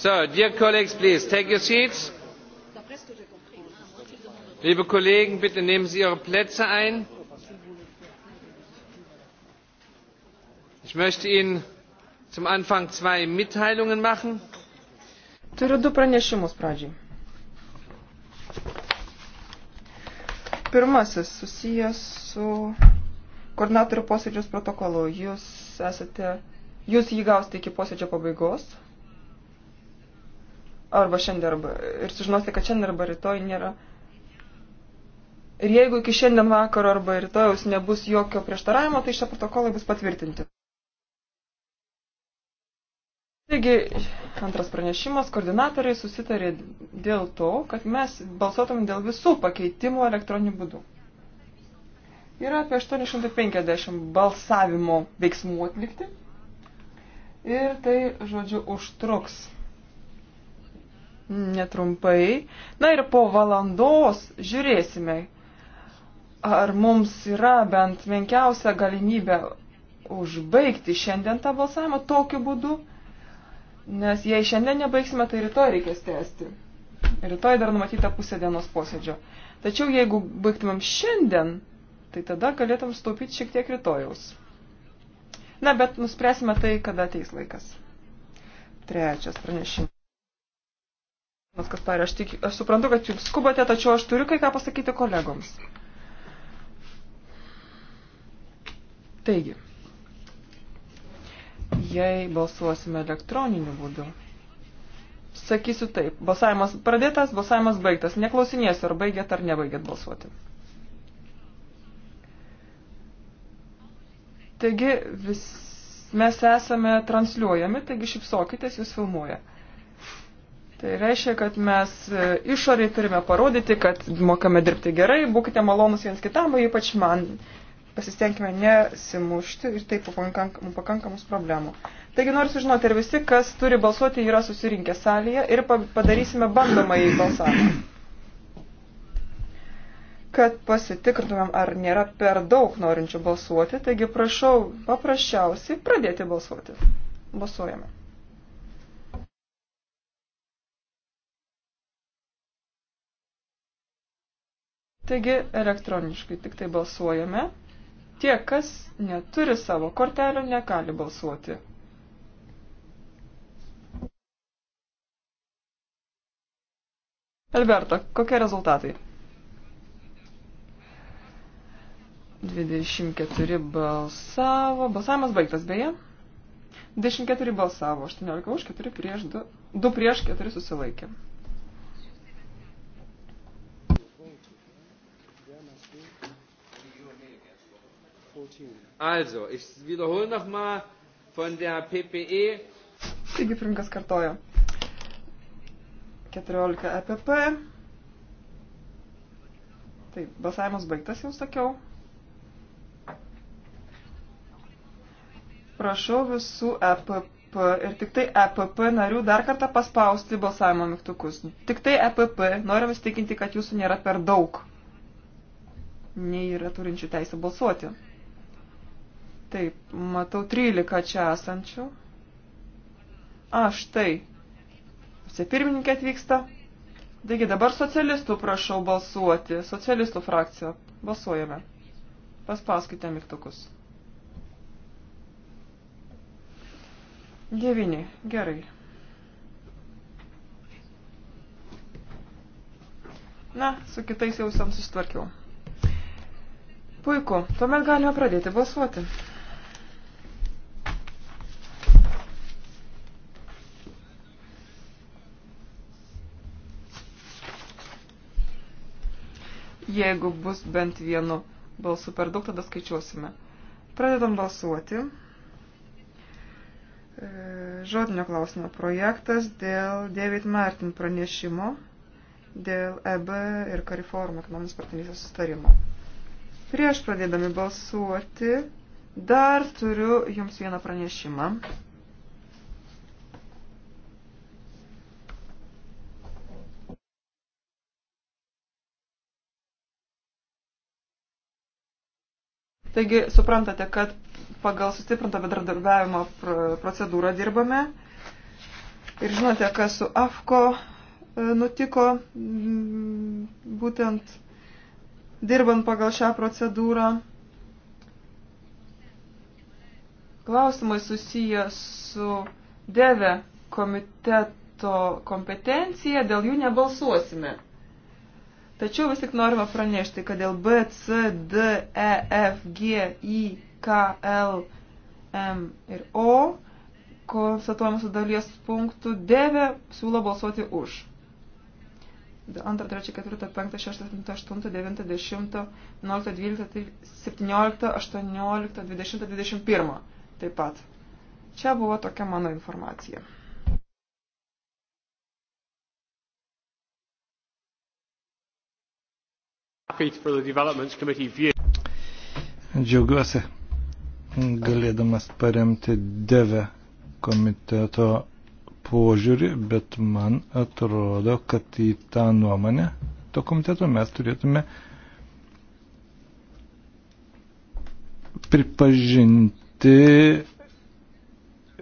So, dear colleagues, please take your seats. Liebe Kollegen, bitte nehmen Sie Ihre Plätze ein. Ich möchte Ihnen zum Anfang zwei Mitteilungen machen. Turiu du pranešimus pradžiai. Pirmasis susijęs su koordinatorių posėdžios protokolu. Jūs esate, jūs jį gausite iki posėdžio pabaigos, arba šiandien arba ir sužinosite, kad šiandien arba rytoj nėra. Ir jeigu iki šiandien vakaro arba rytojaus nebus jokio prieštaravimo, tai šie protokolai bus patvirtinti. Taigi, antras pranešimas, koordinatoriai susitarė dėl to, kad mes balsuotumėm dėl visų pakeitimų elektroniniu būdu. Yra apie 850 balsavimo veiksmų atlikti ir tai, žodžiu, užtruks netrumpai. Na ir po valandos žiūrėsime, ar mums yra bent menkiausia galimybė užbaigti šiandien tą balsavimą tokiu būdu, nes jei šiandien nebaigsime, tai rytoj reikės tęsti. Rytoj dar numatyta pusė dienos posėdžio. Tačiau jeigu baigtumėm šiandien, tai tada galėtum staupyti šiek tiek rytojaus. Na, bet nuspręsime tai, kada ateis laikas. Trečias pranešimas. Kasparė, aš, tik, aš suprantu, kad jūs skubate, tačiau aš turiu kai ką pasakyti kolegoms. Taigi, jei balsuosime elektroniniu būdu, sakysiu taip, balsavimas pradėtas, balsavimas baigtas. Neklausinėsiu, ar baigėt ar nebaigėt balsuoti. Taigi, vis, mes esame transliuojami, taigi šipsokitės, jūs filmuoja. Tai reiškia, kad mes e, išoriai turime parodyti, kad mokame dirbti gerai, būkite malonus viens kitam, ypač man. Pasistengime nesimušti ir taip pakankamus problemų. Taigi noriu sužinoti, ar visi, kas turi balsuoti, yra susirinkę salėje ir padarysime bandomąjį balsavimą. Kad pasitikrintumėm, ar nėra per daug norinčių balsuoti, taigi prašau paprasčiausiai pradėti balsuoti. Balsuojame. Taigi elektroniškai tik tai balsuojame. Tie, kas neturi savo kortelio, negali balsuoti. Alberto, kokie rezultatai? 24 balsavo. Balsavimas baigtas beje. 24 balsavo, 18 už, 4 prieš, 2, 2 prieš, 4 susilaikė. Also, ich wiederhole nochmal von der PPE. Taigi, pirmininkas kartojo. 14 EPP. Taip, balsavimas baigtas, jau sakiau. Prašau visų EPP ir tik tai EPP narių dar kartą paspausti balsavimo mygtukus. Tik tai EPP, noriu vis tikinti, kad jūsų nėra per daug. Nei yra turinčių teisę balsuoti. Taip, matau 13 čia esančių. A, štai. Pirmininkė atvyksta. Taigi dabar socialistų prašau balsuoti. Socialistų frakcija. Balsuojame. Paspauskite mygtukus. Devini. Gerai. Na, su kitais jausam susitvarkiau. Puiku. Tuomet galime pradėti balsuoti. Jeigu bus bent vienu balsu per daug, tada skaičiuosime. Pradedam balsuoti. E, žodinio klausimo projektas dėl David Martin pranešimo dėl EB ir Kariforum ekonominės partnerystės sustarimo. Prieš pradėdami balsuoti, dar turiu jums vieną pranešimą. Taigi suprantate, kad pagal sustiprintą bedradarbiavimo procedūrą dirbame. Ir žinote, kas su AFKO e, nutiko, būtent dirbant pagal šią procedūrą. Klausimai susiję su DEVE komiteto kompetencija, dėl jų nebalsuosime. Tačiau vis tik norime pranešti, kad dėl B, C, D, E, F, G, I, K, L, M ir O konstatuojamosios dalies punktų 9 siūlo balsuoti už. 2, 3, 4, 5, 6, 7, 8, 9, 10, 11, 12, 17, 18, 20, 21. Taip pat. Čia buvo tokia mano informacija. Džiaugiuosi galėdamas paremti DEVE komiteto požiūrį, bet man atrodo, kad į tą nuomonę to komiteto mes turėtume pripažinti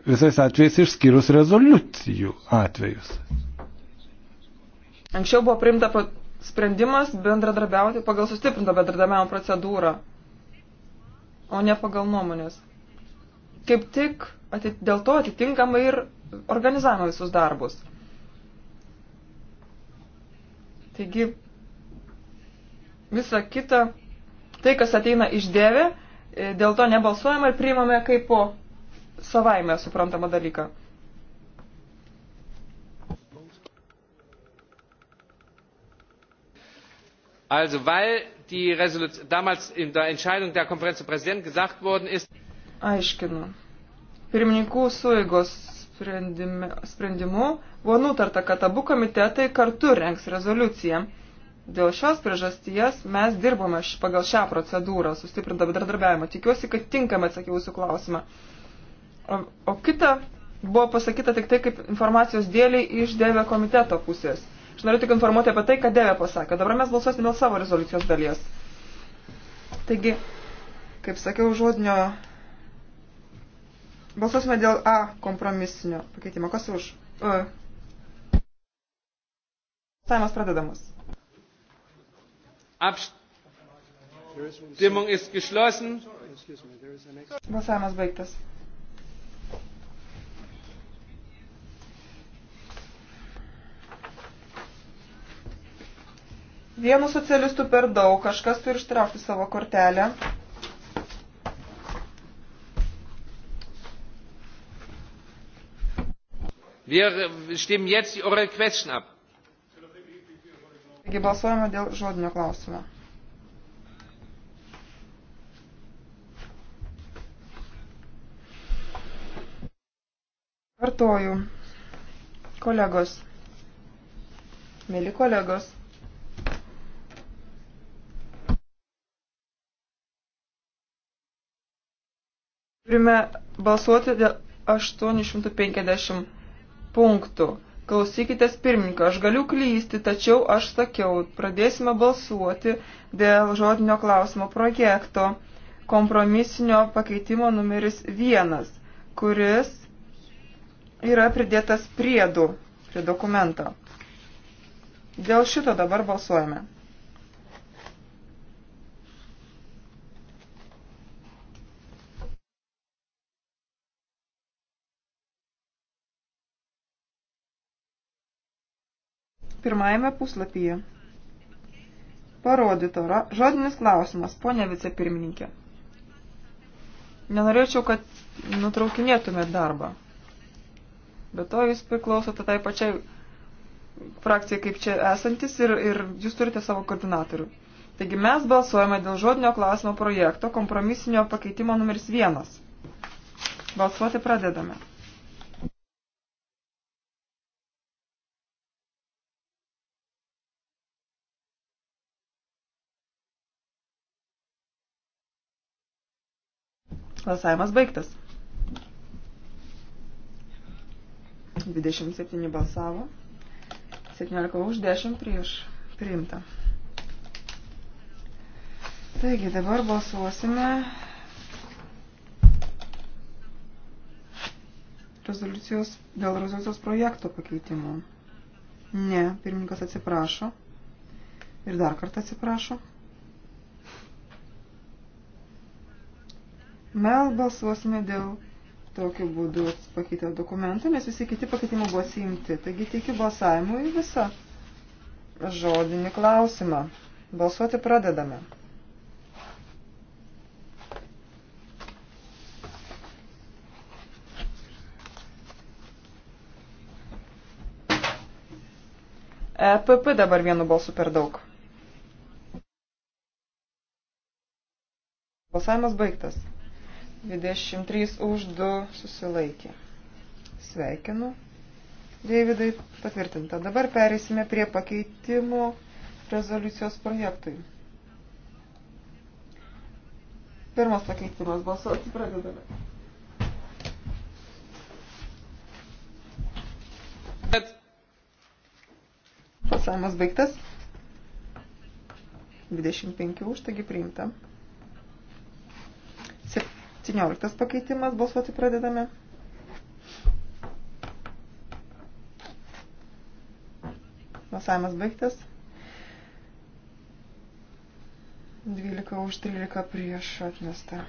visais atvejais išskyrus rezoliucijų atvejus. Anksčiau buvo priimta sprendimas bendradarbiauti pagal sustiprintą bendradarbiavimo procedūrą, o ne pagal nuomonės. Kaip tik atit, dėl to atitinkamai ir organizavome visus darbus. Taigi, visa kita, tai, kas ateina iš dėvė, e, dėl to nebalsuojama ir priimame kaip po savaime suprantamą dalyką. Also weil die Resolution damals in der Entscheidung der Konferenz der Präsidenten gesagt worden ist. Aiškinu. Pirmininkų suigos sprendimu buvo nutarta, kad abu komitetai kartu rengs rezoliuciją. Dėl šios priežasties mes dirbome pagal šią procedūrą, sustiprintą bendradarbiavimą. Tikiuosi, kad tinkamai atsakiau jūsų klausimą. O, o kita buvo pasakyta tik tai kaip informacijos dėliai iš dėvė komiteto pusės. Aš noriu tik informuoti apie tai, ką Deve pasakė. Dabar mes balsuosime dėl savo rezoliucijos dalies. Taigi, kaip sakiau, žodinio. Balsuosime dėl A kompromisinio pakeitimo. Kas už? U. Saimas pradedamas. Abstimmung ist geschlossen. Balsavimas baigtas. Vienu socialistu per daug, kažkas turi ištraukti savo kortelę. Wir äh, stimmen jetzt die Oral Question ab. Taigi balsuojame dėl žodinio klausimo. Kartoju, kolegos, mėly kolegos, Turime balsuoti dėl 850 punktų. Klausykitės pirmininką, aš galiu klysti, tačiau aš sakiau, pradėsime balsuoti dėl žodinio klausimo projekto kompromisinio pakeitimo numeris vienas, kuris yra pridėtas priedų prie dokumento. Dėl šito dabar balsuojame. pirmajame puslapyje. Parodyto. Žodinis klausimas, ponė vicepirmininkė. Nenorėčiau, kad nutraukinėtumėt darbą. Bet to jūs priklausote tai pačiai frakcijai, kaip čia esantis, ir, ir jūs turite savo koordinatorių. Taigi mes balsuojame dėl žodinio klausimo projekto kompromisinio pakeitimo numeris vienas. Balsuoti pradedame. Balsavimas baigtas. 27 balsavo. 17 už 10 prieš. Priimta. Taigi dabar balsuosime rezoliucijos, dėl rezoliucijos projekto pakeitimo. Ne, pirmininkas atsiprašo. Ir dar kartą atsiprašo. Mel balsuosime dėl tokiu būdu pakeitė dokumentą, nes visi kiti pakeitimai buvo atsiimti. Taigi teikiu balsavimui visą žodinį klausimą. Balsuoti pradedame. EPP dabar vienu balsu per daug. Balsavimas baigtas. 23 už 2 susilaikė. Sveikinu. Deividai patvirtinta. Dabar pereisime prie pakeitimo rezoliucijos projektui. Pirmas pakeitimas balsuoti pradedame. Balsavimas baigtas. 25 už, taigi priimta. 17 pakeitimas, balsuoti pradedame. Balsavimas baigtas. 12 už 13 prieš atmestą.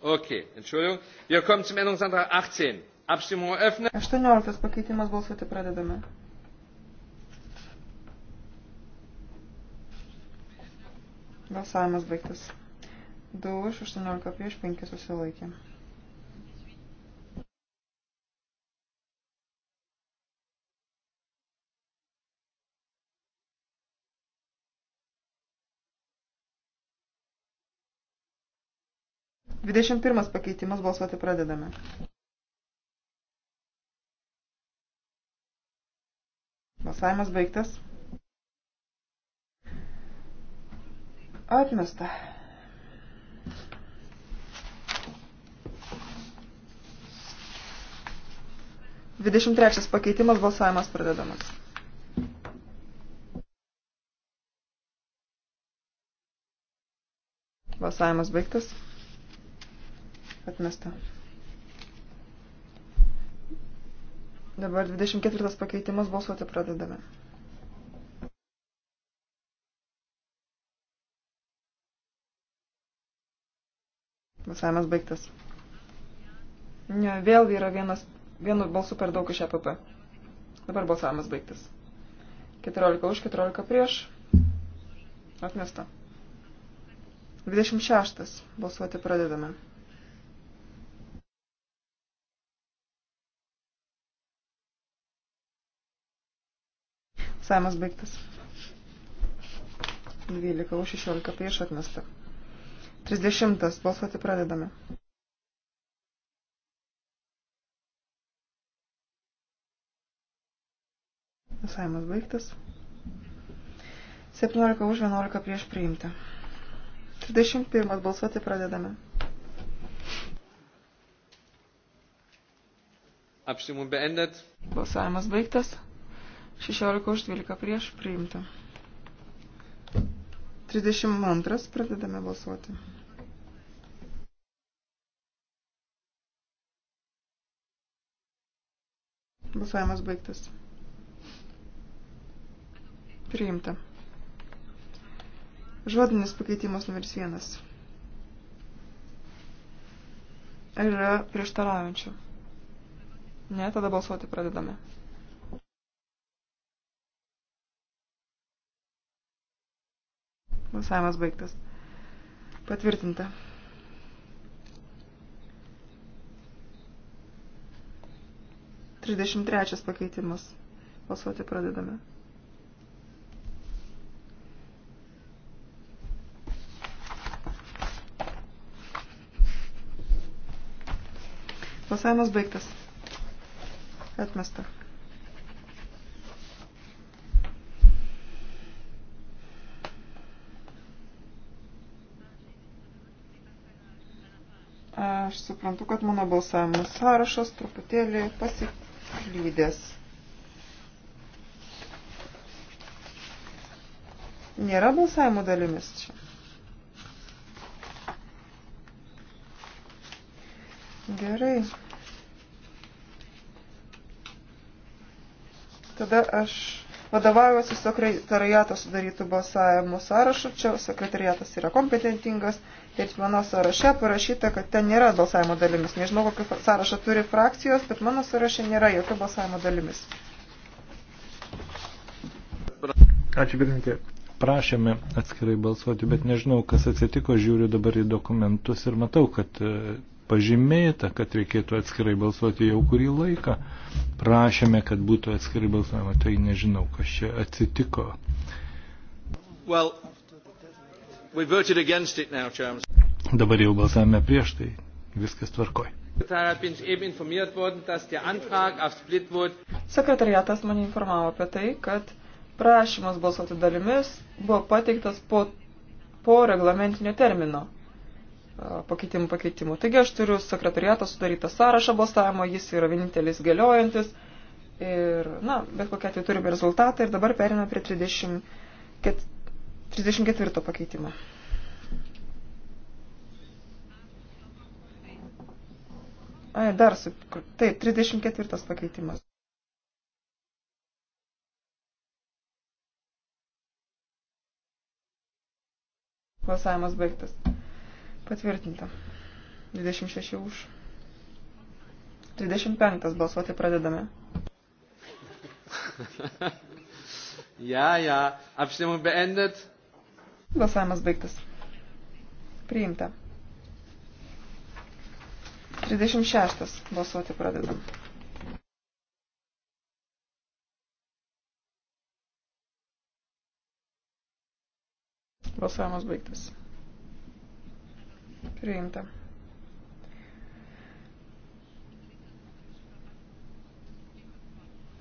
Okay, Entschuldigung. Wir kommen zum Änderungsantrag 18. Abstimmung eröffnet. 18 pakeitimas balsuoti pradedame. Balsavimas baigtas. 2 už 18 prieš 5 susilaikė. Dvidešimt pirmas pakeitimas balsuoti pradedame. Balsavimas baigtas. Atmesta. Dvidešimt trečias pakeitimas balsavimas pradedamas. Balsavimas baigtas. Atmesta. Dabar 24 pakeitimas balsuoti pradedame. Balsavimas baigtas. Ne, vėl yra vienas, vienu balsu per daug iš EPP. Dabar balsavimas baigtas. 14 už, 14 prieš. Atmesta. 26. Balsuoti pradedame. Saimas baigtas. 12 už 16 prieš atmestą. 30. Balsuoti pradedame. Visavimas baigtas. 17 už 11 prieš priimtą. 31. Balsuoti pradedame. Apštimum beendet. Balsavimas baigtas. 16 už 12 prieš priimtą. 32 pradedame balsuoti. Balsavimas baigtas. Priimta. Žodinis pakeitimas numeris vienas. Ar yra prieštaraujančių? Ne, tada balsuoti pradedame. Balsavimas baigtas. Patvirtinta. Trisdešimt trečias pakeitimas. Balsuoti pradedame. Balsavimas baigtas. Atmesta. Aš suprantu, kad mano balsavimo sąrašas truputėlį pasiklydęs. Nėra balsavimo dalimis čia. Gerai. Tada aš vadovaujuosi sekretariato sudarytų balsavimų sąrašų. Čia sekretariatas yra kompetentingas ir mano sąraše parašyta, kad ten nėra balsavimo dalimis. Nežinau, kokį sąrašą turi frakcijos, bet mano sąraše nėra jokio balsavimo dalimis. Ačiū, pirmininkė. Prašėme atskirai balsuoti, bet nežinau, kas atsitiko, žiūriu dabar į dokumentus ir matau, kad e, pažymėta, kad reikėtų atskirai balsuoti jau kurį laiką. Prašėme, kad būtų atskirai balsuojama, tai nežinau, kas čia atsitiko. Well, we now, Dabar jau balsavome prieš tai, viskas tvarkoj. Sekretariatas mane informavo apie tai, kad prašymas balsuoti dalimis buvo pateiktas po, po reglamentinio termino pakeitimų pakeitimų. Taigi aš turiu sekretariato sudarytą sąrašą balsavimo, jis yra vienintelis galiojantis. Ir, na, bet kokia atveju turime rezultatą ir dabar periname prie 30, 34 pakeitimo. Ai, dar su... Taip, 34 pakeitimas. Balsavimas baigtas. Patvirtinta. 26 už. 35 balsuoti pradedame. ja, ja. Abstimmung beendet. Balsavimas baigtas. Priimta. 36 balsuoti pradedam. Balsavimas baigtas. Priimta.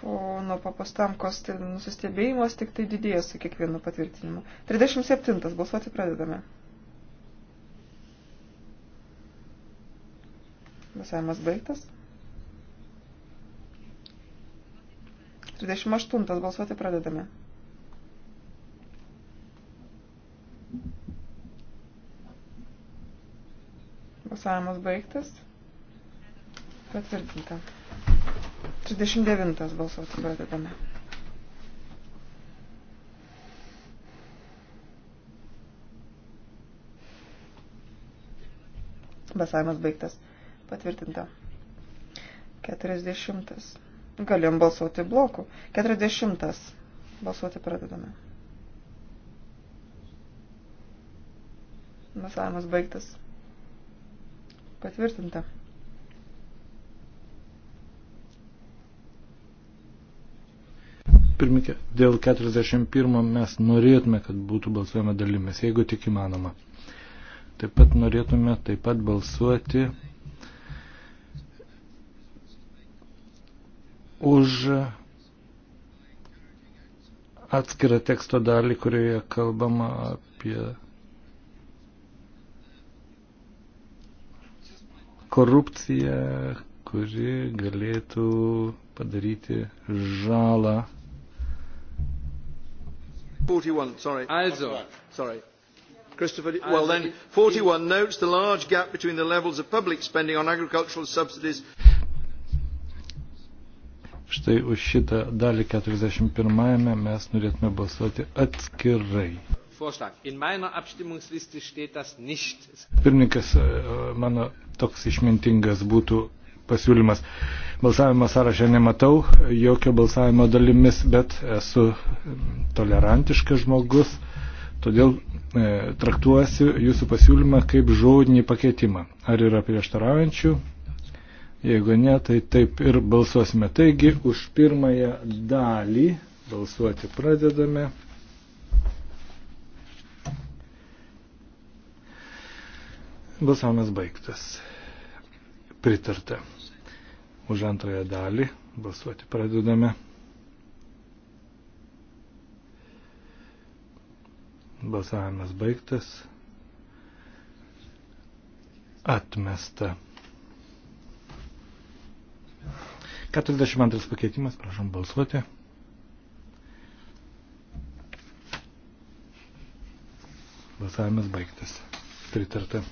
Pono papastamkos tai nusistebėjimas tik tai didėja su kiekvienu patvirtinimu. 37. Balsuoti pradedame. Balsavimas baigtas. 38. Balsuoti pradedame. Balsavimas baigtas. Patvirtinta. 39 balsuoti pradedame. Balsavimas baigtas. Patvirtinta. 40. Galim balsuoti blokų. 40. Balsuoti pradedame. Balsavimas baigtas. Patvirtinta. Pirmikė, dėl 41 mes norėtume, kad būtų balsuojama dalimis, jeigu tik įmanoma. Taip pat norėtume taip pat balsuoti už atskirą teksto dalį, kurioje kalbama apie korupcija, kuri galėtų padaryti žalą. 41, sorry. Also. Sorry. Christopher, well then, 41 notes the large gap between the levels of public spending on agricultural subsidies. Štai už šitą dalį 41 mes norėtume balsuoti atskirai. Vorschlag. In meiner Abstimmungsliste steht das nicht. Pirmininkas, e, mano toks išmintingas būtų pasiūlymas. Balsavimo sąrašą nematau, e, jokio balsavimo dalimis, bet esu e, tolerantiškas žmogus, todėl e, traktuosiu jūsų pasiūlymą kaip žodinį pakeitimą. Ar yra prieštaraujančių? Jeigu ne, tai taip ir balsuosime. Taigi už pirmąją dalį balsuoti pradedame. Balsavimas baigtas. Pritarta. Už antrąją dalį balsuoti pradedame. Balsavimas baigtas. Atmesta. 42 pakeitimas, prašom balsuoti. Balsavimas baigtas. Pritarta.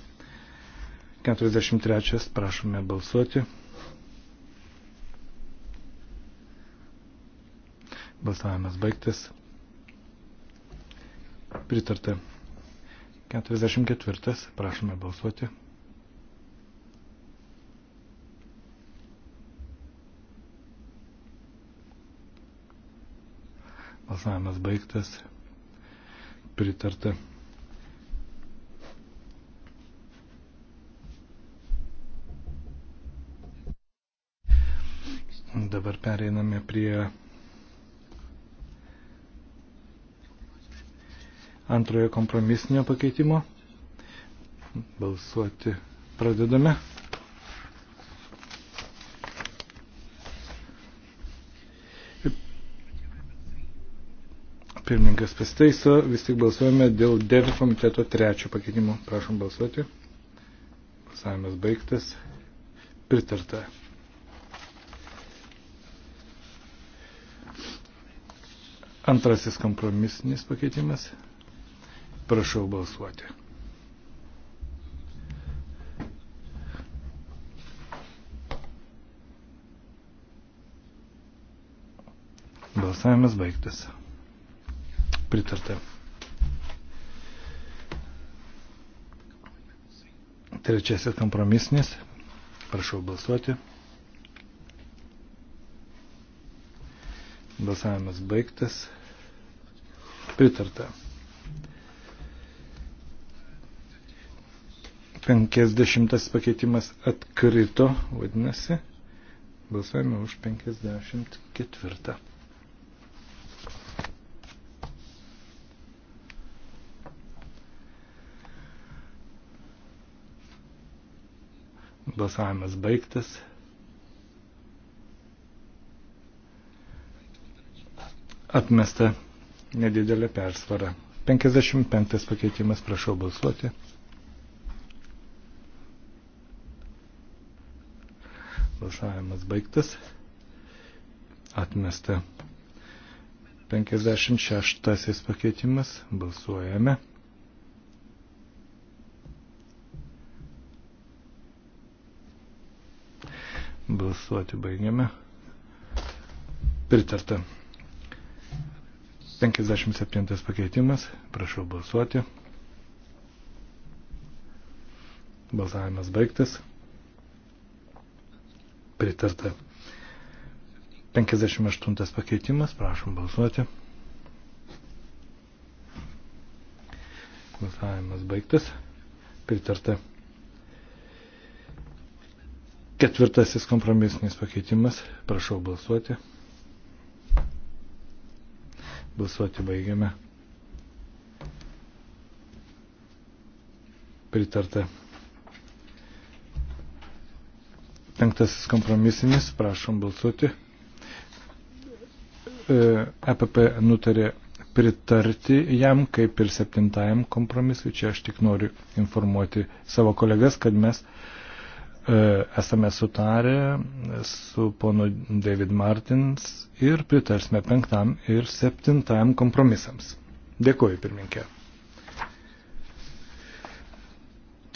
43. Prašome balsuoti. Balsavimas baigtas. Pritarta. 44. Prašome balsuoti. Balsavimas baigtas. Pritarta. Dabar pereiname prie antrojo kompromisinio pakeitimo. Balsuoti pradedame. Pirmininkas pasteiso, vis tik balsuojame dėl DEV komiteto trečio pakeitimo. Prašom balsuoti. Balsavimas baigtas. Pritarta. Antrasis kompromisinis pakeitimas. Prašau balsuoti. Balsavimas baigtas. Pritarta. Trečiasis kompromisnis. Prašau balsuoti. Balsavimas baigtas pritarta. 50 pakeitimas atkrito, vadinasi, balsavime už 54. Balsavimas baigtas. Atmesta nedidelė persvara. 55 pakeitimas, prašau balsuoti. Balsavimas baigtas. Atmesta. 56 pakeitimas. Balsuojame. Balsuoti baigiame. Pritarta. 57 pakeitimas. Prašau balsuoti. Balsavimas baigtas. Pritarta. 58 pakeitimas. Prašom balsuoti. Balsavimas baigtas. Pritarta. Ketvirtasis kompromisinis pakeitimas. Prašau balsuoti. Balsuoti baigiame. Pritarta. Penktasis kompromisinis, prašom balsuoti. EPP e nutarė pritarti jam, kaip ir septintajam kompromisui. Čia aš tik noriu informuoti savo kolegas, kad mes uh, E, esame sutarę su ponu David Martins ir pritarsime penktam ir septintam kompromisams. Dėkuoju, pirminkė.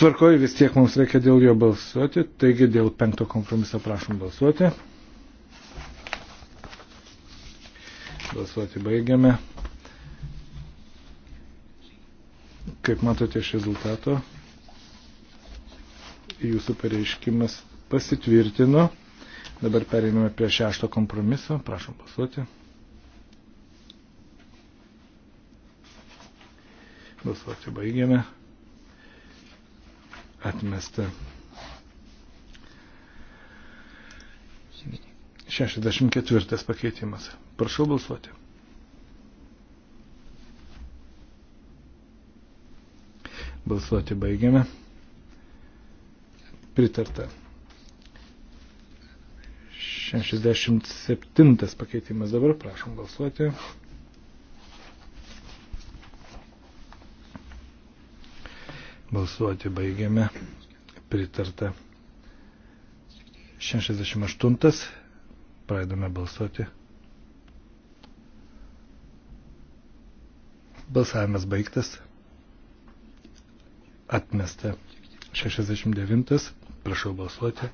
Tvarkoju, vis tiek mums reikia dėl jo balsuoti, taigi dėl penkto kompromiso prašom balsuoti. Balsuoti baigiame. Kaip matote iš rezultato, jūsų pareiškimas pasitvirtino. Dabar pereiname prie šešto kompromiso. Prašom pasuoti. Balsuoti baigiame. Atmesta. 64 pakeitimas. Prašau balsuoti. Balsuoti baigiame pritarta. 67 pakeitimas dabar, prašom balsuoti. Balsuoti baigiame. Pritarta. 68. Pradedame balsuoti. Balsavimas baigtas. Atmesta. 69. Prašau balsuoti.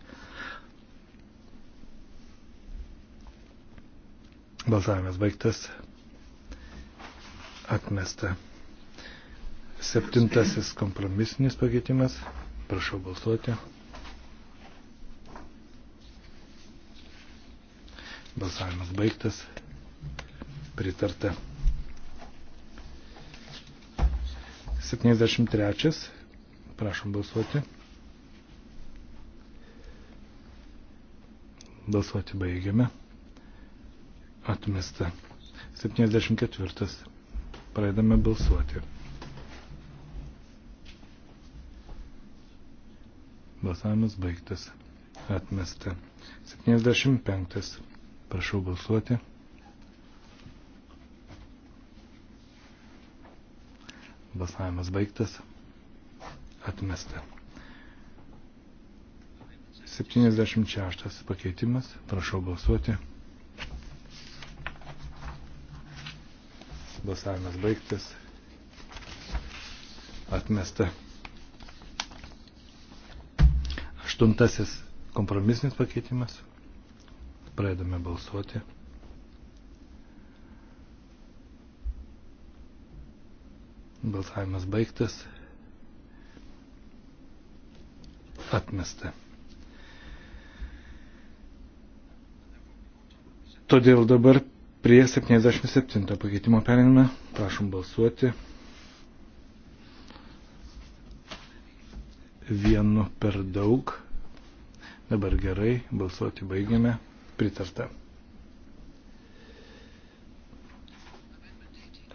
Balsavimas baigtas. Atmesta. Septintasis kompromisinis pakeitimas. Prašau balsuoti. Balsavimas baigtas. Pritarta. 73. Prašom balsuoti. Balsuoti baigiame. Atmesta. 74. Pradedame balsuoti. Balsavimas baigtas. Atmesta. 75. Prašau balsuoti. Balsavimas baigtas. Atmesta. 76 pakeitimas. Prašau balsuoti. Balsavimas baigtas. Atmesta. Aštuntasis kompromisinis pakeitimas. Pradedame balsuoti. Balsavimas baigtas. Atmesta. Todėl dabar prie 77 pakeitimo periname. Prašom balsuoti. Vienu per daug. Dabar gerai, balsuoti baigiame. Pritarta.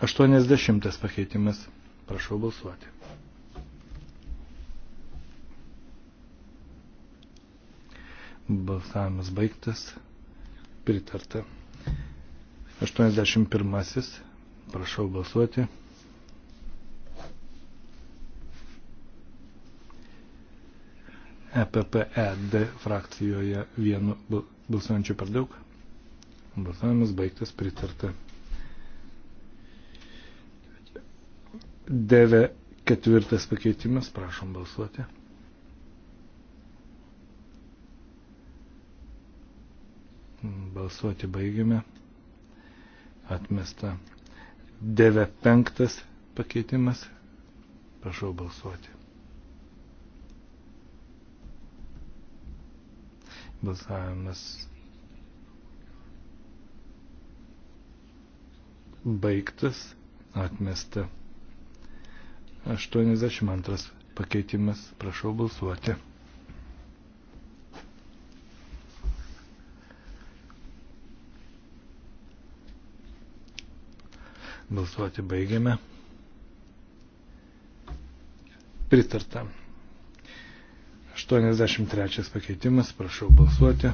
80 pakeitimas. Prašau balsuoti. Balsavimas baigtas pritarta. 81. Prašau balsuoti. EPPED frakcijoje vienu balsuojančiu per daug. Balsavimas baigtas pritarta. Deve ketvirtas pakeitimas, prašom balsuoti. Balsuoti baigiame. Atmesta. 95 pakeitimas. Prašau balsuoti. Balsavimas baigtas, atmesta. 82 pakeitimas, prašau balsuoti. Balsuoti baigiame. Pritarta. 83 pakeitimas, prašau balsuoti.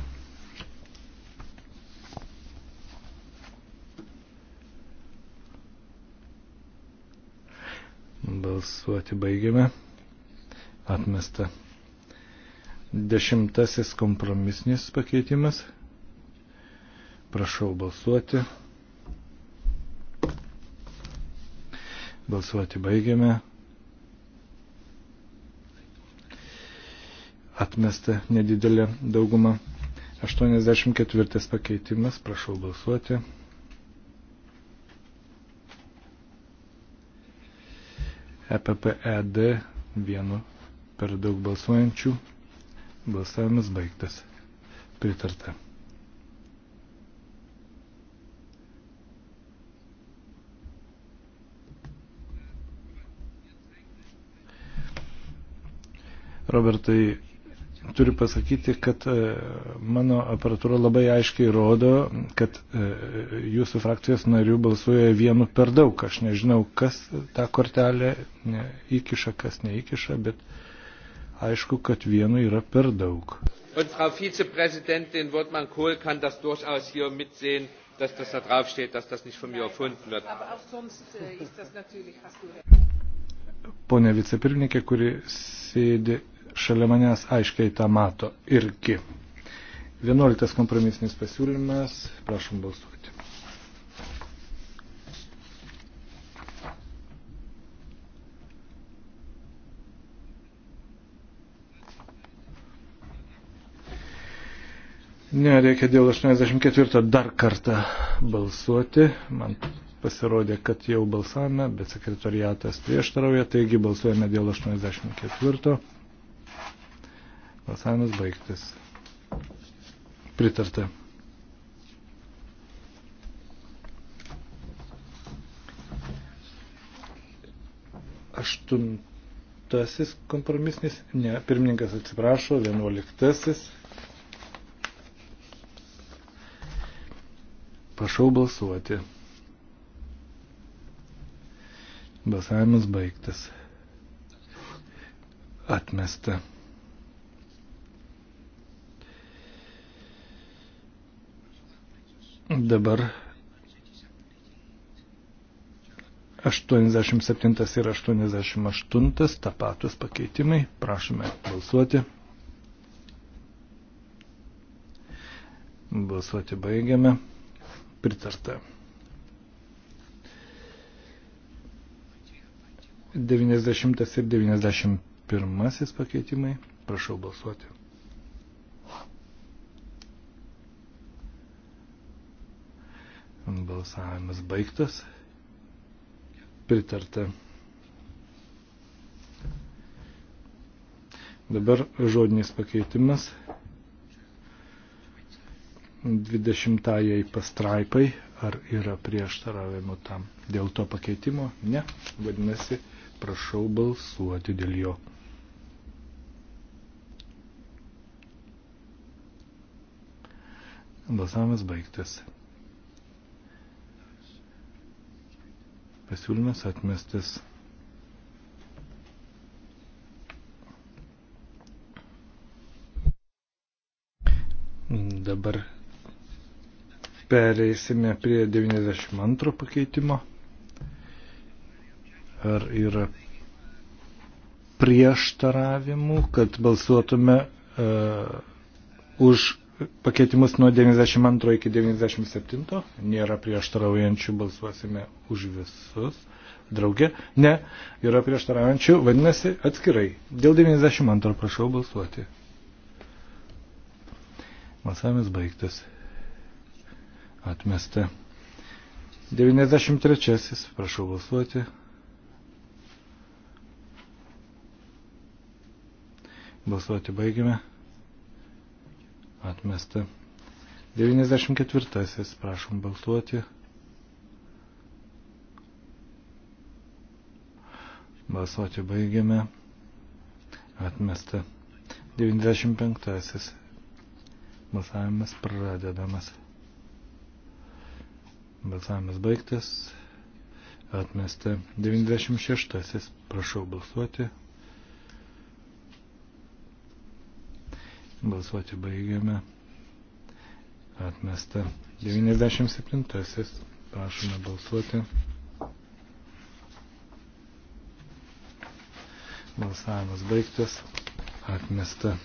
Balsuoti baigiame. Atmesta. Dešimtasis kompromisnis pakeitimas. Prašau balsuoti. Balsuoti baigiame. Atmesta nedidelė dauguma. 84 pakeitimas. Prašau balsuoti. EPPED vienu per daug balsuojančių. Balsavimas baigtas. Pritarta. Robertai, turiu pasakyti, kad e, mano aparatūra labai aiškiai rodo, kad e, jūsų frakcijos narių balsuoja vienu per daug. Aš nežinau, kas tą kortelę ne, įkiša, kas neįkiša, bet aišku, kad vienu yra per daug. Und Frau Vizepräsidentin Wortmann-Kohl kann das durchaus hier mitsehen, dass das da draufsteht, dass das nicht von mir erfunden wird. Aber auch sonst äh, ist das natürlich, hast du recht. Pone vicepirmininkė, kuri sėdi šalia manęs aiškiai tą mato irgi. 11 kompromisinis pasiūlymas, prašom balsuoti. Ne, reikia dėl 84 dar kartą balsuoti. Man pasirodė, kad jau balsavome, bet sekretariatas prieštarauja, taigi balsuojame dėl 84. Balsavimas baigtas. Pritarta. Aštuntasis kompromisnis, ne, pirmininkas atsiprašo, vienuoliktasis. Prašau balsuoti. Balsavimas baigtas. Atmesta. Dabar 87 ir 88 tapatus pakeitimai. Prašome balsuoti. Balsuoti baigiame. Pritarta. 90 ir 91 pakeitimai. Prašau balsuoti. Balsavimas baigtas. Pritarta. Dabar žodinis pakeitimas 20 pastraipai, ar yra prieštaravimo tam dėl to pakeitimo? Ne, vadinasi, prašau balsuoti dėl jo. Balsavimas baigtas. pasiūlymas atmestas. Dabar pereisime prie 92 pakeitimo. Ar yra prieštaravimų, kad balsuotume uh, už pakeitimus nuo 92 iki 97. Nėra prieštaraujančių, balsuosime už visus. Draugė? Ne, yra prieštaraujančių, vadinasi atskirai. Dėl 92 prašau balsuoti. Balsavimas baigtas. Atmesta. 93. Prašau balsuoti. Balsuoti baigime. Atmesta. 94. Prašom balsuoti. Balsuoti baigiame. Atmesta. 95. Balsavimas pradedamas. Balsavimas baigtas. Atmesta. 96. Prašau balsuoti. Balsuoti baigiame. Atmesta. 97. Prašome balsuoti. Balsavimas baigtas. Atmesta.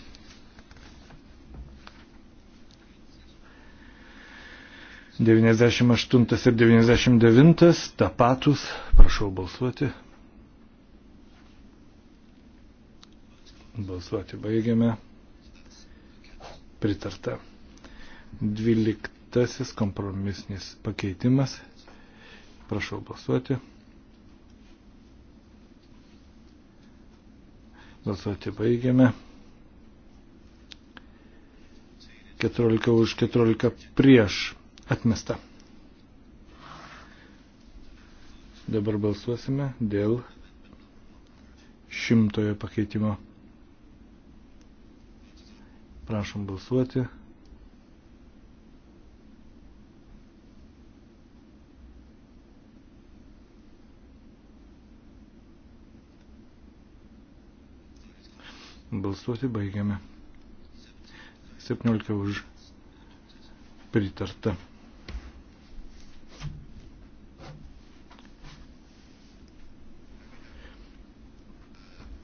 Devyniasdešimt aštuntas ir devyniasdešimt devintas tapatus. Prašau balsuoti. Balsuoti baigiame pritarta. Dvyliktasis kompromisnis pakeitimas. Prašau balsuoti. Balsuoti baigiame. 14 už 14 prieš atmesta. Dabar balsuosime dėl šimtojo pakeitimo. Prašom balsuoti. Balsuoti baigiame. 17 už pritarta.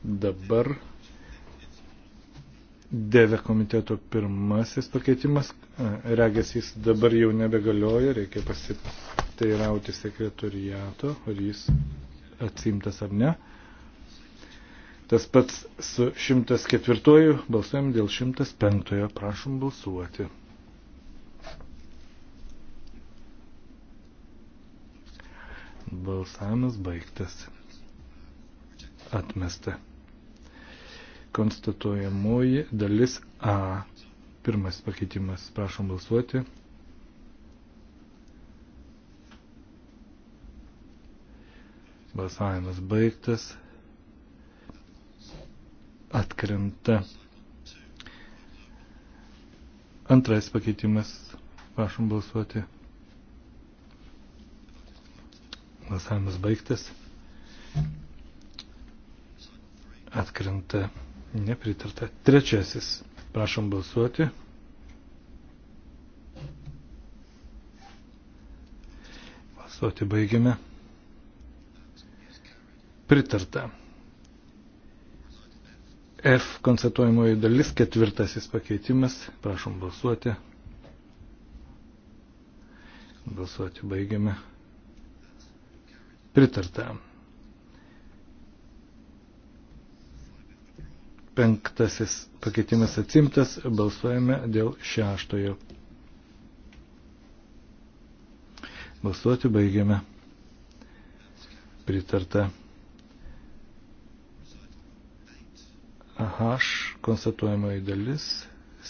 Dabar Deve komiteto pirmasis pakeitimas, e, regės jis dabar jau nebegalioja, reikia pasiteirauti sekretoriato, ar jis atsimtas ar ne. Tas pats su 104 balsuojam dėl 105, prašom balsuoti. Balsavimas baigtas. Atmesta konstatuojamoji dalis A. Pirmas pakeitimas. Prašom balsuoti. Balsavimas baigtas. Atkrenta. Antras pakeitimas. Prašom balsuoti. Balsavimas baigtas. Atkrenta. Nepritarta. Trečiasis. Prašom balsuoti. Balsuoti baigiame. Pritarta. F konstatuojamoji dalis, ketvirtasis pakeitimas. Prašom balsuoti. Balsuoti baigiame. Pritarta. Penktasis pakeitimas atsimtas, balsuojame dėl šeštojo. Balsuoti baigiame. Pritarta. Aha, konstatuojamoji dalis.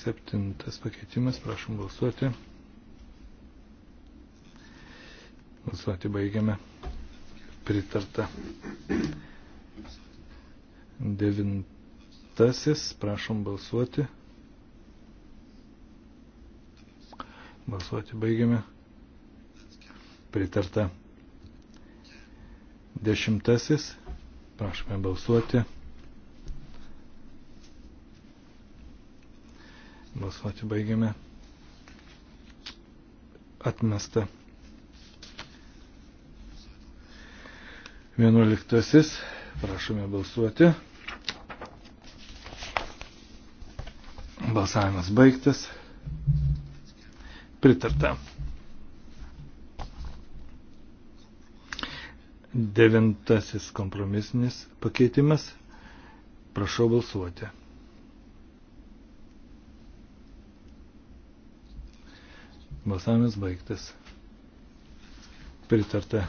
Septintas pakeitimas, prašom balsuoti. Balsuoti baigiame. Pritarta. Devint Šeštasis, prašom balsuoti. Balsuoti baigiame. Pritarta. Dešimtasis, prašome balsuoti. Balsuoti baigiame. Atmesta. Vienuoliktasis, prašome balsuoti. Balsavimas baigtas. Pritarta. Devintasis kompromisinis pakeitimas. Prašau balsuoti. Balsavimas baigtas. Pritarta.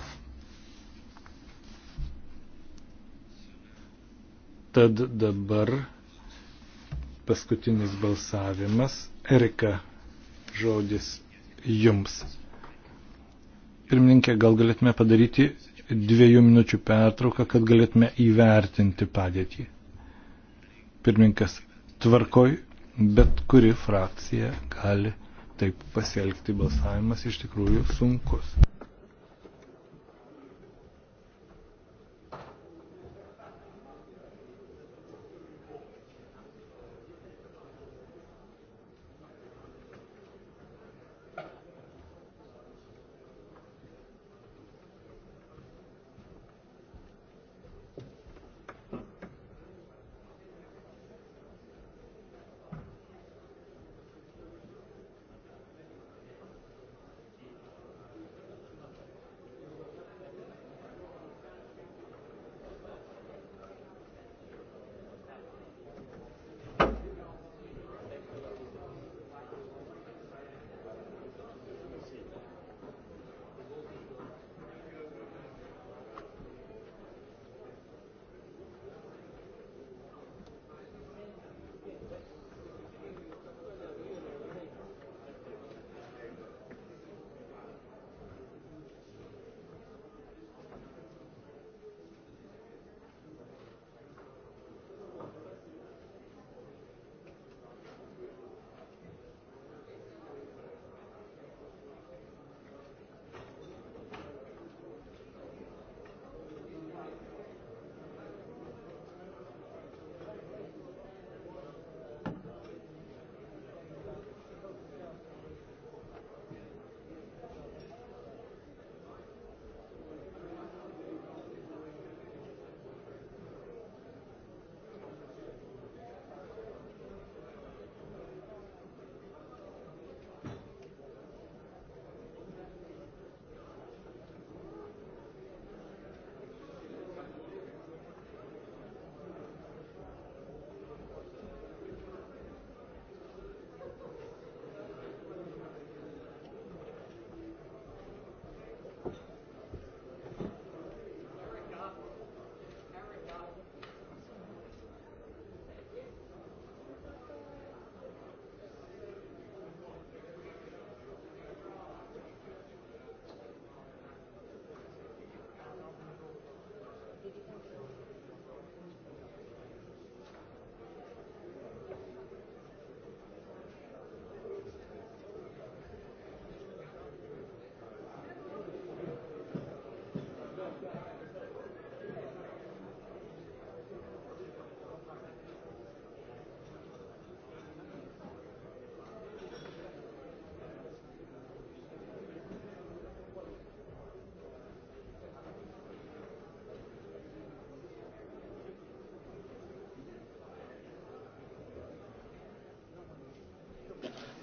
Tad dabar paskutinis balsavimas. Erika, žodis jums. Pirmininkė, gal galėtume padaryti dviejų minučių pertrauką, kad galėtume įvertinti padėtį. Pirmininkas, tvarkoj, bet kuri frakcija gali taip pasielgti balsavimas iš tikrųjų sunkus.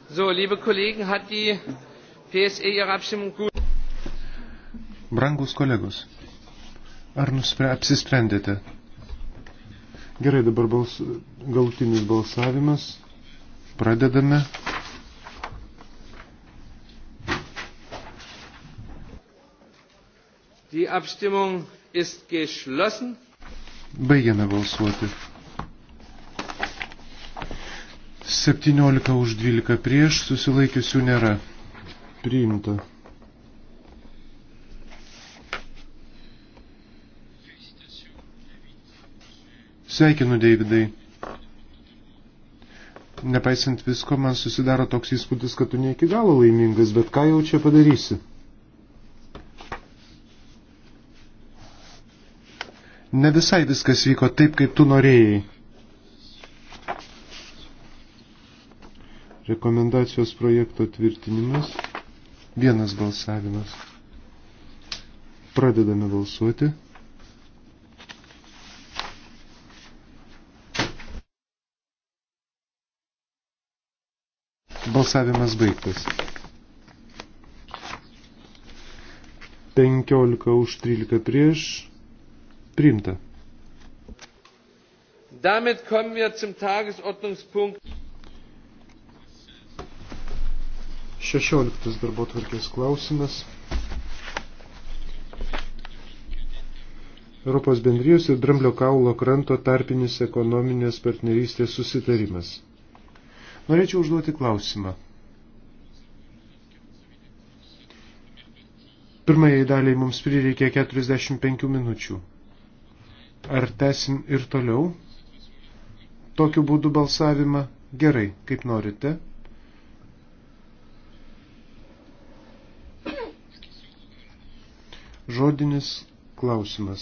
So, liebe Kollegen, hat die PSE ihre Abstimmung gut? Brangus kolegos, ar nuspre, apsisprendėte? Gerai, dabar bals, galutinis balsavimas. Pradedame. Die Abstimmung ist geschlossen. Baigiame balsuoti. 17 už 12 prieš, susilaikiusių nėra. Priimta. Sveikinu, Davidai. Nepaisant visko, man susidaro toks įspūdis, kad tu ne iki galo laimingas, bet ką jau čia padarysi? Ne visai viskas vyko taip, kaip tu norėjai. Rekomendacijos projekto tvirtinimas. Vienas balsavimas. Pradedame balsuoti. Balsavimas baigtas. 15 už 13 prieš. Priimta. Damit kommen wir zum Tagesordnungspunkt. 16 darbo tvarkės klausimas. Europos bendrijos ir Dramblio kaulo kranto tarpinis ekonominės partnerystės susitarimas. Norėčiau užduoti klausimą. Pirmajai daliai mums prireikė 45 minučių. Ar tesim ir toliau? Tokiu būdu balsavimą? Gerai, kaip norite. Žodinis klausimas.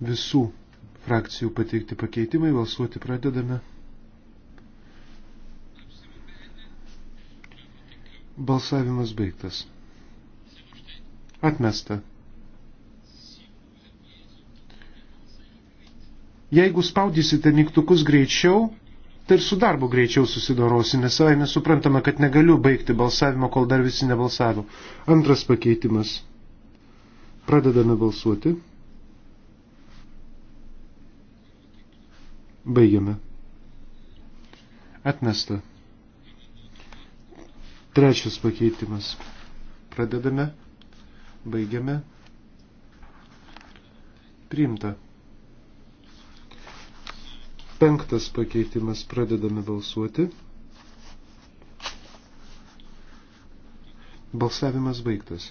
Visų frakcijų pateikti pakeitimai, valsuoti pradedame. Balsavimas baigtas. Atmesta. Jeigu spaudysite mygtukus greičiau, tai ir su darbu greičiau susidorosime. Savai mes suprantame, kad negaliu baigti balsavimo, kol dar visi nebalsavo. Antras pakeitimas. Pradedame balsuoti. Baigiame. Atmesta. Trečias pakeitimas. Pradedame. Baigiame. Priimta. Penktas pakeitimas pradedame balsuoti. Balsavimas baigtas.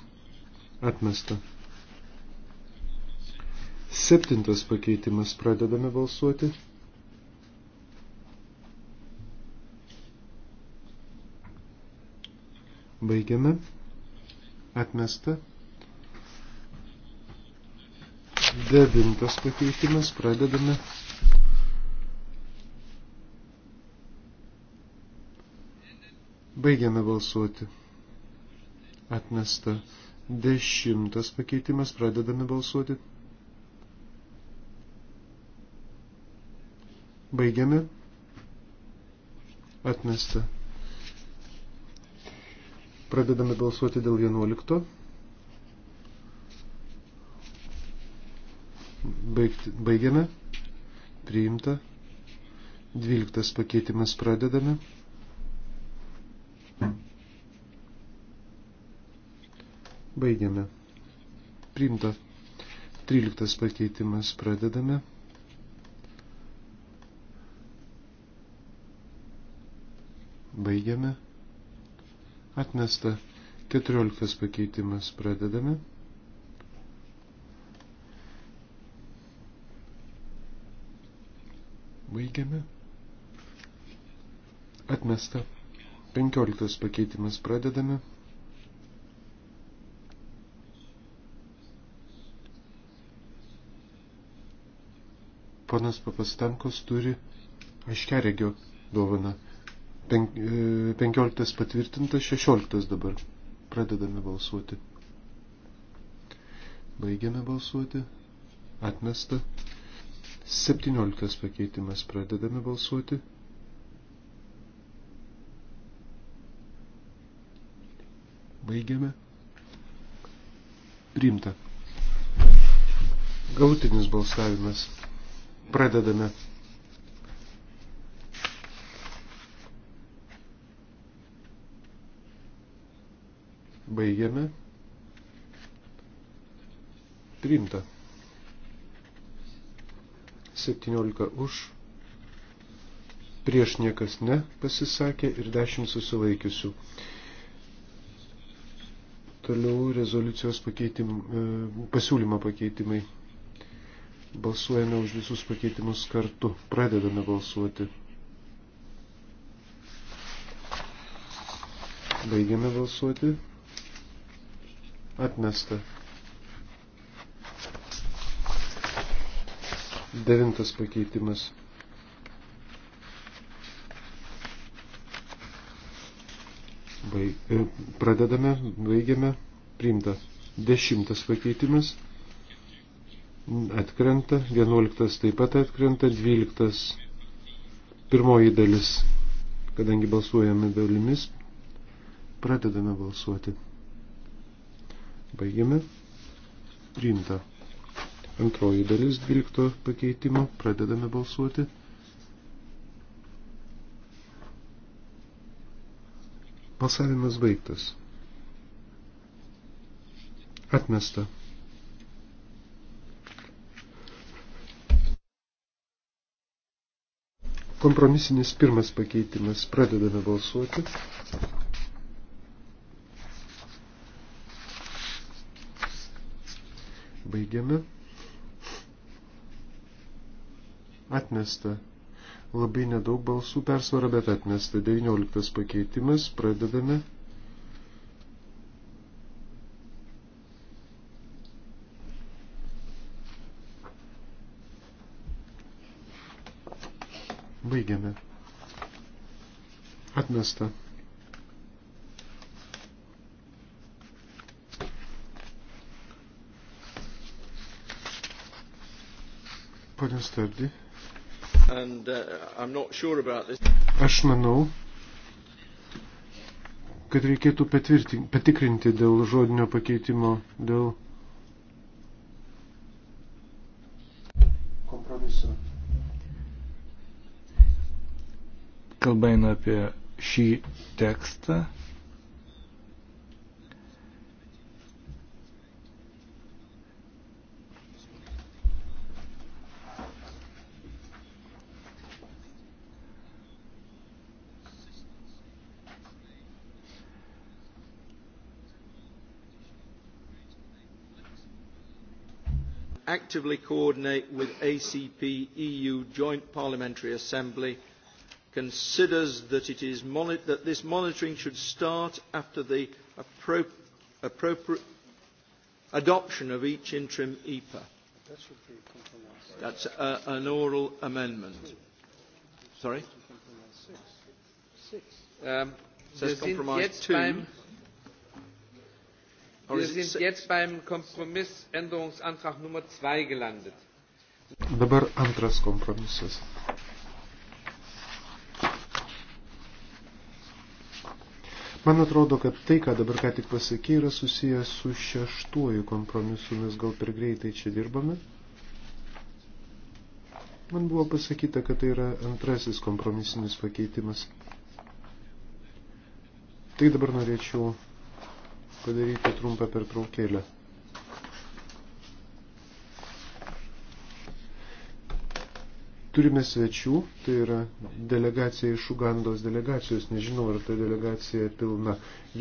Atmesta. Septintas pakeitimas pradedame balsuoti. Baigiame. Atmesta. Devintas pakeitimas pradedame balsuoti. Baigiame balsuoti. Atmesta. Dešimtas pakeitimas. Pradedame balsuoti. Baigiame. Atmesta. Pradedame balsuoti dėl 11. Baigti, baigiame. Priimta. 12 pakeitimas pradedame. Baigiame. Priimta. 13 pakeitimas pradedame. Baigiame. Atmesta. 14 pakeitimas pradedame. Baigiame. Atmesta. 15 pakeitimas pradedame. Ponas Papastankos turi aiškeregio dovaną. E, Penk, 15 patvirtintas, 16 dabar. Pradedame balsuoti. Baigiame balsuoti. Atmesta. 17 pakeitimas. Pradedame balsuoti. Baigiame. Priimta. Galutinis balsavimas. Pradedame. Baigiame. Priimta. 17 už. Prieš niekas ne pasisakė ir 10 susilaikiusių. Toliau rezoliucijos pakeitim, e, pasiūlymo pakeitimai. Balsuojame už visus pakeitimus kartu. Pradedame balsuoti. Baigiame balsuoti. Atmesta. Devintas pakeitimas. Baig... E, pradedame, baigiame, priimta. Dešimtas pakeitimas atkrenta, 11 taip pat atkrenta, 12 pirmoji dalis, kadangi balsuojame dalimis, pradedame balsuoti. Baigiame. Priimta. Antroji dalis 12 pakeitimo, pradedame balsuoti. Balsavimas baigtas. Atmesta. Kompromisinis pirmas pakeitimas. Pradedame balsuoti. Baigiame. Atmesta. Labai nedaug balsų persvara, bet atmesta. 19 pakeitimas. Pradedame. Baigiame. Atmesta. Pone Stabdį. Uh, Aš manau, kad reikėtų patikrinti dėl žodinio pakeitimo, dėl kalba eina apie šį tekstą. actively coordinate with acp eu joint parliamentary assembly considers that, it is moni- that this monitoring should start after the appro- appropriate adoption of each interim EPA. That should be a compromise. That's a, an oral amendment. Two. Sorry? Six. Six. Um, Wir sind, jetzt two. beim, wir sind jetzt beim Kompromissänderungsantrag Nummer 2 gelandet. Dabar antras kompromisas. Man atrodo, kad tai, ką dabar ką tik pasakė, yra susijęs su šeštuoju kompromisu, mes gal per greitai čia dirbame. Man buvo pasakyta, kad tai yra antrasis kompromisinis pakeitimas. Tai dabar norėčiau padaryti trumpą pertraukėlę. Turime svečių, tai yra delegacija iš Ugandos delegacijos, nežinau ar ta delegacija pilna.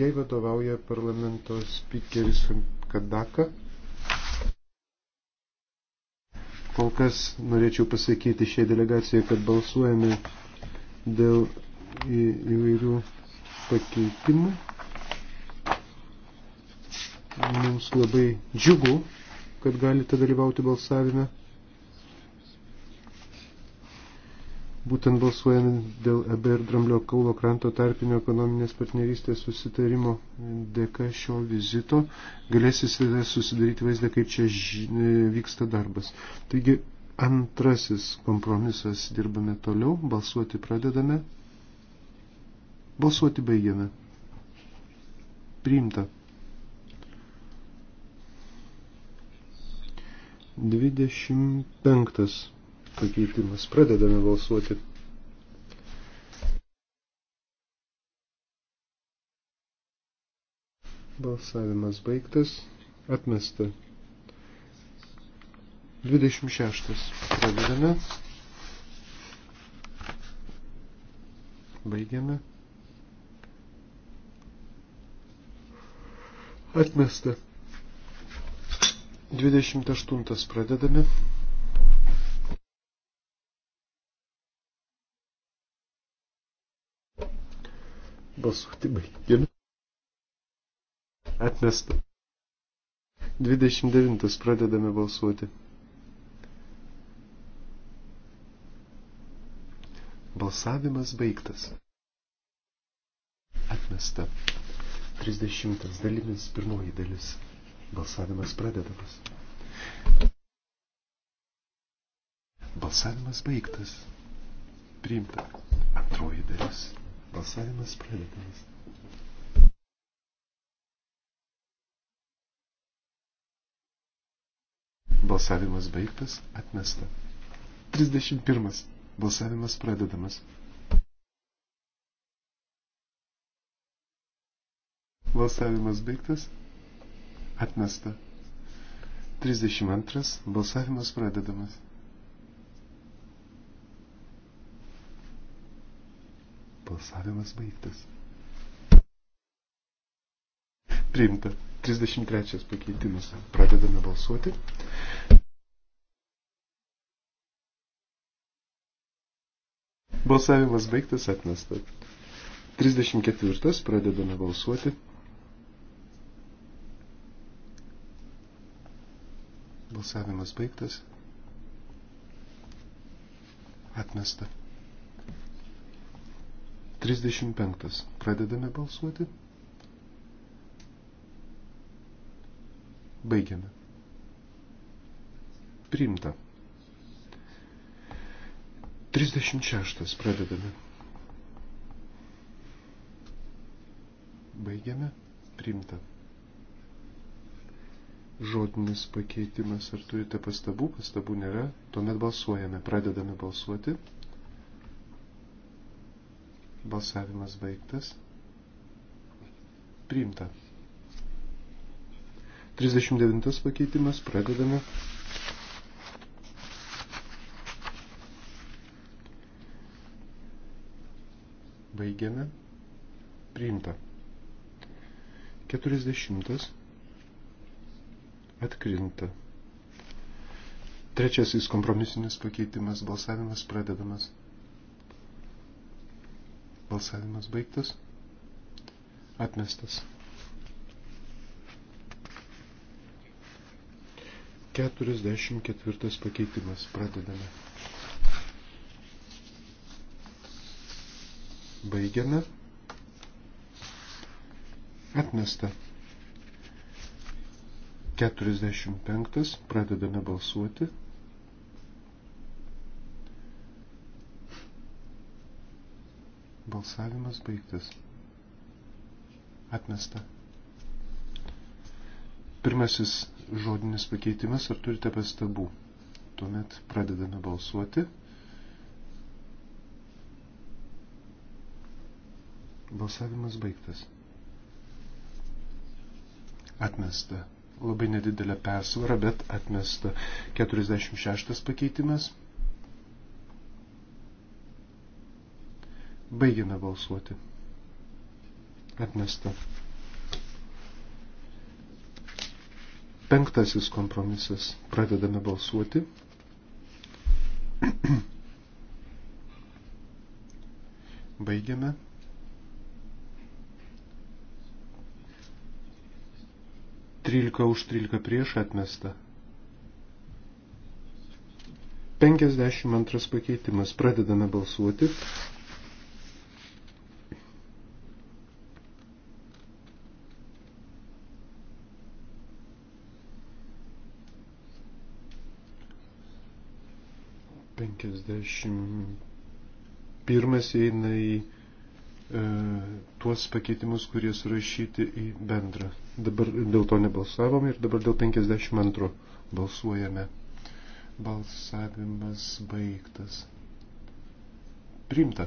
Jai vadovauja parlamento spikeris Kadaka. Kol kas norėčiau pasakyti šiai delegacijai, kad balsuojame dėl įvairių pakeitimų. Mums labai džiugu, kad galite dalyvauti balsavime. būtent balsuojant dėl EB ir Dramblio kaulo kranto tarpinio ekonominės partnerystės susitarimo dėka šio vizito galėsite susidaryti vaizdą, kaip čia vyksta darbas. Taigi antrasis kompromisas dirbame toliau, balsuoti pradedame, balsuoti baigiame. Priimta. 25 pakeitimas. Pradedame balsuoti. Balsavimas baigtas. Atmesta. 26. Pradedame. Baigiame. Atmesta. 28. Pradedame. Balsuoti baigėme. Atmesta. 29 pradedame balsuoti. Balsavimas baigtas. Atmesta. 30 dalimis pirmoji dalis. Balsavimas pradedamas. Balsavimas baigtas. Priimta. Antroji dalis. Balsavimas pradedamas. Balsavimas baigtas, atmesta. 31. Balsavimas pradedamas. Balsavimas baigtas, atmesta. 32. Balsavimas pradedamas. Balsavimas baigtas. Priimta. 33 pakeitimas. Pradedame balsuoti. Balsavimas baigtas atmesta. 34 pradedame balsuoti. Balsavimas baigtas. Atmesta. 35. Pradedame balsuoti. Baigiame. Priimta. 36. Pradedame. Baigiame. Priimta. Žodinis pakeitimas. Ar turite pastabų? Pastabų nėra. Tuomet balsuojame. Pradedame balsuoti. Balsavimas baigtas. Priimta. 39 pakeitimas. Pradedame. Baigiame. Priimta. 40 atkrinta. Trečiasis kompromisinis pakeitimas balsavimas pradedamas. Balsavimas baigtas. Atmestas. 44 pakeitimas. Pradedame. Baigiame. Atmesta. 45. Pradedame balsuoti. Balsavimas baigtas. Atmesta. Pirmasis žodinis pakeitimas, ar turite pastabų? Tuomet pradedame balsuoti. Balsavimas baigtas. Atmesta. Labai nedidelė persvara, bet atmesta. 46 pakeitimas. Baigime balsuoti. Atmesta. Penktasis kompromisas. Pradedame balsuoti. Baigiame. Trylika už trylika prieš atmesta. 52 pakeitimas. Pradedame balsuoti. 51 eina į e, tuos pakeitimus, kurie surašyti į bendrą. Dabar dėl to nebalsavom ir dabar dėl 52 balsuojame. Balsavimas baigtas. Primta.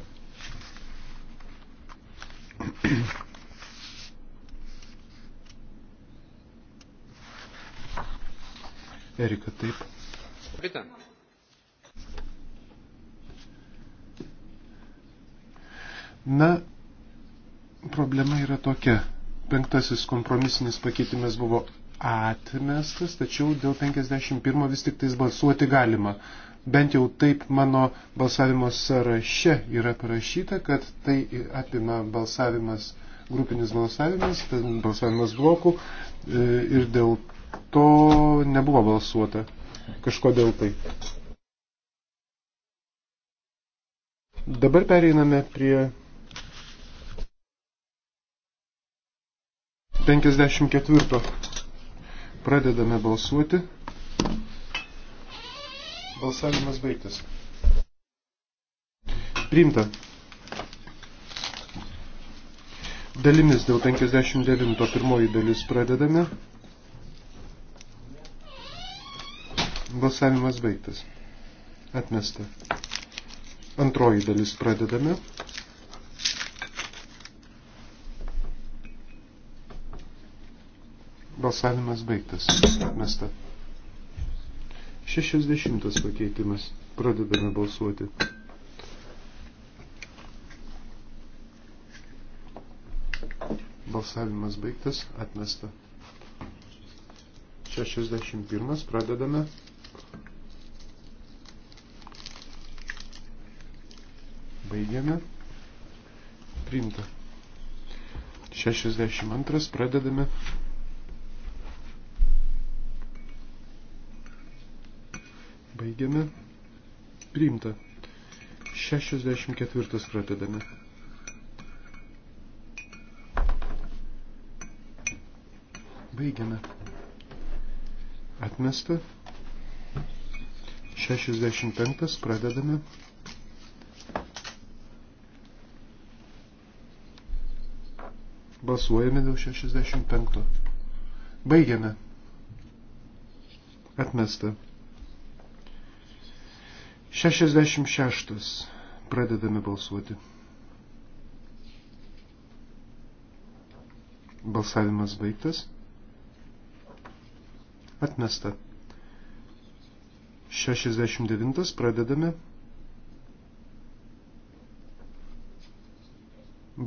Erika, taip. Pritant. Na, problema yra tokia. Penktasis kompromisinis pakeitimas buvo atmestas, tačiau dėl 51 vis tik tais balsuoti galima. Bent jau taip mano balsavimo sąraše yra parašyta, kad tai apima balsavimas, grupinis balsavimas, balsavimas blokų e, ir dėl to nebuvo balsuota. Kažkodėl tai. Dabar pereiname prie 54. Pradedame balsuoti. Balsavimas baigtas. Priimta. Dalimis dėl 59. Pirmoji dalis pradedame. Balsavimas baigtas. Atmesta. Antroji dalis pradedame. Balsavimas baigtas. Atmesta. 60 pakeitimas. Pradedame balsuoti. Balsavimas baigtas. Atmesta. 61 pradedame. Baigiame. Priimta. 62 pradedame. Baigiame. Priimta. 64 pradedame. Baigiame. Atmesta. 65 pradedame. Balsuojame dėl 65. Baigiame. Atmesta. 66. Pradedame balsuoti. Balsavimas baigtas. Atmesta. 69. Pradedame.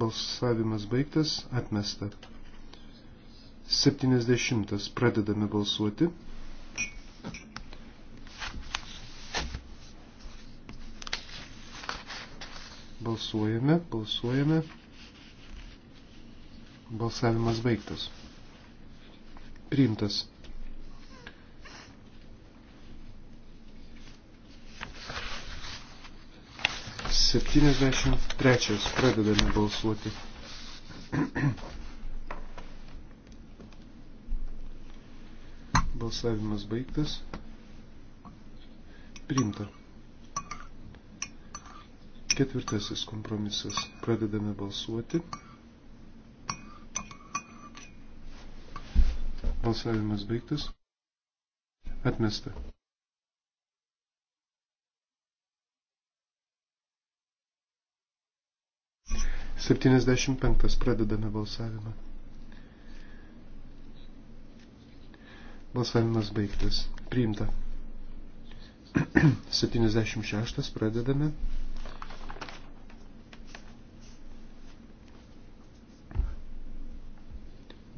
Balsavimas baigtas. Atmesta. 70. Pradedame balsuoti. Balsuojame, balsuojame. Balsavimas baigtas. Priimtas. Septyniasdešimt trečias. Pradedame balsuoti. Balsavimas baigtas. Priimta. Ketvirtasis kompromisas. Pradedame balsuoti. Balsavimas baigtas. Atmesta. Septyniasdešimt penktas. Pradedame balsavimą. Balsavimas baigtas. Priimta. 76 pradedame.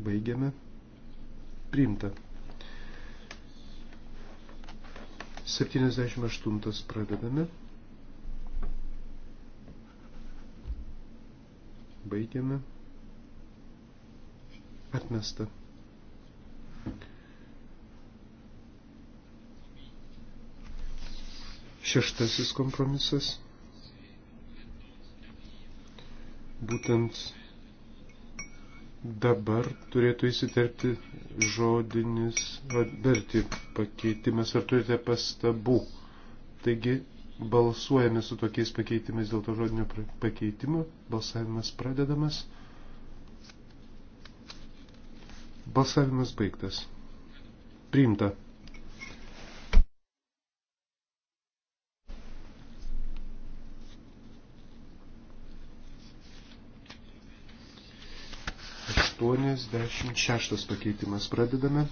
Baigiame. Priimta. 78 pradedame. Baigiame. Atmesta. Šeštasis kompromisas. Būtent Dabar turėtų įsiterpti žodinis verti pakeitimas. Ar turite pastabų? Taigi balsuojame su tokiais pakeitimais dėl to žodinio pakeitimo. Balsavimas pradedamas. Balsavimas baigtas. Priimta. 86 pakeitimas pradedame.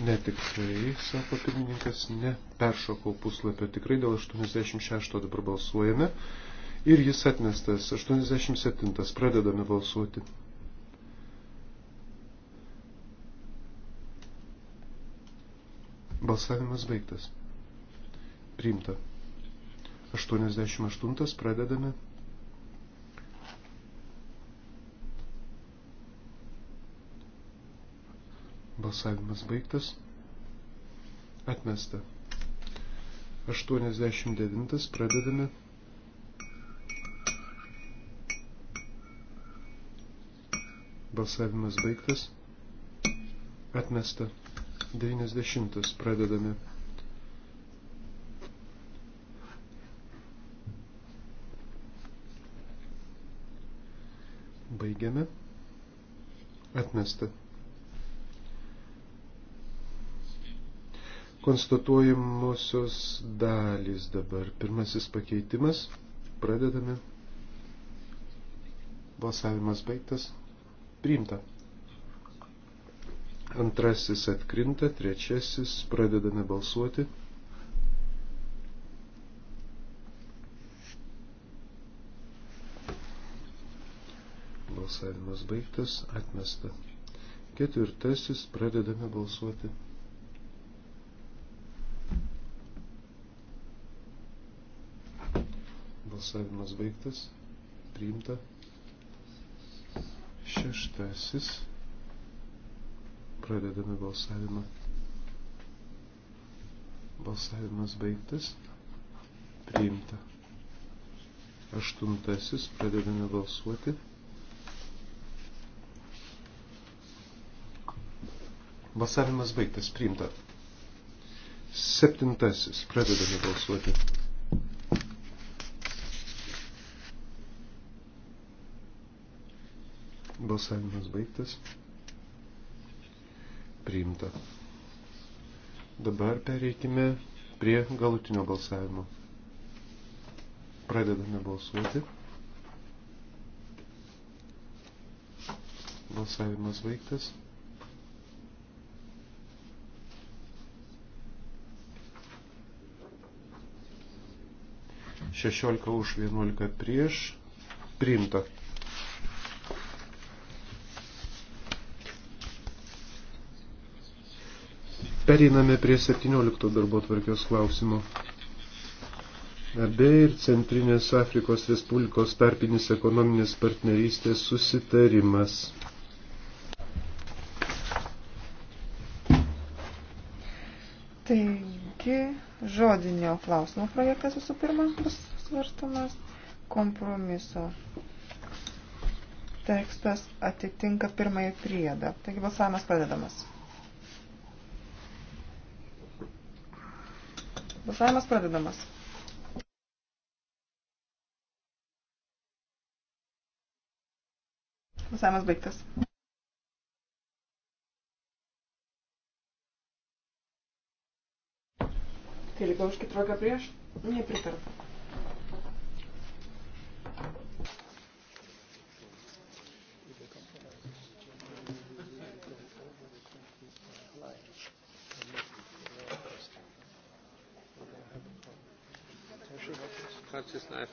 Netikrai, sako pirmininkas, neperšokau puslapio. Tikrai dėl 86 dabar balsuojame. Ir jis atmestas. 87 pradedame balsuoti. Balsavimas baigtas. Priimta. 88 pradedame. Balsavimas baigtas. Atmesta. 89 pradedame. Balsavimas baigtas. Atmesta. 90 pradedame. Baigiame. Atmesta. Konstatuojamosios dalys dabar. Pirmasis pakeitimas. Pradedame. Balsavimas baigtas. Priimta. Antrasis atkrinta, trečiasis pradedame balsuoti. Balsavimas baigtas, atmesta. Ketvirtasis pradedame balsuoti. Balsavimas baigtas, priimta. Šeštasis Pradedame balsavimą. Balsavimas baigtas. Priimta. Aštuntasis. Pradedame balsuoti. Balsavimas baigtas. Priimta. Septintasis. Pradedame balsuoti. Balsavimas baigtas priimta. Dabar pereikime prie galutinio balsavimo. Pradedame balsuoti. Balsavimas baigtas. Šešiolika už vienuolika prieš. Priimta. Pereiname prie 17 darbo tvarkios klausimų. Abe ir Centrinės Afrikos Respublikos tarpinis ekonominės partnerystės susitarimas. Taigi, žodinio klausimo projektas visų pirma bus svarstamas kompromiso. Tekstas atitinka pirmąjį priedą. Taigi balsavimas pradedamas. Balsavimas pradedamas. Balsavimas baigtas. Trylika tai už keturiolika prieš. Nepritarta. live.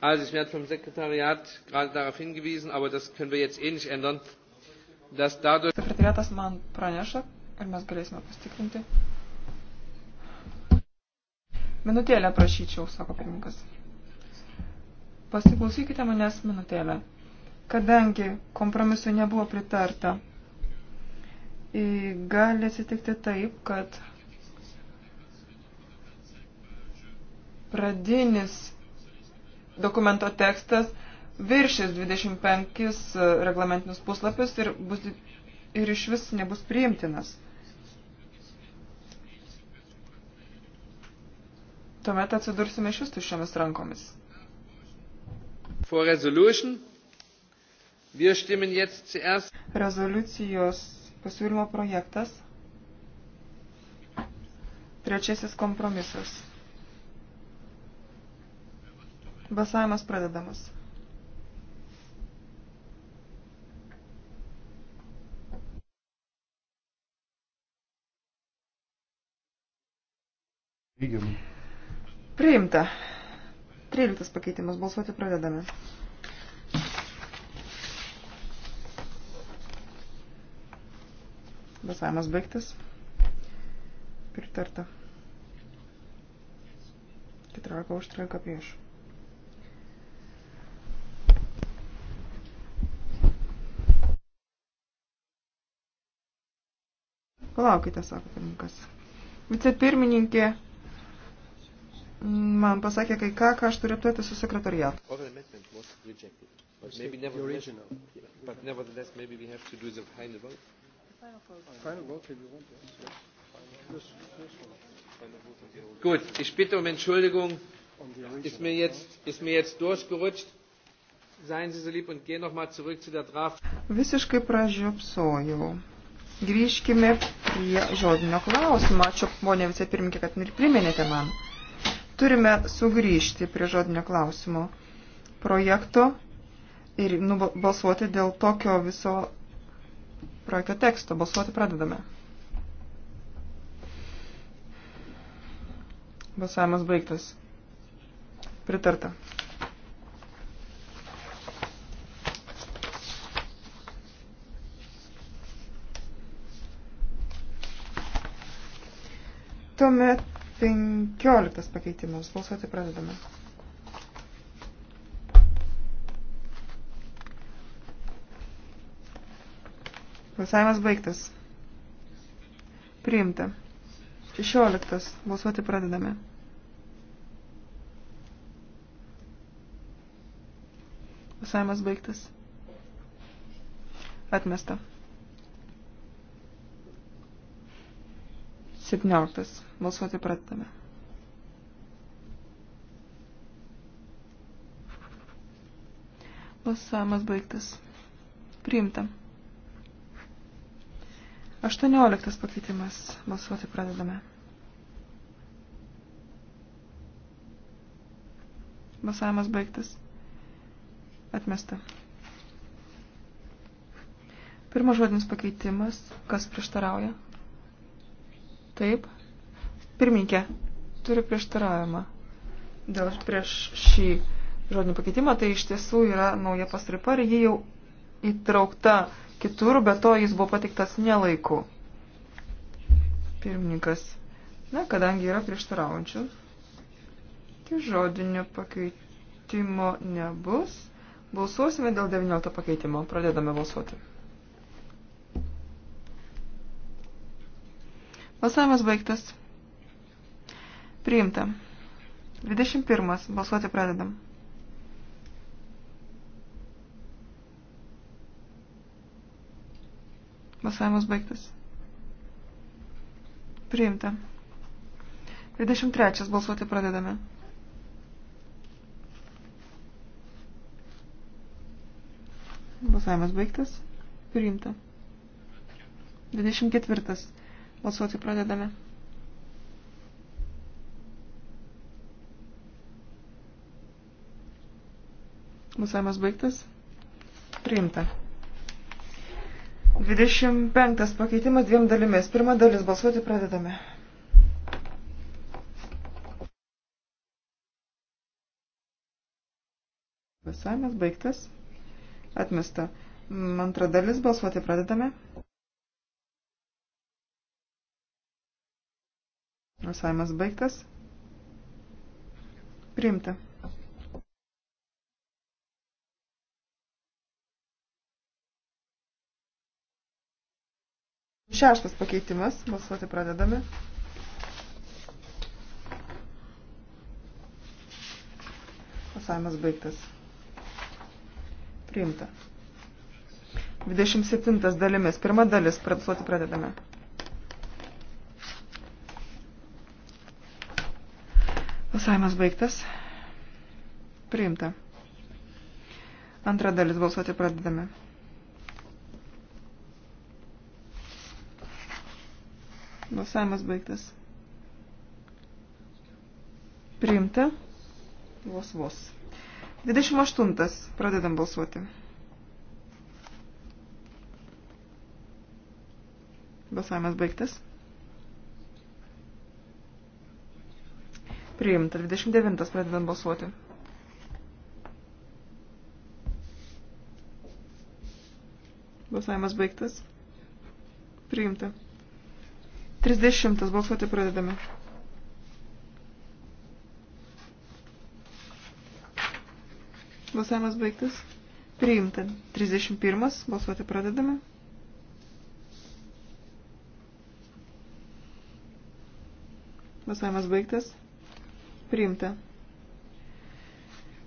Also ich werde vom Sekretariat gerade darauf hingewiesen, aber das können wir jetzt eh nicht ändern, dass dadurch... Sekretariatas man praneša ir mes galėsime pastikrinti. Minutėlę prašyčiau, sako pirmininkas. Pasiklausykite manęs minutėlę. Kadangi kompromisui nebuvo pritarta, gali atsitikti taip, kad pradinis dokumento tekstas viršis 25 e, reglamentinius puslapius ir, bus, ir iš vis nebus priimtinas. Tuomet atsidursime šis tuščiomis rankomis. Rezoliucijos pasiūlymo projektas. Trečiasis kompromisas. Balsavimas pradedamas. Lygiam. Priimta. 13 pakeitimas. Balsuoti pradedame. Balsavimas baigtas. Pritarta. 14 už 13 prieš. Palaukite, sako pirmininkas. Vicepirmininkė man pasakė kai ką, ką aš turiu aptarti su sekretariatu. Maybe nevertheless, but nevertheless, maybe we have to do the final vote. Final vote, if you want. Yes. Yes. Yes. Gut, ich bitte um Entschuldigung. Ist mir jetzt, ist mir jetzt durchgerutscht. Seien Sie so lieb und gehen nochmal zurück zu der Draft. Visiškai pražiopsojau. Grįžkime prie žodinio klausimo. Ačiū, ponė vicepirminkė, kad ir priminėte man. Turime sugrįžti prie žodinio klausimo projekto ir nu, balsuoti dėl tokio viso projekto teksto. Balsuoti pradedame. Balsavimas baigtas. Pritarta. Tuomet 15 pakeitimas. Balsuoti pradedame. Balsavimas baigtas. Priimta. 16. Balsuoti pradedame. Balsavimas baigtas. Atmesta. 17. Balsuoti pradedame. Balsavimas baigtas. Priimta. 18 pakeitimas. Balsuoti pradedame. Balsavimas baigtas. Atmesta. Pirmas žodinis pakeitimas. Kas prieštarauja? Taip. Pirminkė, turiu prieštaravimą. Dėl prieš šį žodinį pakeitimą, tai iš tiesų yra nauja pasripa ir ji jau įtraukta kitur, bet to jis buvo patiktas nelaiku. Pirmininkas. Na, kadangi yra prieštaraujančių, tai žodinio pakeitimo nebus. Balsuosime dėl 19 pakeitimo. Pradedame balsuoti. Balsavimas baigtas. Priimta. 21. Balsuoti pradedam. Balsavimas baigtas. Priimta. 23. Balsuoti pradedame. Balsavimas baigtas. Priimta. 24. Balsuoti pradedame. Balsavimas baigtas. Priimta. 25 pakeitimas dviem dalimis. Pirma dalis balsuoti pradedame. Balsavimas baigtas. Atmesta. Antra dalis balsuoti pradedame. Balsavimas baigtas. Priimta. Šeštas pakeitimas. Balsuoti pradedame. Balsavimas baigtas. Priimta. 27 dalimis. Pirma dalis. Balsuoti pradedame. Balsavimas baigtas. Priimta. Antra dalis balsuoti pradedame. Balsavimas baigtas. Priimta. Vos vos. 28. Pradedam balsuoti. Balsavimas baigtas. Priimta. 29 pradedam balsuoti. Balsavimas baigtas. Priimta. 30 balsuoti pradedame. Balsavimas baigtas. Priimta. 31. Balsuoti pradedame. Balsavimas baigtas. Priimta.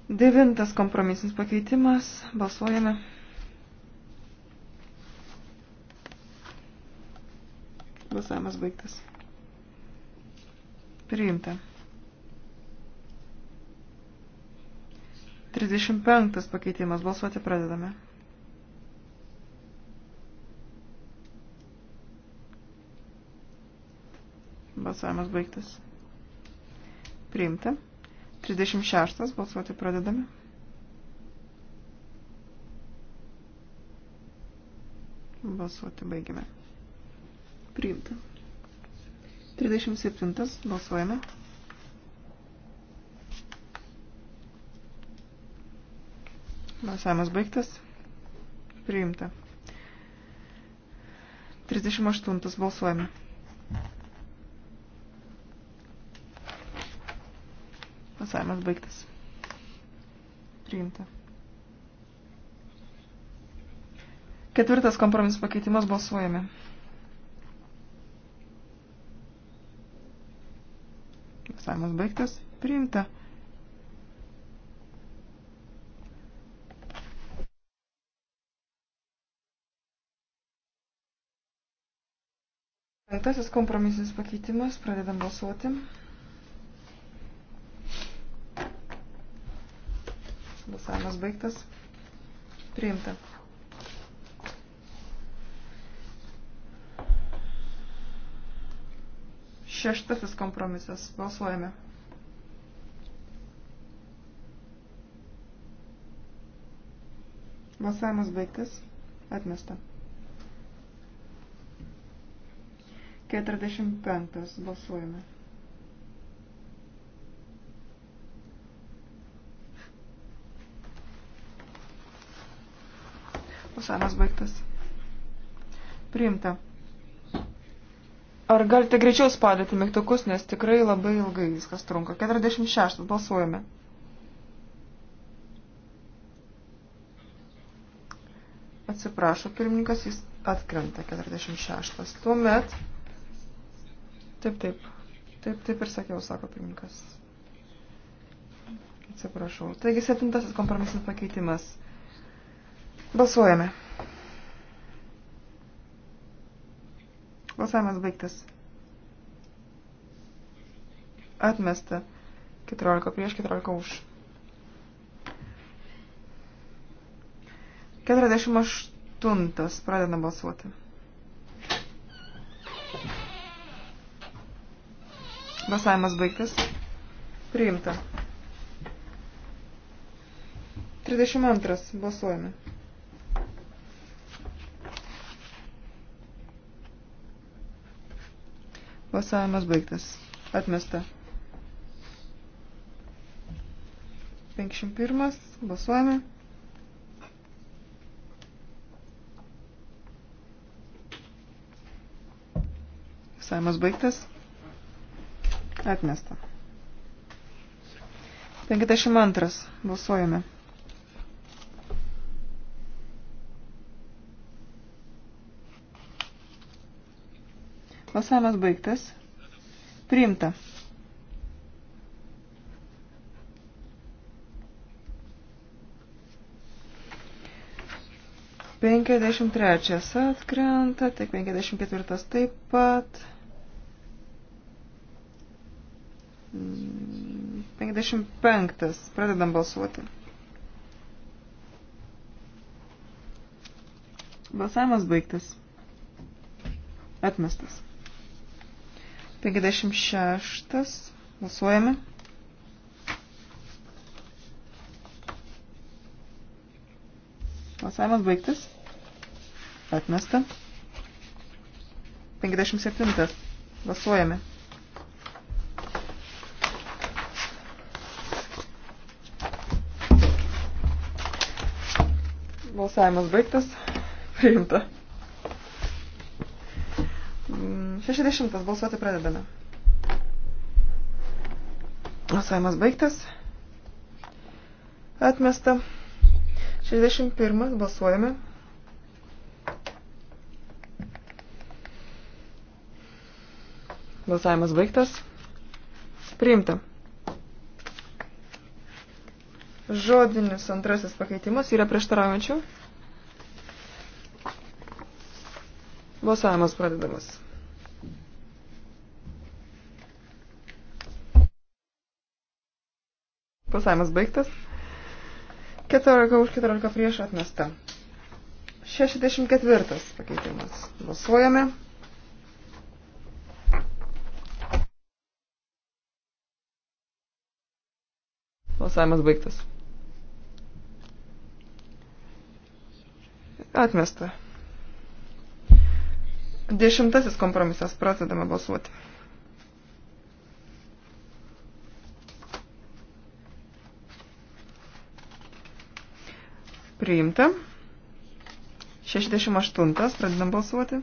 Devintas kompromisinis pakeitimas. Balsuojame. Balsavimas baigtas. Priimta. 35 pakeitimas. Balsuoti pradedame. Balsavimas baigtas. Priimta. 36. Balsuoti pradedame. Balsuoti baigiame. Priimta. 37. Balsuojame. Balsavimas baigtas. Priimta. 38. Balsuojame. Balsavimas baigtas. Priimta. Ketvirtas kompromis pakeitimas balsuojame. Balsavimas baigtas. Priimta. Penktasis kompromisinis pakeitimas. Pradedam balsuoti. Balsavimas baigtas. Priimta. Šeštasis kompromisas. Balsuojame. Balsavimas baigtas. Atmesta. 45. Balsuojame. Balsavimas baigtas. Priimta. Ar galite greičiau spadėti mygtukus, nes tikrai labai ilgai viskas trunka. 46. Balsuojame. Atsiprašo, pirmininkas jis atkrenta 46. Tuomet. Taip, taip. Taip, taip ir sakiau, sako pirmininkas. Atsiprašau. Taigi septintasis kompromisinis pakeitimas. Balsuojame. Balsavimas baigtas. Atmesta. 14 prieš, 14 už. 48. Pradedam balsuoti. Balsavimas baigtas. Priimta. 32. Balsuojame. Balsavimas baigtas. Atmesta. 51. Balsuojame. Balsavimas baigtas. Atmesta. 52. Balsuojame. Balsavimas baigtas. Priimta. Penkiasdešimt trečias atkrenta, tik penkiasdešimt ketvirtas taip pat. 55. Pradedam balsuoti. Balsavimas baigtas. Atmestas. 56. Balsuojame. Balsavimas baigtas. Atmesta. 57. Balsuojame. Balsavimas baigtas. Priimta. 60. Balsuoti pradedame. Balsavimas baigtas. Atmesta. 61. Balsuojame. Balsavimas baigtas. Priimta. Žodinis antrasis pakeitimas yra prieštaraujančių. Balsavimas pradedamas. Pasavimas baigtas. 14 už 14 prieš atmesta. 64 pakeitimas. Balsuojame. Balsavimas baigtas. Atmesta. Dešimtasis kompromisas. Pradedame balsuoti. Priimta. 68. Pradedam balsuoti.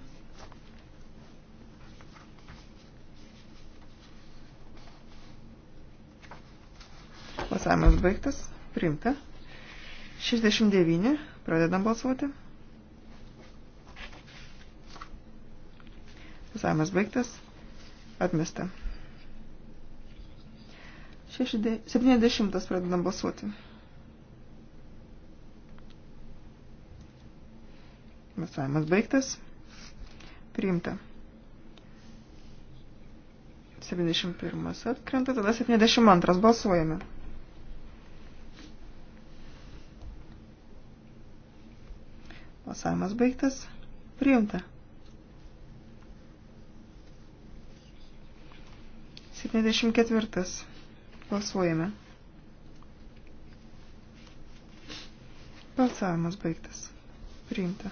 Balsavimas baigtas. Priimta. 69. Pradedam balsuoti. Balsavimas baigtas. Atmesta. 70. Pradedam balsuoti. Balsavimas baigtas. Priimta. 71 atkrenta, tada 72 balsuojame. Balsavimas baigtas. Priimta. 74 balsuojame. Balsavimas baigtas. Priimta.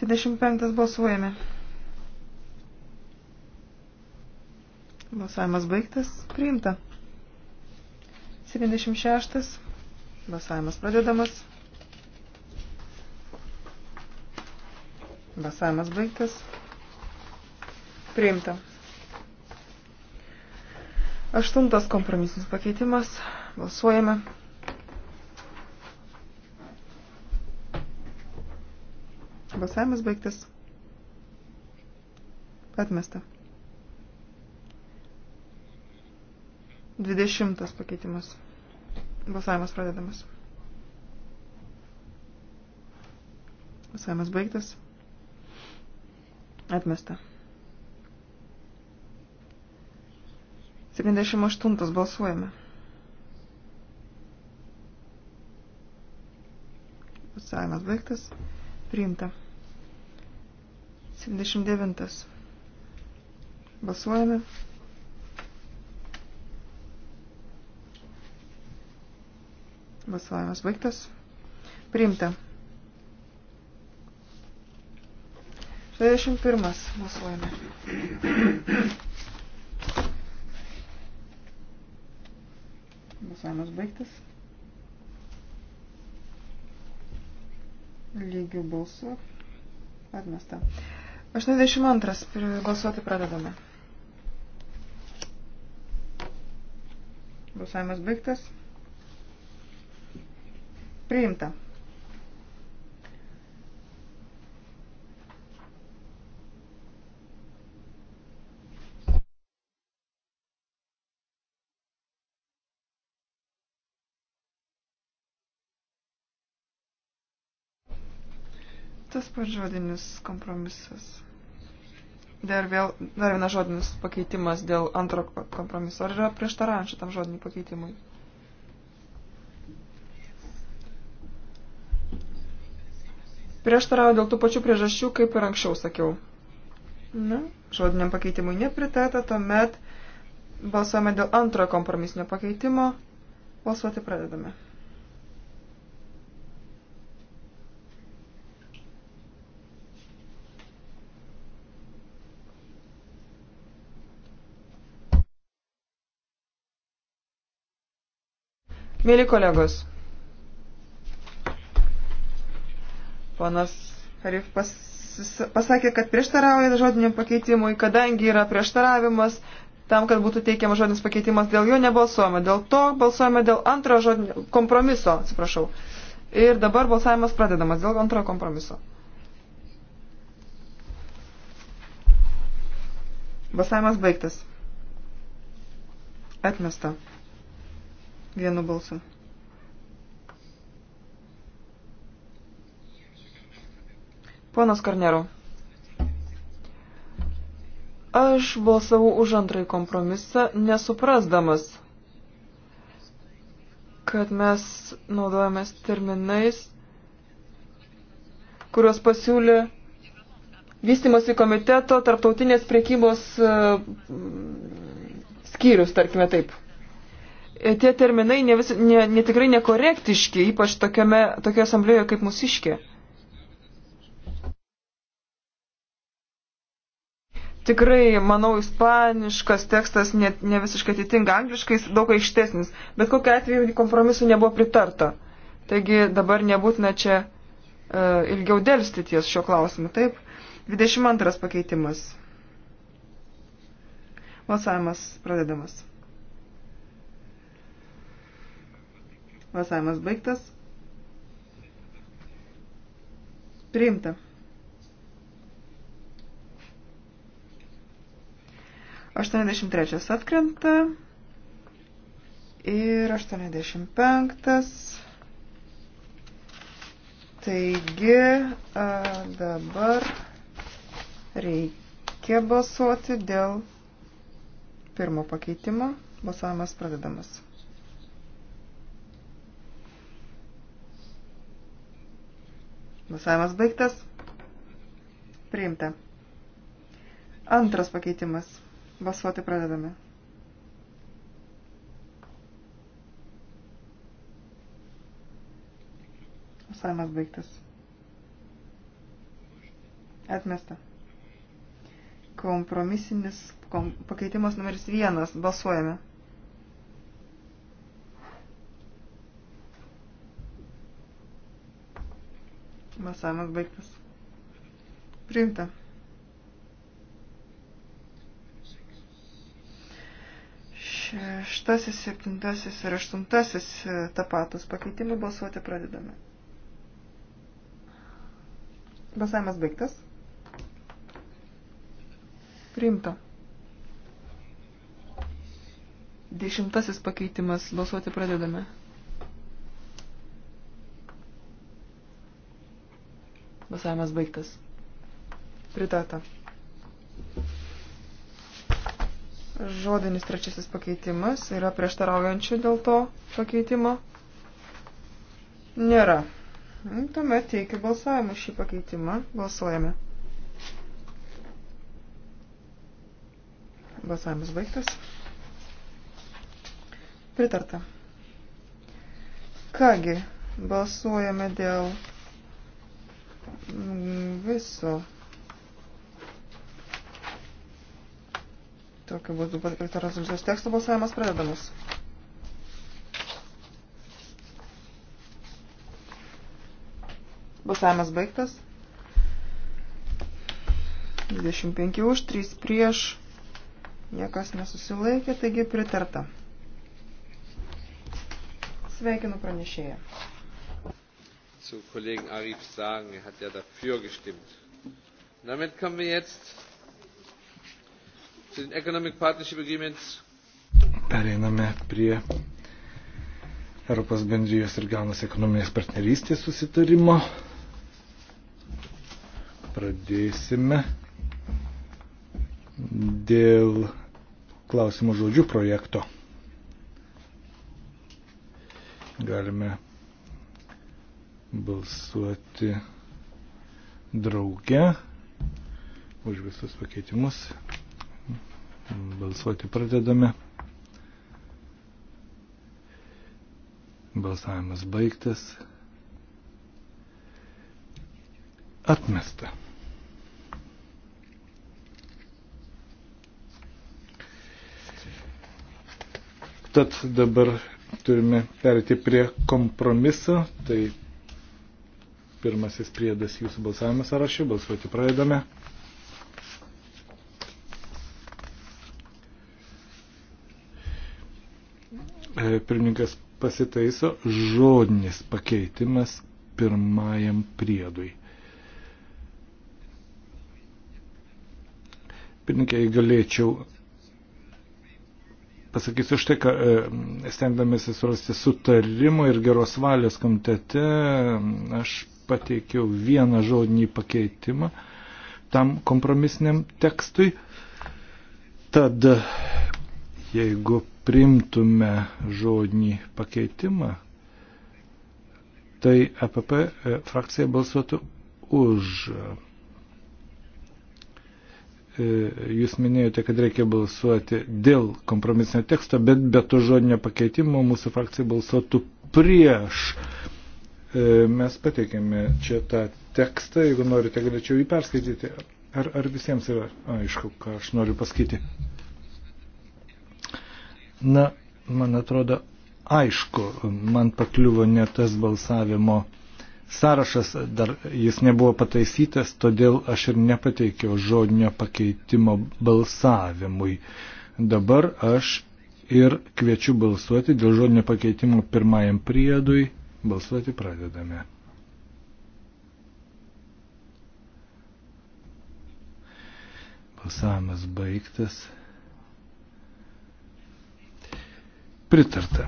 75 balsuojame. Balsavimas baigtas. Priimta. 76. Balsavimas pradedamas. Balsavimas baigtas. Priimta. Aštuntas kompromisinis pakeitimas. Balsuojame. Balsavimas baigtas. Atmesta. 20 pakeitimas. Balsavimas pradedamas. Balsavimas baigtas. Atmesta. 78 balsuojame. Balsavimas baigtas. Priimta. 79. Balsuojame. Balsavimas baigtas. Priimta. 61. Balsuojame. Balsavimas baigtas. Lygių balsų. Atmesta. 82. Balsuoti pradedame. Balsavimas baigtas. Priimta. Tas pats žodinis kompromisas. Dar, vėl, dar vienas žodinis pakeitimas dėl antro kompromiso. Ar yra prieštarančių tam žodiniui pakeitimui? Prieštarauju dėl tų pačių priežasčių, kaip ir anksčiau sakiau. Na, žodiniam pakeitimui nepritarta, tuomet balsuojame dėl antrojo kompromisinio pakeitimo. Balsuoti pradedame. Mėly kolegos, panas Harif pas, pasakė, kad prieštarauja žodiniam pakeitimui, kadangi yra prieštaravimas, tam, kad būtų teikiamas žodinis pakeitimas, dėl jo nebalsuojama. Dėl to balsuojame dėl antro žodinio kompromiso, atsiprašau. Ir dabar balsavimas pradedamas dėl antrojo kompromiso. Balsavimas baigtas. Atmesta vienu balsu. Ponas Karnerau. Aš balsavau už antrąjį kompromisą, nesuprasdamas, kad mes naudojamės terminais, kuriuos pasiūlė vystimosi komiteto tarptautinės priekybos uh, skyrius, tarkime taip. E, tie terminai ne vis, ne, ne tikrai nekorektiški, ypač tokiame, tokioje asamblėjoje kaip mūsiškė. Tikrai, manau, ispaniškas tekstas ne, ne visiškai atitinka angliškais, daug aištesnis, bet kokiu atveju kompromisu nebuvo pritarta. Taigi dabar nebūtina čia uh, ilgiau dėlsti ties šio klausimu, taip? 22 pakeitimas. Balsavimas pradedamas. Balsavimas baigtas. Priimta. 83 atkrenta ir 85. Taigi dabar reikia balsuoti dėl pirmo pakeitimo. Balsavimas pradedamas. Balsavimas baigtas. Priimta. Antras pakeitimas. Balsuoti pradedame. Balsavimas baigtas. Atmesta. Kompromisinis kom, pakeitimas numeris vienas. Balsuojame. Balsavimas baigtas. Priimta. Šeštasis, septintasis ir aštuntasis e, tapatus pakeitimai balsuoti pradedame. Balsavimas baigtas. Priimta. Dešimtasis pakeitimas. Balsuoti pradedame. Balsavimas baigtas. Pritarta. Žodinis trečiasis pakeitimas. Yra prieštaraujančių dėl to pakeitimo? Nėra. Tuomet teikiu balsavimu šį pakeitimą. Balsuojame. Balsavimas baigtas. Pritarta. Kągi, balsuojame dėl viso. Tokiu būdu patikrinta rezoliucijos teksto balsavimas pradedamas. Balsavimas baigtas. 25 už, 3 prieš, niekas nesusilaikė, taigi pritarta. Sveikinu pranešėją zu Kollegen Arif sagen. Er hat ja dafür gestimmt. Und damit kommen wir jetzt zu den Economic Partnership Agreements. Pereiname prie Europos bendrijos ir Ganos ekonominės partnerystės susitarimo. Pradėsime dėl klausimų žodžių projekto. Galime balsuoti drauge už visus pakeitimus. Balsuoti pradedame. Balsavimas baigtas. Atmesta. Tad dabar turime perėti prie kompromiso, tai Pirmasis priedas jūsų balsavimo sąraše. Balsuoti pradedame. E, pirmininkas pasitaiso žodinis pakeitimas pirmajam priedui. Pirmininkai, galėčiau pasakysiu štai, kad e, stengdamėsi surasti sutarimo ir geros valios komitete, aš pateikiau vieną žodinį pakeitimą tam kompromisiniam tekstui. Tad jeigu primtume žodinį pakeitimą, tai APP e, frakcija balsuotų už. E, jūs minėjote, kad reikia balsuoti dėl kompromisinio teksto, bet be to žodinio pakeitimo mūsų frakcija balsuotų prieš. Uh, E, mes pateikėme čia tą tekstą, jeigu norite, galėčiau jį perskaityti. Ar, ar visiems yra aišku, ką aš noriu pasakyti? Na, man atrodo, aišku, man pakliuvo ne tas balsavimo sąrašas, dar jis nebuvo pataisytas, todėl aš ir nepateikiau žodinio pakeitimo balsavimui. Dabar aš ir kviečiu balsuoti dėl žodinio pakeitimo pirmajam priedui Balsuoti pradedame. Balsavimas baigtas. Pritarta.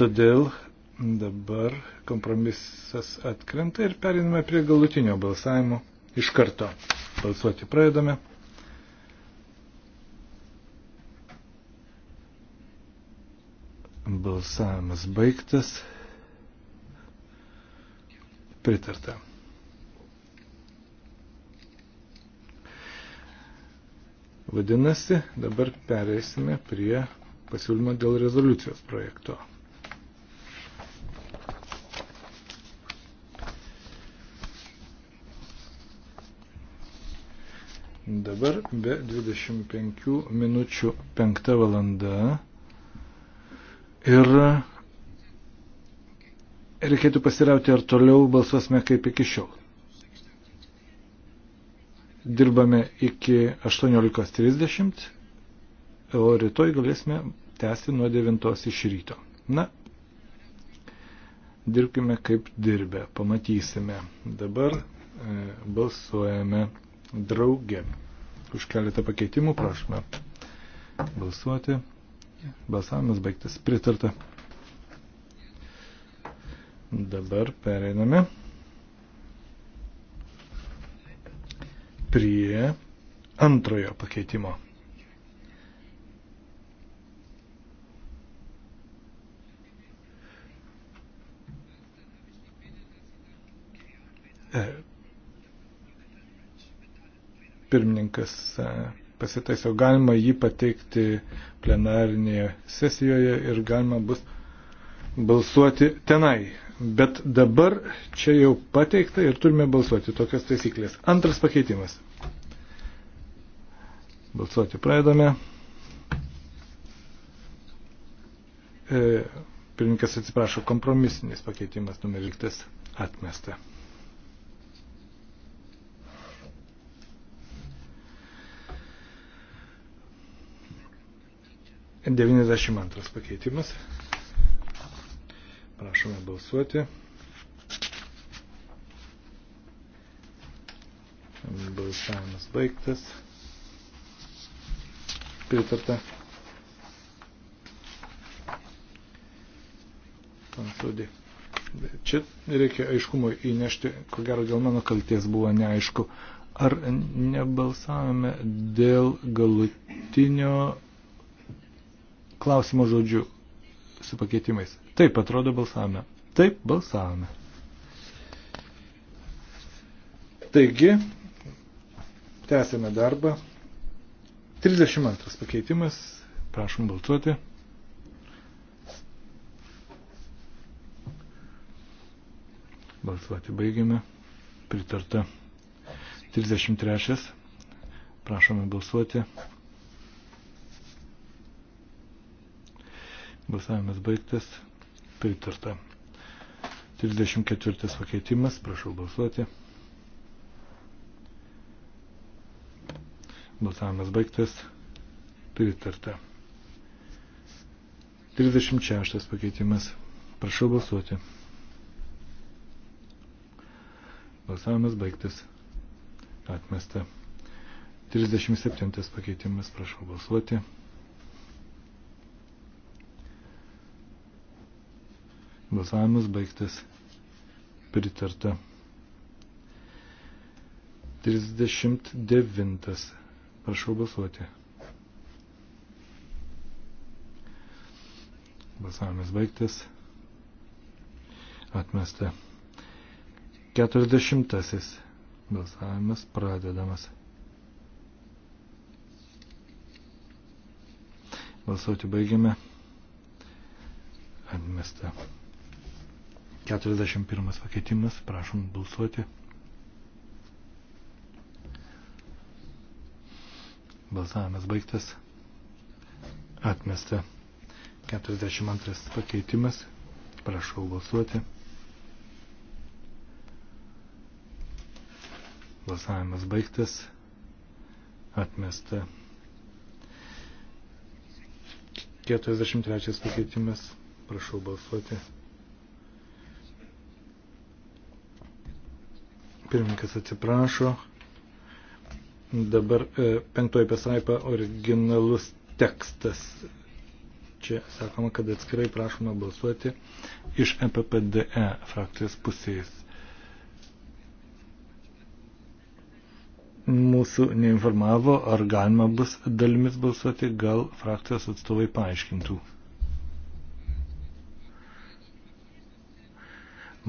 Todėl dabar kompromisas atkrenta ir periname prie galutinio balsavimo iš karto. Balsuoti pradedame. Balsavimas baigtas. Pritarta. Vadinasi, dabar pereisime prie pasiūlymo dėl rezoliucijos projekto. Dabar be 25 minučių 5 valanda Ir reikėtų pasirauti, ar toliau balsuosime kaip iki šiol. Dirbame iki 18.30, o rytoj galėsime tęsti nuo 9 iš ryto. Na, dirbkime kaip dirbę, pamatysime. Dabar e, balsuojame draugė. Už keletą pakeitimų prašome balsuoti. Balsavimas baigtas. Pritarta. Dabar pereiname prie antrojo pakeitimo. E, pirmininkas e, pasitaisiau, galima jį pateikti plenarinėje sesijoje ir galima bus balsuoti tenai. Bet dabar čia jau pateikta ir turime balsuoti tokias taisyklės. Antras pakeitimas. Balsuoti pradedame. E, Pirinkas atsiprašo, kompromisinis pakeitimas numeris atmesta. 92 pakeitimas. Prašome balsuoti. Balsavimas baigtas. Pritarta. Pansodė. Čia reikia aiškumo įnešti, ko gero dėl mano kalties buvo neaišku, ar nebalsavome dėl galutinio klausimo žodžiu su pakeitimais. Taip, atrodo, balsavome. Taip, balsavome. Taigi, tęsime darbą. 32 pakeitimas. Prašom balsuoti. Balsuoti baigiame. Pritarta. 33. Prašome balsuoti. Balsavimas baigtas. Pritarta. 34 pakeitimas. Prašau balsuoti. Balsavimas baigtas. Pritarta. 36 pakeitimas. Prašau balsuoti. Balsavimas baigtas. Atmesta. 37 pakeitimas. Prašau balsuoti. Balsavimas baigtas. Pritarta. 39. Prašau balsuoti. Balsavimas baigtas. Atmesta. 40. Balsavimas pradedamas. Balsuoti baigiame. Atmesta. 41 pakeitimas, prašom balsuoti. Balsavimas baigtas. Atmesta. 42 pakeitimas, prašau balsuoti. Balsavimas baigtas. Atmesta. 43 pakeitimas, prašau balsuoti. Pirmininkas atsiprašo. Dabar e, penktoji pasraipa originalus tekstas. Čia sakoma, kad atskirai prašoma balsuoti iš MPPDE e frakcijos pusės. Mūsų neinformavo, ar galima bus dalimis balsuoti, gal frakcijos atstovai paaiškintų.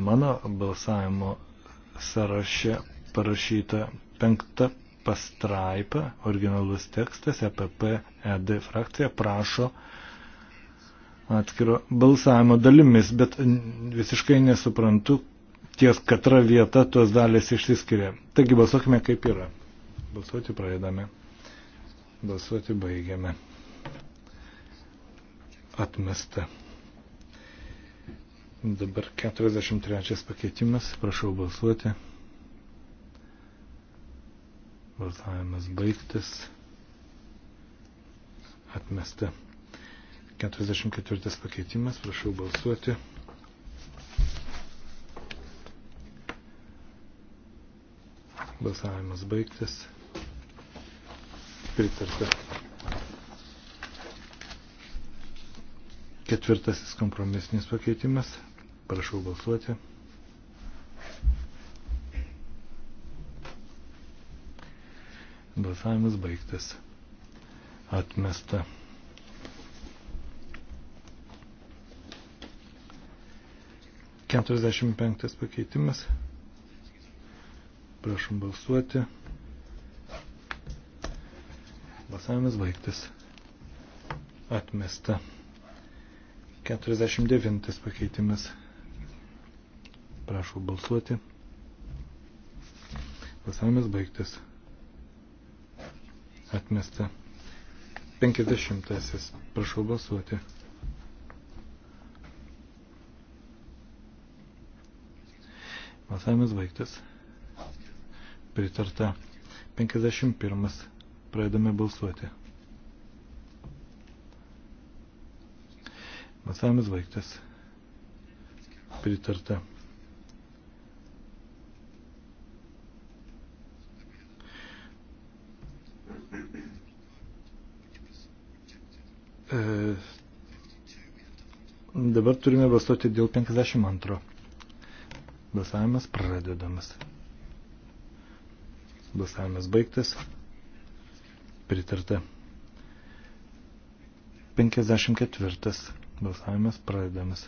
Mano balsavimo sąraše parašyta penkta pastraipa, originalus tekstas, EPP ED frakcija prašo atskiro balsavimo dalimis, bet visiškai nesuprantu, ties katra vieta tos dalės išsiskiria. Taigi balsuokime kaip yra. Balsuoti pradedame. Balsuoti baigiame. Atmesta. Dabar 43 pakeitimas, prašau balsuoti. Balsavimas baigtas. Atmesta. 44 pakeitimas, prašau balsuoti. Balsavimas baigtas. Pritarta. Ketvirtasis kompromisinis pakeitimas, Prašau balsuoti. Balsavimas baigtas. Atmesta. Keturiasdešimt penktas pakeitimas. Prašom balsuoti. Balsavimas baigtas. Atmesta. 49 pakeitimas. Prašau balsuoti. Balsavimas baigtas. Atmesta. 50. Prašau balsuoti. Balsavimas baigtas. Pritarta. 51. Pradedame balsuoti. Balsavimas baigtas. Pritarta. E, dabar turime balsuoti dėl 52. Balsavimas pradedamas. Balsavimas baigtas. Pritarta. 54. Balsavimas pradedamas.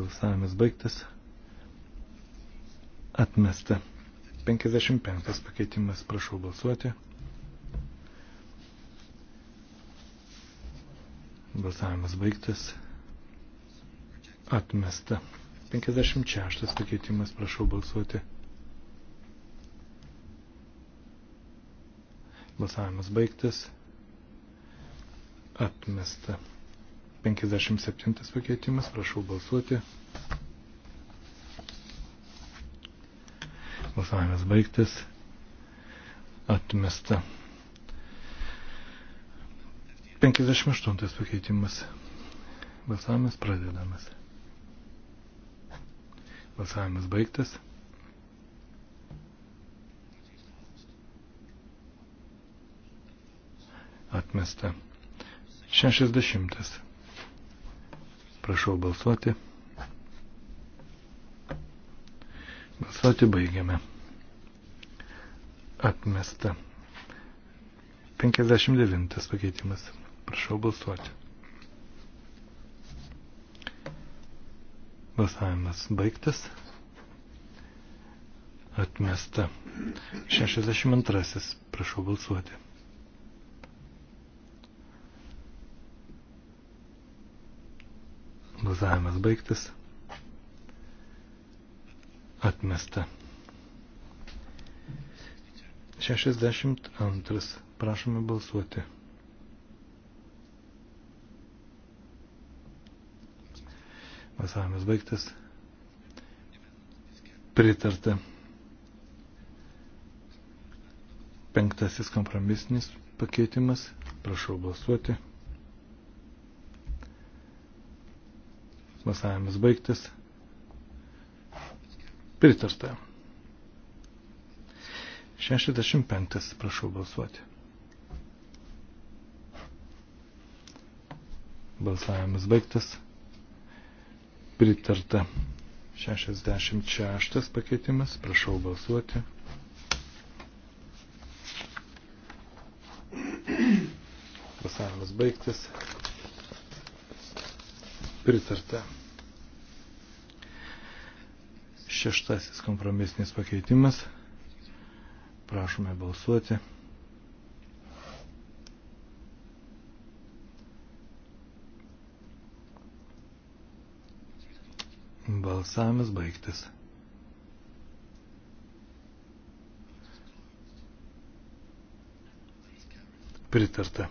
Balsavimas baigtas. Atmesta. 55 pakeitimas. Prašau balsuoti. Balsavimas baigtas. Atmesta. 56 pakeitimas, prašau balsuoti. Balsavimas baigtas. Atmesta. 57 pakeitimas, prašau balsuoti. Balsavimas baigtas. Atmesta. 58 pakeitimas. Balsavimas pradedamas. Balsavimas baigtas. Atmesta. 60. Prašau balsuoti. Balsuoti baigiame. Atmesta. 59 pakeitimas. Prašau balsuoti. Balsavimas baigtas. Atmesta. 62. Prašau balsuoti. Balsavimas baigtas. Atmesta. 62. Prašome balsuoti. Balsavimas baigtas. Pritarta. Penktasis kompromisinis pakeitimas. Prašau balsuoti. Balsavimas baigtas. Pritarta. 65. Prašau balsuoti. Balsavimas baigtas pritarta. 66 pakeitimas, prašau balsuoti. Balsavimas baigtas. Pritarta. Šeštasis kompromisinis pakeitimas. Prašome balsuoti. Balsavimas baigtas. Pritarta.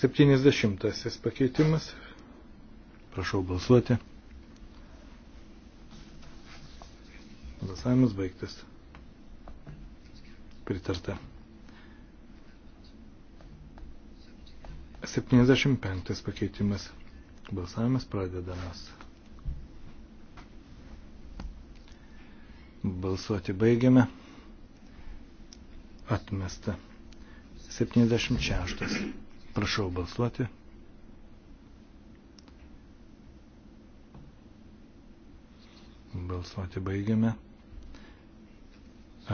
Septyniasdešimtasis pakeitimas. Prašau balsuoti. Balsavimas baigtas. Pritarta. 75 pakeitimas. Balsavimas pradedamas. Balsuoti baigiame. Atmesta. 76. Prašau balsuoti. Balsuoti baigiame.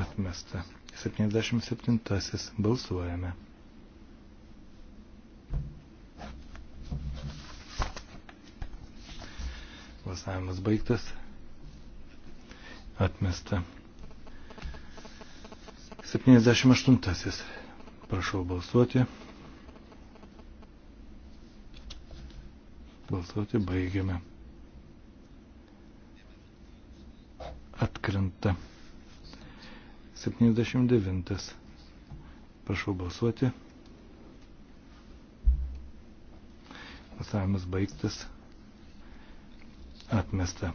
Atmesta. 77. Balsuojame. Balsavimas baigtas. Atmesta. 78. Prašau balsuoti. Balsuoti baigiame. Atkrenta. 79. Prašau balsuoti. Balsavimas baigtas. Atmesta.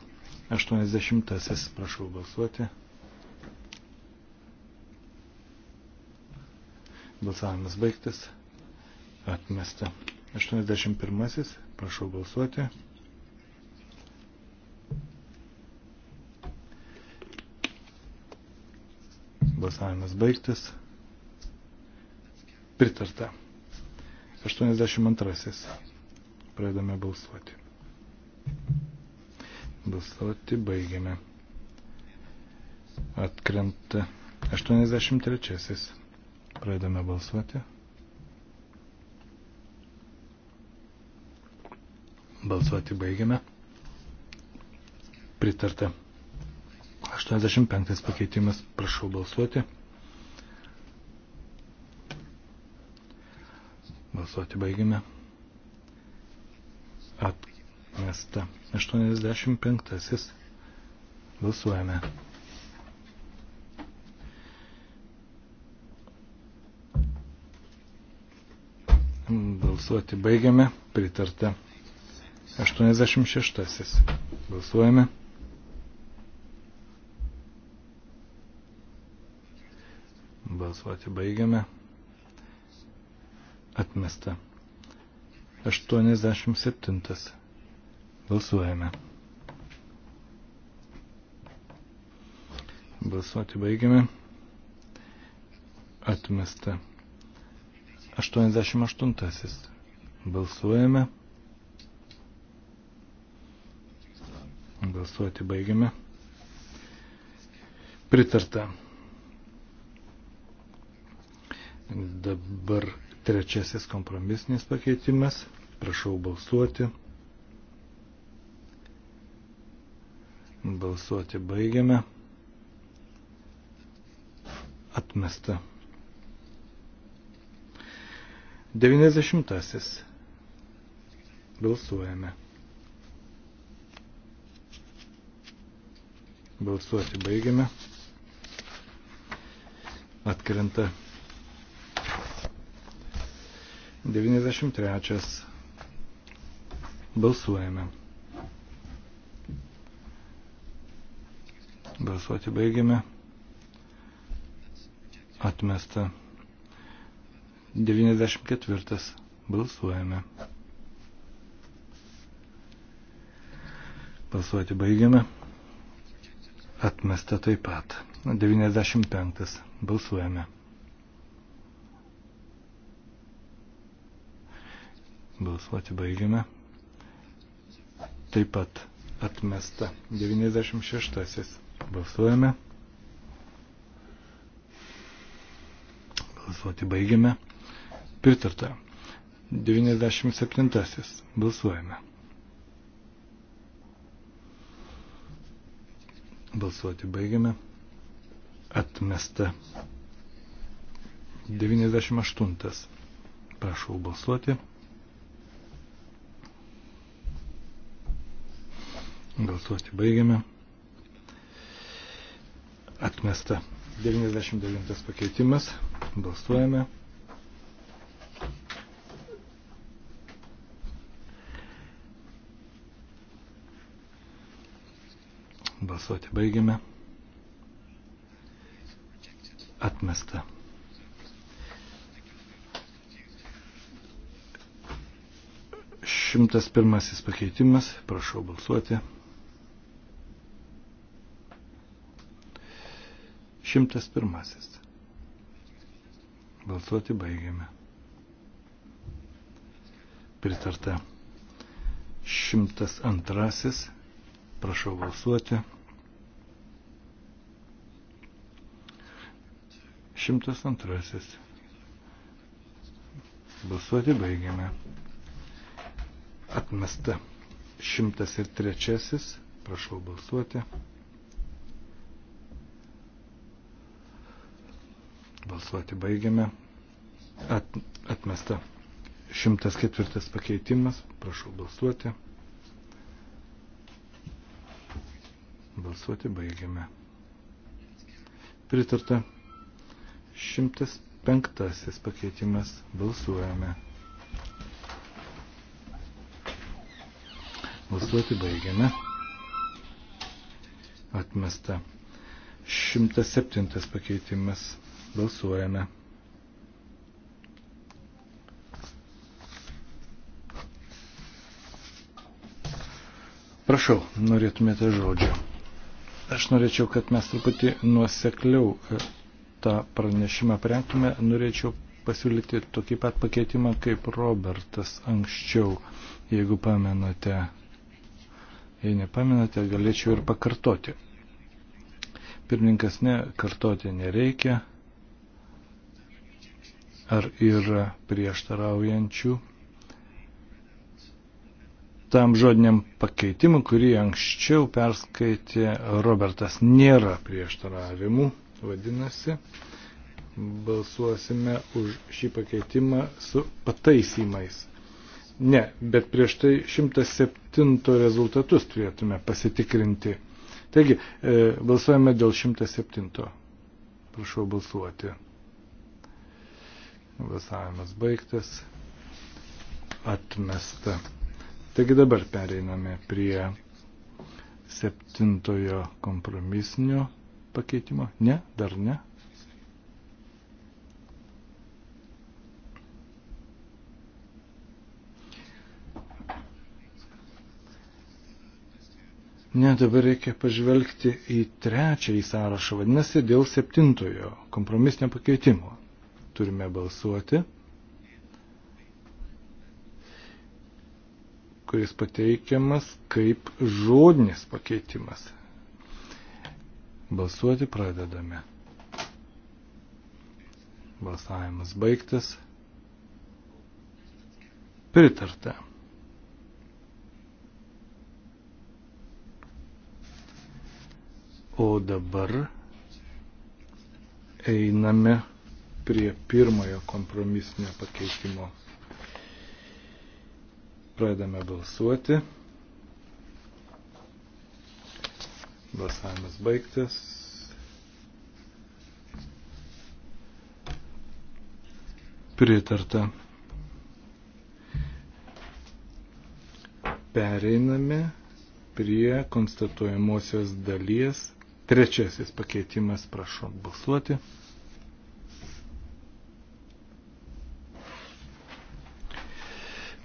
80. Prašau balsuoti. Balsavimas baigtas. Atmesta. 81. Prašau balsuoti. Balsavimas baigtas. Pritarta. 82. Pradedame balsuoti. Balsuoti baigiame. Atkrenta 83. Pradedame balsuoti. Balsuoti baigiame. Pritarta. 85 pakeitimas. Prašau balsuoti. Balsuoti baigiame atmesta. 85. Balsuojame. Balsuoti baigiame. Pritarta. 86. Balsuojame. Balsuoti baigiame. Atmesta. 87. Balsuojame. Balsuoti baigiame. Atmesta. 88. Balsuojame. Balsuoti baigiame. Pritarta. Dabar trečiasis kompromisinis pakeitimas. Prašau balsuoti. Balsuoti baigiame. Atmesta. 90. Balsuojame. Balsuoti baigiame. Atkrenta. 93. Balsuojame. Balsuoti baigiame. Atmesta. 94. Balsuojame. Balsuoti baigiame. Atmesta taip pat. 95. Balsuojame. Balsuoti baigiame. Taip pat atmesta. 96. Balsuojame. Balsuoti baigiame. Pritarta. 97. Balsuojame. Balsuoti baigiame. Atmesta. 98. Prašau balsuoti. Balsuoti baigiame. Atmesta. 99 pakeitimas. Balsuojame. Balsuoti baigiame. Atmesta. Šimtas pirmasis pakeitimas. Prašau balsuoti. Šimtas pirmasis. Balsuoti baigiame. Pritarta. Šimtas antrasis. Prašau balsuoti. Šimtas antrasis. Balsuoti baigiame. Atmesta. Šimtas ir trečiasis. Prašau balsuoti. Balsuoti baigiame. At, atmesta. 104 pakeitimas. Prašau balsuoti. Balsuoti baigiame. Pritarta. 105 pakeitimas. Balsuojame. Balsuoti baigiame. Atmesta. 107 pakeitimas. Balsuojame. Prašau, norėtumėte žodžio. Aš norėčiau, kad mes truputį nuosekliau e, tą pranešimą prengtume. Norėčiau pasiūlyti tokį pat pakeitimą kaip Robertas anksčiau, jeigu pamenate. Jei nepamenate, galėčiau ir pakartoti. Pirmininkas ne, kartoti nereikia. Ar yra prieštaraujančių tam žodiniam pakeitimui, kurį anksčiau perskaitė Robertas, nėra prieštaravimų, vadinasi, balsuosime už šį pakeitimą su pataisymais. Ne, bet prieš tai 107 rezultatus turėtume pasitikrinti. Taigi, e, balsuojame dėl 107. Prašau balsuoti. Balsavimas baigtas. Atmesta. Taigi dabar pereiname prie septintojo kompromisinio pakeitimo. Ne, dar ne. Ne, dabar reikia pažvelgti į trečiąjį sąrašą, vadinasi, dėl septintojo kompromisinio pakeitimo turime balsuoti, kuris pateikiamas kaip žodinis pakeitimas. Balsuoti pradedame. Balsavimas baigtas. Pritarta. O dabar einame prie pirmojo kompromisinio pakeitimo. Pradame balsuoti. Balsavimas baigtas. Pritarta. Pereiname prie konstatuojamosios dalies. Trečiasis pakeitimas, prašom balsuoti.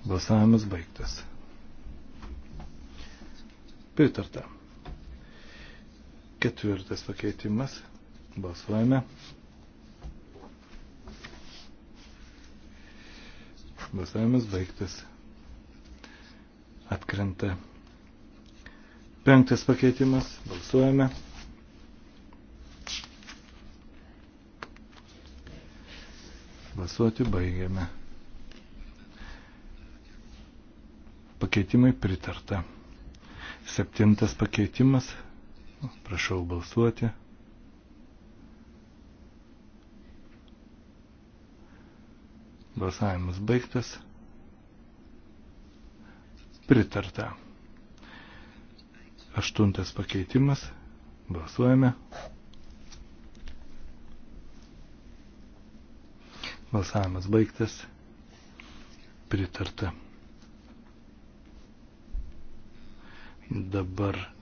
Balsavimas baigtas. Pritarta. Ketvirtas pakeitimas. Balsuojame. Balsavimas baigtas. Atkrenta. Penktas pakeitimas. Balsuojame. Balsuoti baigiame. Pakeitimai pritarta. Septintas pakeitimas. Prašau balsuoti. Balsavimas baigtas. Pritarta. Aštuntas pakeitimas. Balsuojame. Balsavimas baigtas. Pritarta. Dabar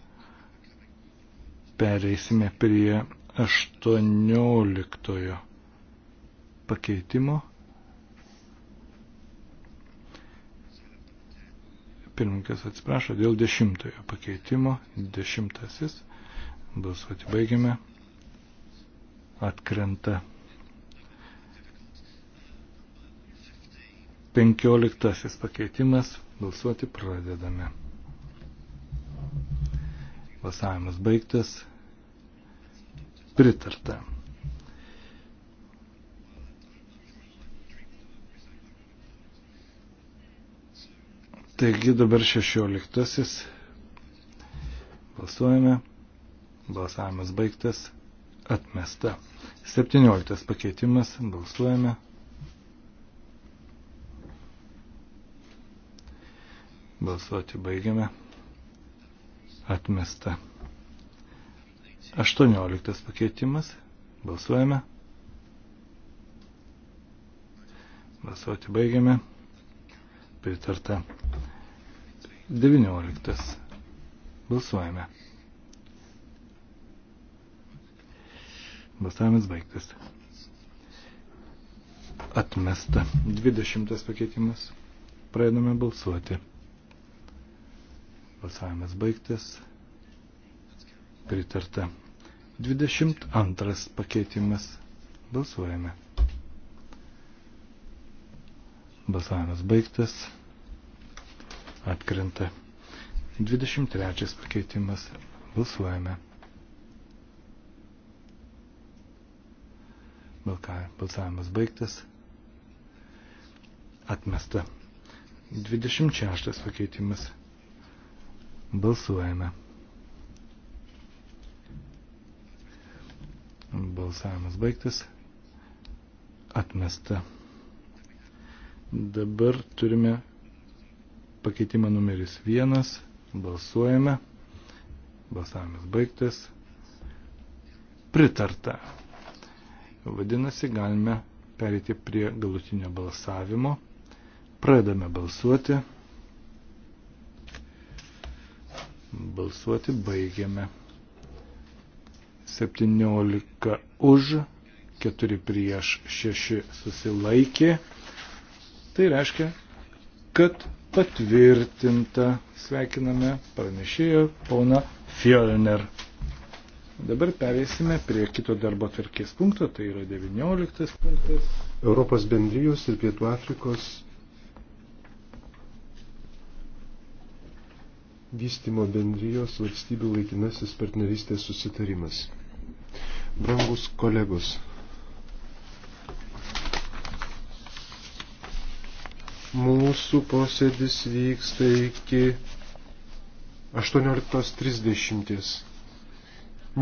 pereisime prie 18 pakeitimo. Pirmininkas atsiprašo dėl 10 pakeitimo. 10 balsuoti baigiame. Atkrenta. 15 pakeitimas. Balsuoti pradedame. Balsavimas baigtas. Pritarta. Taigi dabar šešioliktasis. Balsuojame. Balsavimas baigtas. Atmesta. Septynioliktas pakeitimas. Balsuojame. Balsuoti baigiame. Atmesta. 18 pakeitimas. Balsuojame. Balsuoti baigiame. Pritarta. 19. Balsuojame. Balsavimas baigtas. Atmesta. 20 pakeitimas. Pradedame balsuoti. Balsavimas baigtas. Pritarta. 22 pakeitimas. Balsuojame. Balsavimas baigtas. Atkrenta. 23 pakeitimas. Balsuojame. Balsavimas baigtas. Atmesta. 26 pakeitimas. Balsuojame. Balsavimas baigtas. Atmesta. Dabar turime pakeitimą numeris vienas. Balsuojame. Balsavimas baigtas. Pritarta. Vadinasi, galime perėti prie galutinio balsavimo. Pradame balsuoti. Balsuoti baigiame. 17 už, 4 prieš, 6 susilaikė. Tai reiškia, kad patvirtinta. Sveikiname pranešėjo pona Fjellner. Dabar perėsime prie kito darbo tvarkės punkto, tai yra 19 punktas. Europos bendrijos ir Pietų Afrikos vystimo bendrijos valstybių laikinasis partnerystės susitarimas. Brangus kolegos, mūsų posėdis vyksta iki 18.30.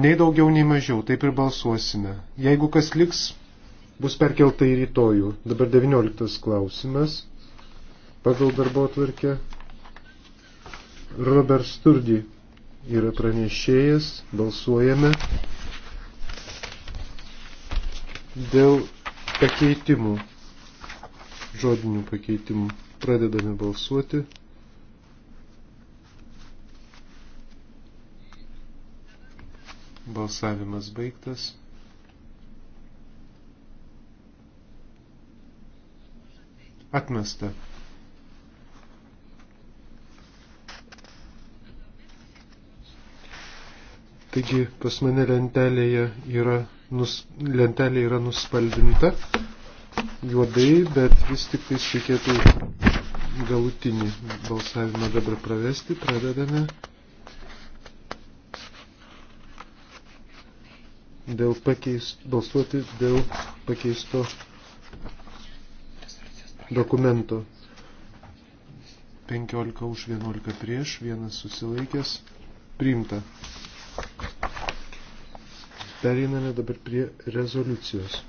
Nei daugiau, nei mažiau, taip ir balsuosime. Jeigu kas liks, bus perkelta į rytojų. Dabar 19 klausimas pagal darbo atvarkę. Robert Sturdy yra pranešėjas, balsuojame dėl pakeitimų, žodinių pakeitimų. Pradedame balsuoti. Balsavimas baigtas. Atmesta. Taigi pas mane lentelėje yra, nus, lentelė yra nuspalvinta juodai, bet vis tik tais reikėtų galutinį balsavimą dabar pravesti. Pradedame. Dėl pakeist, balsuoti dėl pakeisto dokumento. 15 už 11 prieš, vienas susilaikęs, priimta. Pereiname dabar prie rezoliucijos.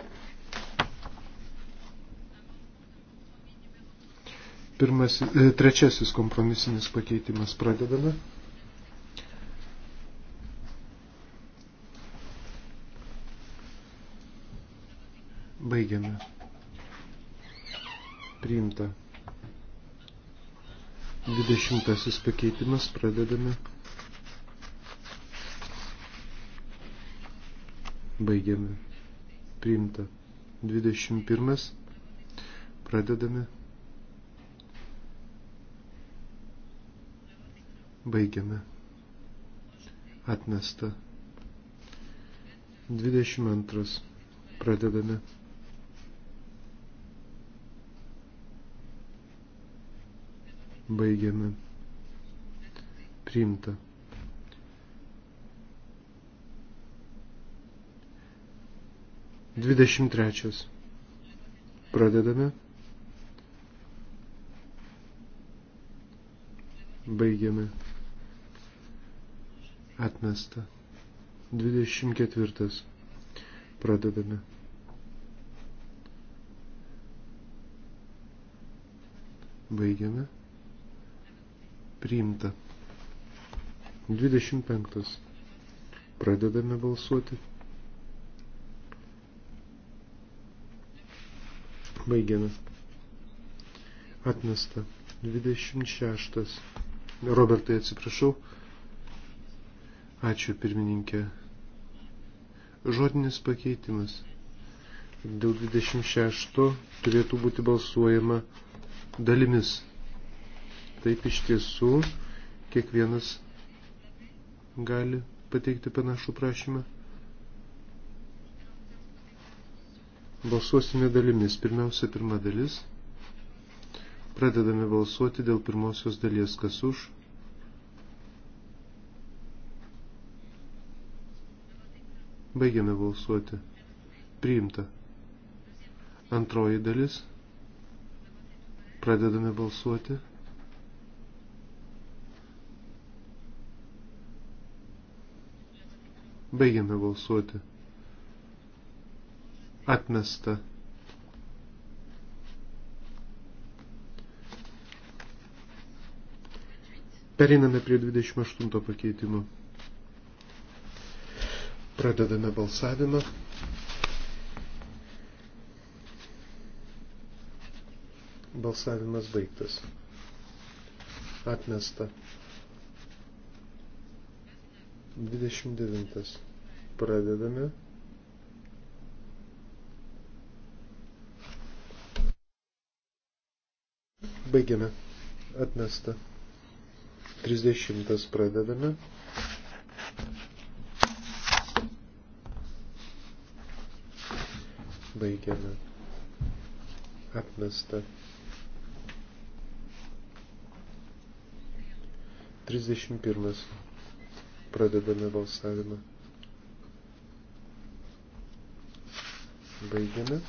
Pirmas, e, trečiasis kompromisinis pakeitimas pradedame. Baigiame. Priimta. Dvidešimtasis pakeitimas pradedame. Baigiame. Priimta. 21. Pradedame. Baigiame. Atmesta. 22. Pradedame. Baigiame. Priimta. 23. Pradedame. Baigiame. Atmesta. 24. Pradedame. Baigiame. Priimta. 25. Pradedame balsuoti. Baigiame. Atmesta. 26. Robertai, atsiprašau. Ačiū, pirmininkė. Žodinis pakeitimas. Dėl 26 turėtų būti balsuojama dalimis. Taip iš tiesų kiekvienas gali pateikti panašų prašymą. Balsuosime dalimis. Pirmiausia, pirma dalis. Pradedame balsuoti dėl pirmosios dalies, kas už. Baigiame balsuoti. Priimta. Antroji dalis. Pradedame balsuoti. Baigiame balsuoti. Atmesta. Periname prie 28 pakeitimo. Pradedame balsavimą. Balsavimas baigtas. Atmesta. 29. Pradedame. Baigiame. Atmesta. 30 pradedame. Baigiame. Atmesta. 31. Pradedame balsavimą. Baigiame.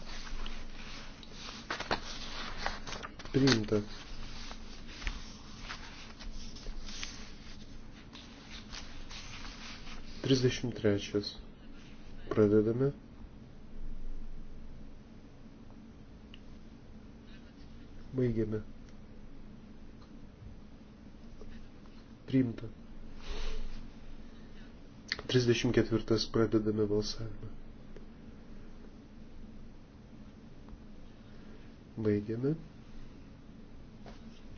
priimta. Trisdešimt trečias. Pradedame. Baigiame. Priimta. 34 pradedame balsavimą. Baigiame.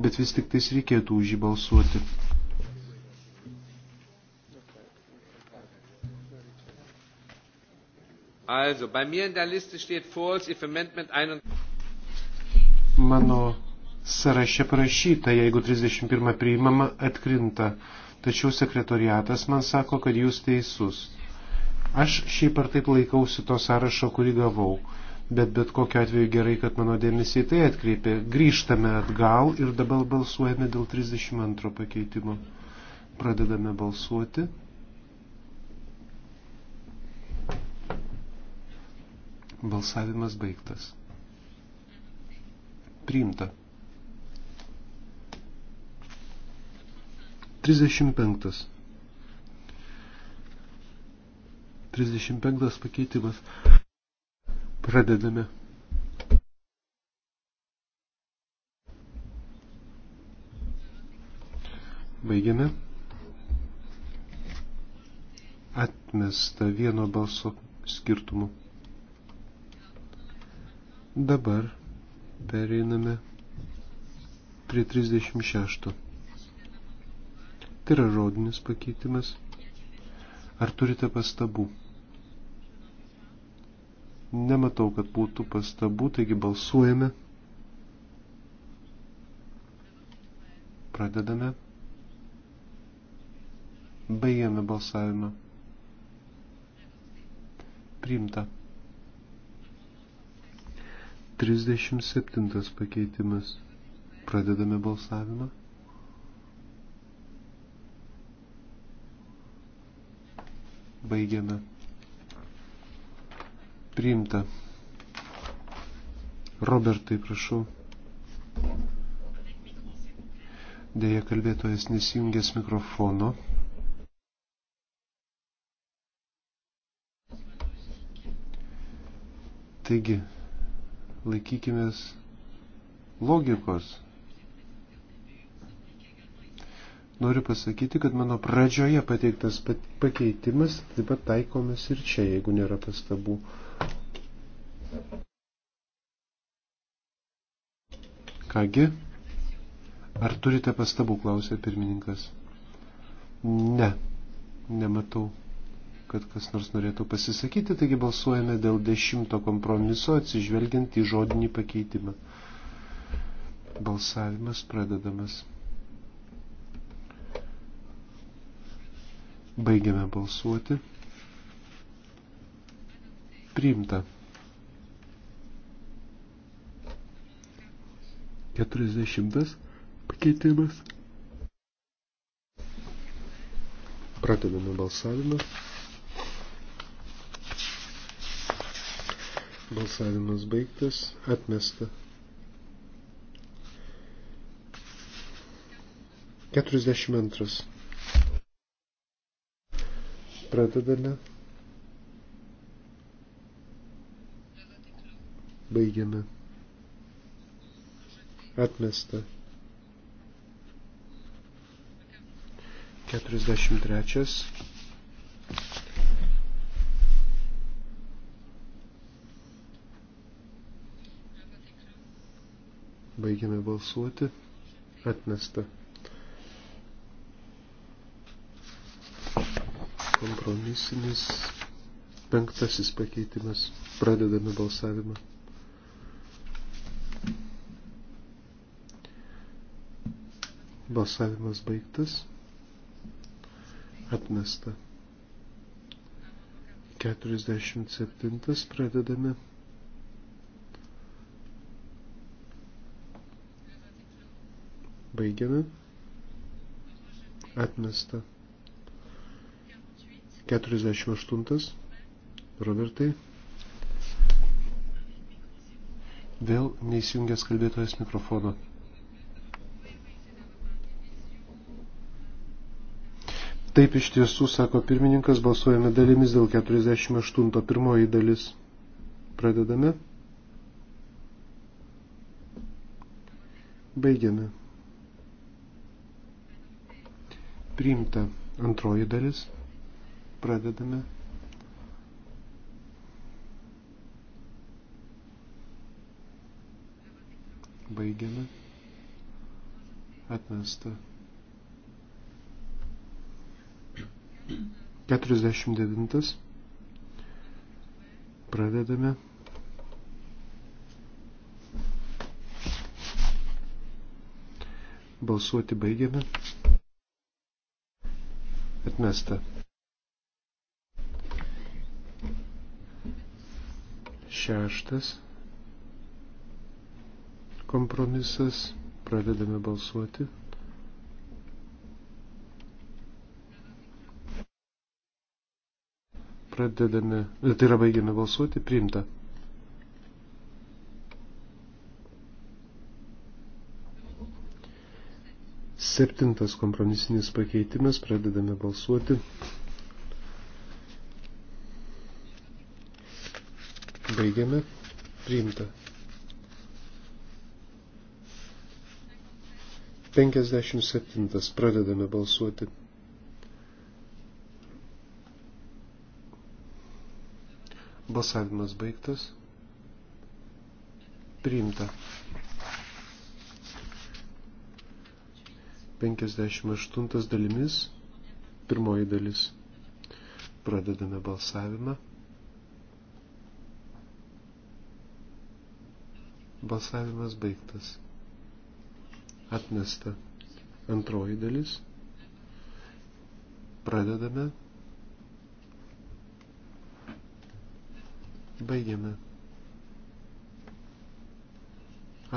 bet vis tik tais reikėtų už jį balsuoti. Also, bei mir in der Liste steht false if amendment 31. Mano sąraše parašyta, jeigu 31 priimama, atkrinta. Tačiau sekretoriatas man sako, kad jūs teisus. Aš šiaip ar taip laikausi to sąrašo, kurį gavau bet bet kokiu atveju gerai, kad mano dėmesį į tai atkreipė. Grįžtame atgal ir dabar balsuojame dėl 32 pakeitimo. Pradedame balsuoti. Balsavimas baigtas. Priimta. 35. 35 pakeitimas. Pradedame. Baigiame. Atmesta vieno balso skirtumu. Dabar pereiname prie 36. Tai yra žodinis pakeitimas. Ar turite pastabų? Nematau, kad būtų pastabų, taigi balsuojame. Pradedame. Baigiame balsavimą. Priimta. 37 pakeitimas. Pradedame balsavimą. Baigiame priimta. Robertai, prašau. Deja, kalbėtojas nesijungęs mikrofono. Taigi, laikykimės logikos. Noriu pasakyti, kad mano pradžioje pateiktas pakeitimas taip pat taikomas ir čia, jeigu nėra pastabų. Kągi, ar turite pastabų, klausė pirmininkas. Ne, nematau, kad kas nors norėtų pasisakyti, taigi balsuojame dėl dešimto kompromiso atsižvelgiant į žodinį pakeitimą. Balsavimas pradedamas. Baigiame balsuoti. Priimta. 40 pakeitimas. Pradedame balsavimą. Balsavimas baigtas, atmesta. 42. Pradedame. Baigiame. Atmesta. 43. Baigiame balsuoti. Atmesta. Kompromisinis penktasis pakeitimas. Pradedame balsavimą. Balsavimas baigtas. Atmesta. 47 pradedame. Baigiame. Atmesta. 48. Robertai. Vėl neįsijungęs kalbėtojas mikrofono. Taip iš tiesų, sako pirmininkas, balsuojame dalimis dėl 48 pirmoji dalis. Pradedame. Baigiame. Priimta antroji dalis. Pradedame. Baigiame. Atmesta. 49. Pradedame. Balsuoti baigiame. Atmesta. Šeštas kompromisas. Pradedame balsuoti. Pradedame, e, tai yra baigiame balsuoti, priimta. Septintas kompromisinis pakeitimas, pradedame balsuoti. Baigiame, priimta. 57. Pradedame balsuoti. Balsavimas baigtas. Priimta. 58 dalimis. Pirmoji dalis. Pradedame balsavimą. Balsavimas baigtas. Atmesta. Antroji dalis. Pradedame. Baigiame.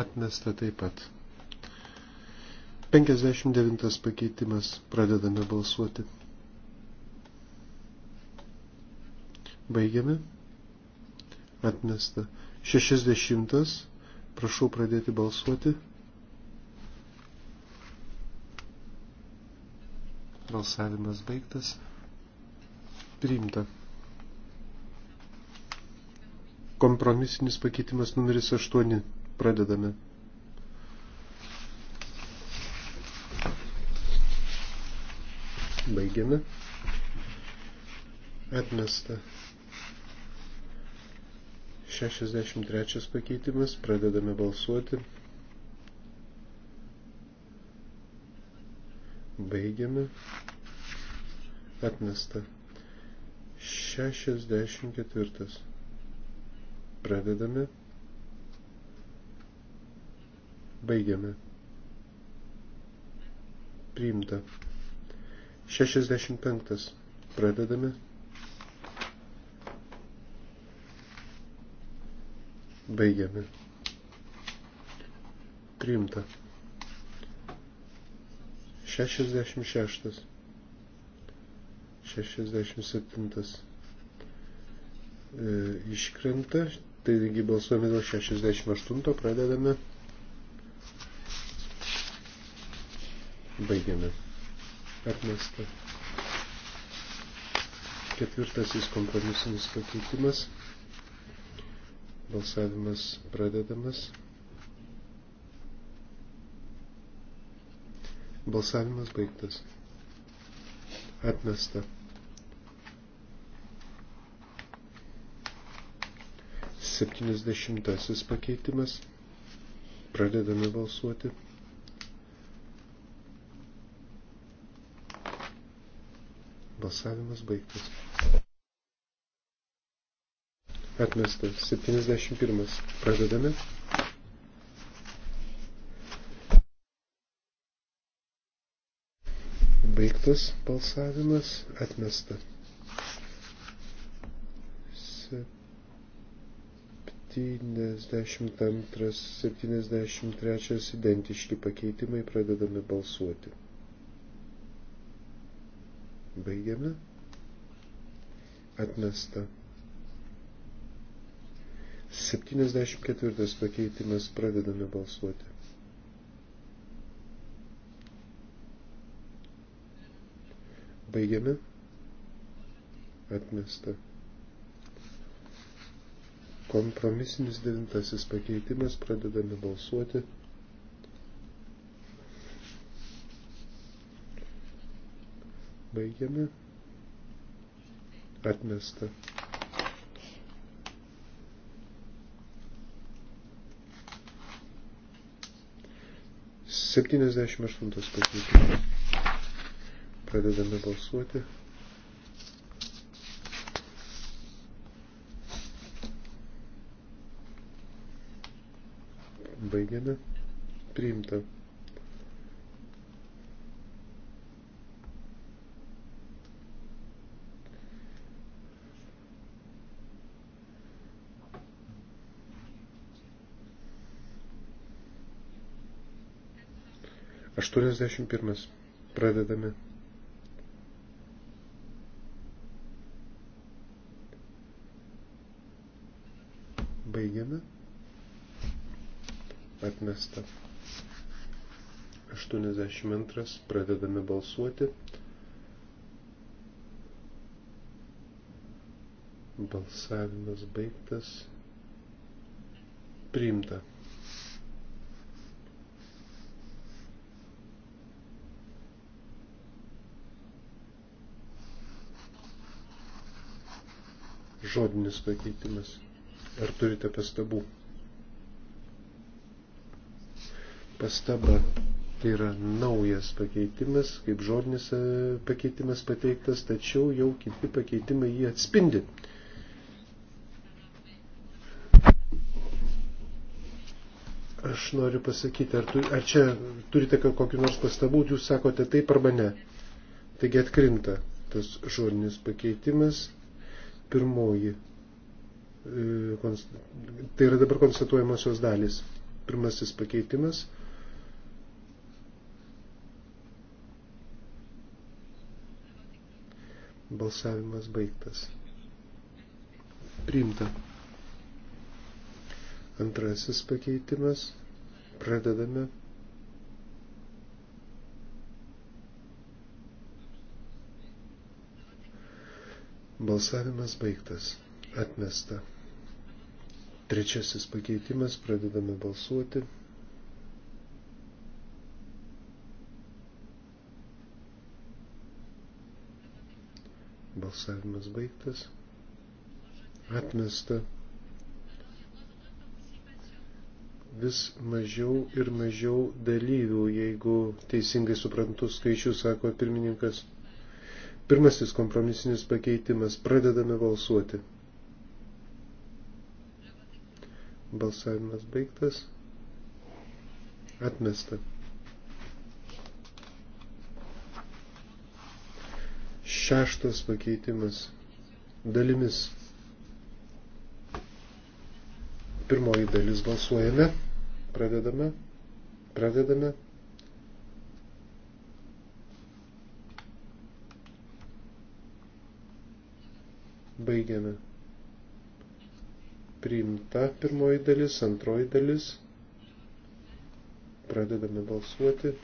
Atmesta taip pat. 59 pakeitimas. Pradedame balsuoti. Baigiame. Atmesta. 60. Prašau pradėti balsuoti. Balsavimas baigtas. Priimta. Kompromisinis pakeitimas numeris 8. Pradedame. Baigiame. Atmesta. 63 pakeitimas. Pradedame balsuoti. Baigiame. Atmesta. 64. Pradedame. Baigiame. Priimta. 65. Pradedame. Baigiame. Priimta. 66. 67. E, iškrenta Taigi balsuojame dėl 68, pradedame. Baigiame. Atmesta. Ketvirtasis kompromisinis pakeitimas. Balsavimas pradedamas. Balsavimas baigtas. Atmesta. 70 pakeitimas. Pradedame balsuoti. Balsavimas baigtas. Atmestas 71. Pradedame. Baigtas balsavimas. Atmestas. 7. 72, 73 identiški pakeitimai pradedame balsuoti. Baigiame. Atmesta. 74 pakeitimas pradedame balsuoti. Baigiame. Atmesta. Kompromisinis devintasis pakeitimas pradedame balsuoti. Baigiame. Atmesta. Septyniasdešimt aštuntas pakeitimas. Pradedame balsuoti. Baigiame. Priimta. Aštuoniasdešimt pirmas. Pradedame. atmesta. 82 pradedame balsuoti. Balsavimas baigtas. Priimta. Žodinis pakeitimas. Ar turite pastabų? pastaba. Tai yra naujas pakeitimas, kaip žodinis e, pakeitimas pateiktas, tačiau jau kiti pakeitimai jį atspindi. Aš noriu pasakyti, ar, tu, ar čia turite kokiu nors pastabų, jūs sakote taip arba ne. Taigi atkrinta tas žodinis pakeitimas. Pirmoji. E, tai yra dabar konstatuojamosios dalis. Pirmasis pakeitimas. Balsavimas baigtas. Priimta. Antrasis pakeitimas. Pradedame. Balsavimas baigtas. Atmesta. Trečiasis pakeitimas. Pradedame balsuoti. Balsavimas baigtas. Atmesta. Vis mažiau ir mažiau dalyvių, jeigu teisingai suprantu skaičių, sako pirmininkas. Pirmasis kompromisinis pakeitimas. Pradedame balsuoti. Balsavimas baigtas. Atmesta. Šeštas pakeitimas dalimis. Pirmoji dalis balsuojame. Pradedame. Pradedame. Baigiame. Priimta pirmoji dalis, antroji dalis. Pradedame balsuoti.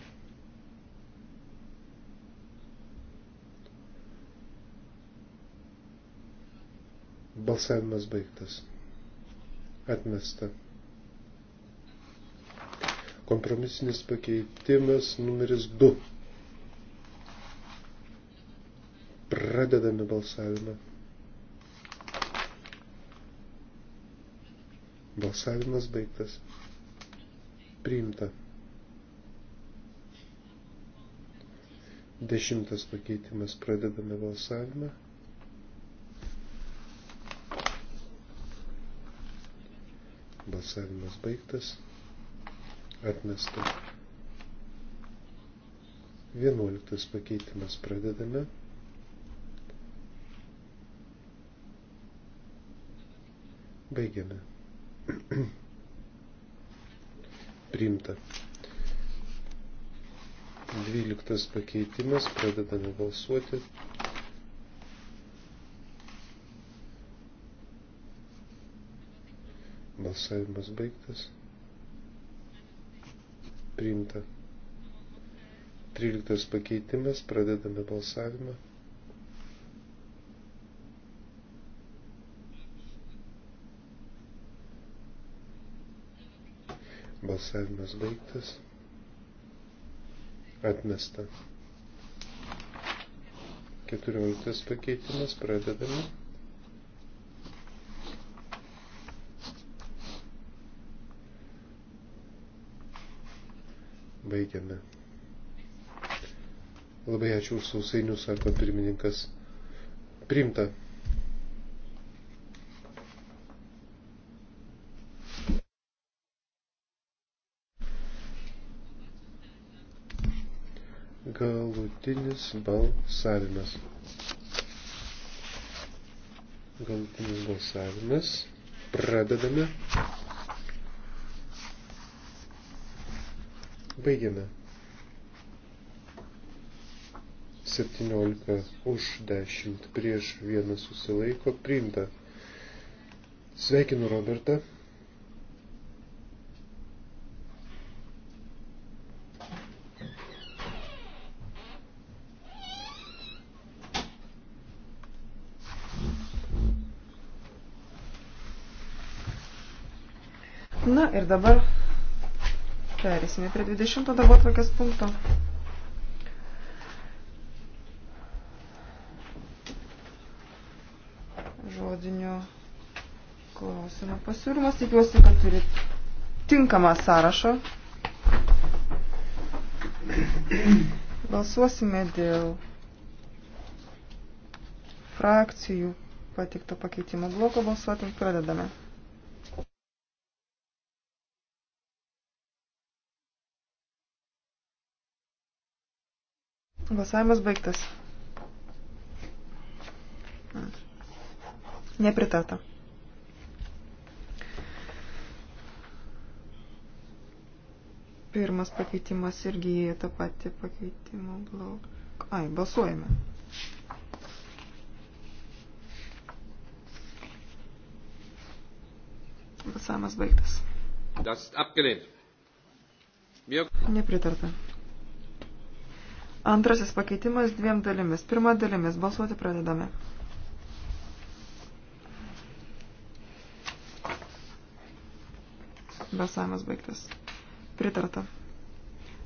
Balsavimas baigtas. Atmesta. Kompromisinis pakeitimas numeris 2. Pradedame balsavimą. Balsavimas baigtas. Priimta. Dešimtas pakeitimas. Pradedame balsavimą. Balsavimas baigtas. Atmesta. 11 pakeitimas pradedame. Baigiame. Priimta. 12 pakeitimas pradedame balsuoti. Balsavimas baigtas. Priimta. 13 pakeitimas. Pradedame balsavimą. Balsavimas baigtas. Atmesta. 14 pakeitimas. Pradedame. baigiame. Labai ačiū už sausainius, sako pirmininkas. Primta. Galutinis balsavimas. Galutinis balsavimas. Pradedame. Baigiame. 17 už 10 prieš vieną susilaiko priimta. Sveikinu Robertą. Na ir dabar Perėsime prie 20 darbo atvarkės punkto. Žodinio klausimo pasiūlymas. Tikiuosi, kad turit tinkamą sąrašą. Balsuosime dėl frakcijų patikto pakeitimo bloko. Balsuotim pradedame. Balsavimas baigtas. Nepritarta. Pirmas pakeitimas irgi į tą patį pakeitimą bloką. Ai, balsuojame. Balsavimas baigtas. Das abgelehnt. Nepritarta. Antrasis pakeitimas dviem dalimis. Pirma dalimis. Balsuoti pradedame. Balsavimas baigtas. Pritarta.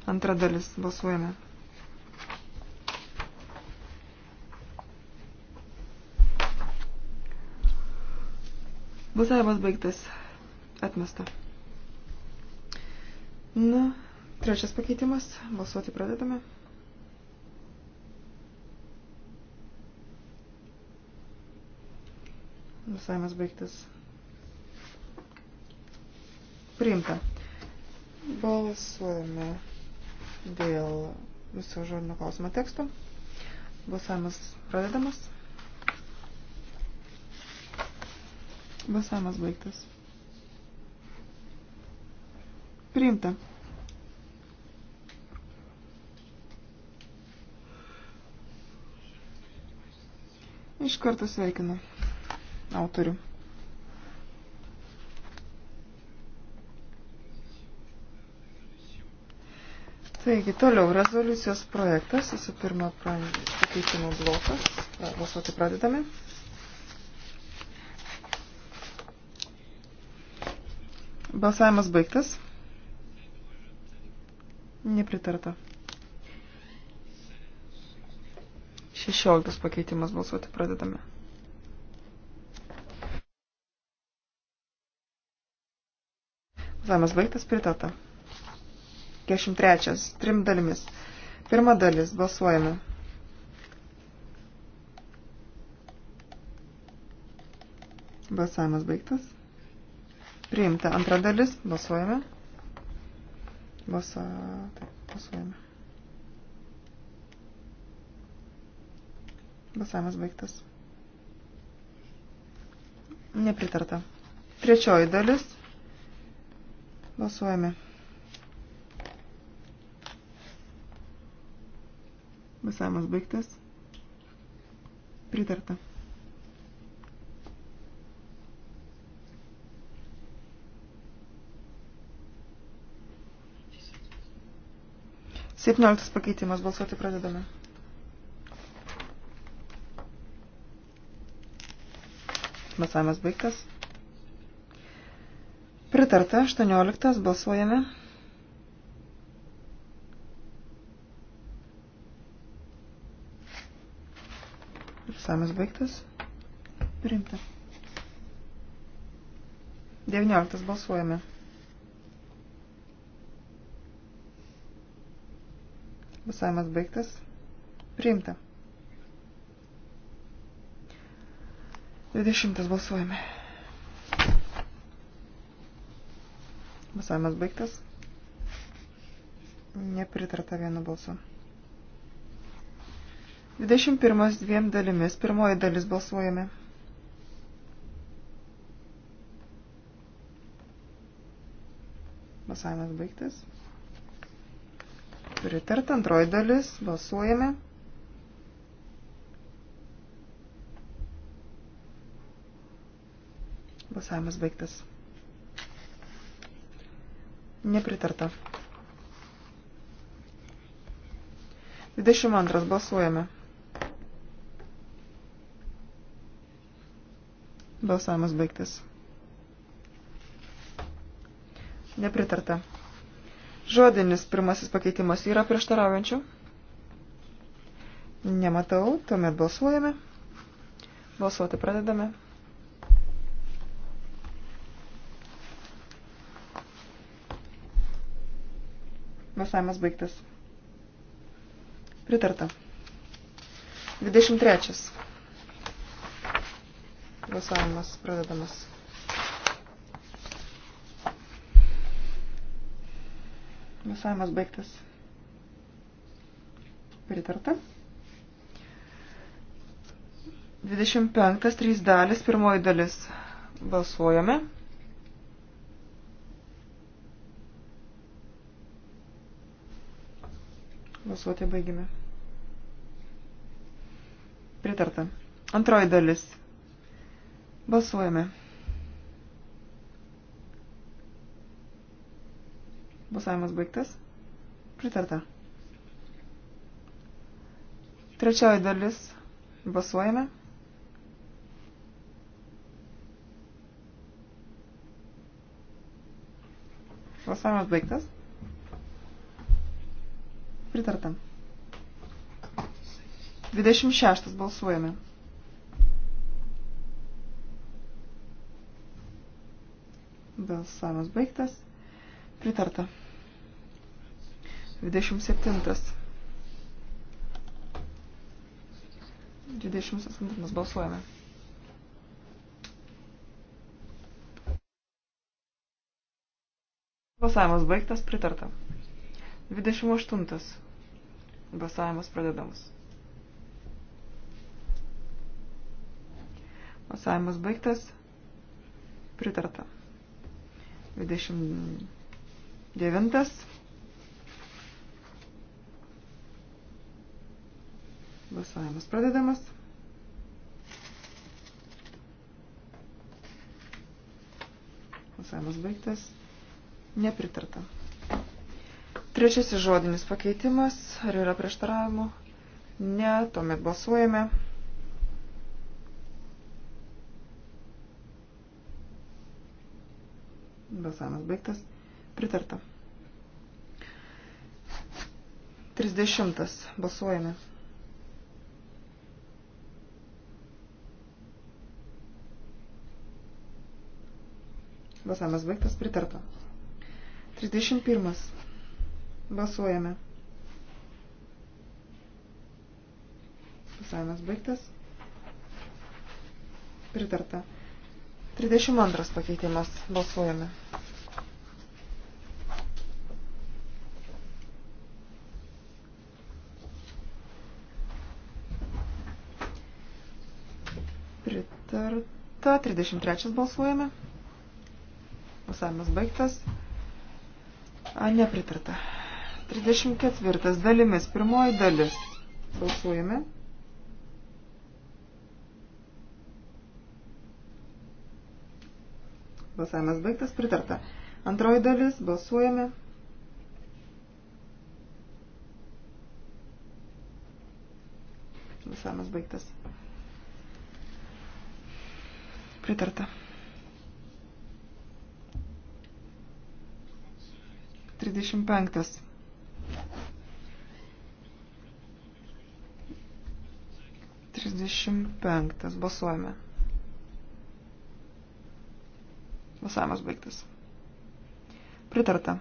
Antra dalis. Balsuojame. Balsavimas baigtas. Atmesta. Na, nu, trečias pakeitimas. Balsuoti pradedame. Visavimas baigtas. Priimta. Balsuojame dėl viso žodinio klausimo teksto. Balsavimas pradedamas. Balsavimas baigtas. Priimta. Iš karto sveikinu autorių. Taigi, toliau rezoliucijos projektas, visų pirma, pakeitimų blokas. Balsuoti pradedame. Balsavimas baigtas. Nepritarta. 16 pakeitimas balsuoti pradedame. Zamas baigtas pritata. 43. Trim dalimis. Pirma dalis. Balsuojame. Balsavimas baigtas. Priimta antra dalis. Balsuojame. Balsa... Taip, balsuojame. Balsavimas baigtas. Nepritarta. Trečioji dalis. Balsuojame. Balsavimas baigtas. Pritarta. Septynioliktas pakeitimas. Balsuoti pradedame. Balsavimas baigtas. Pritarta 18, balsuojame. Samas baigtas. Priimta. 19, balsuojame. Balsavimas baigtas. Priimta. 20 balsuojame. Balsavimas baigtas. Nepritarta vienu balsu. 21 dviem dalimis. Pirmoji dalis balsuojame. Balsavimas baigtas. Pritarta antroji dalis. Balsuojame. Balsavimas baigtas. Nepritarta. 22. Balsuojame. Balsavimas baigtas. Nepritarta. Žodinis pirmasis pakeitimas yra prieštaraujančių. Nematau, tuomet balsuojame. Balsuoti pradedame. Balsavimas baigtas. Pritarta. 23. Balsavimas pradedamas. Balsavimas baigtas. Pritarta. 25. Trys dalis. Pirmoji dalis. Balsuojame. Balsuoti baigime. Pritarta. Antroji dalis. Balsuojame. Balsavimas baigtas. Pritarta. Trečioji dalis. Balsuojame. Balsavimas baigtas. Pritarta. 26 balsuojame. Balsavimas baigtas. Pritarta. 27. 28 balsuojame. Balsavimas baigtas, pritarta. 28. Balsavimas pradedamas. Balsavimas baigtas. Pritarta. 29. Balsavimas pradedamas. Balsavimas baigtas. Nepritarta. Trečiasis žodinis pakeitimas. Ar yra prieštaravimų? Ne, tuomet balsuojame. Balsavimas baigtas. Pritarta. 30. Balsuojame. Balsavimas baigtas. Pritarta. 31. Balsuojame. Pasavimas baigtas. Pritarta. 32 pakeitimas. Balsuojame. Pritarta. 33 balsuojame. Pasavimas baigtas. A, nepritarta. 34 dalimis, pirmoji dalis. Balsuojame. Balsavimas baigtas, pritarta. Antroji dalis, balsuojame. Balsavimas baigtas. Pritarta. 35. 35. Balsuojame. Balsavimas baigtas. Pritarta.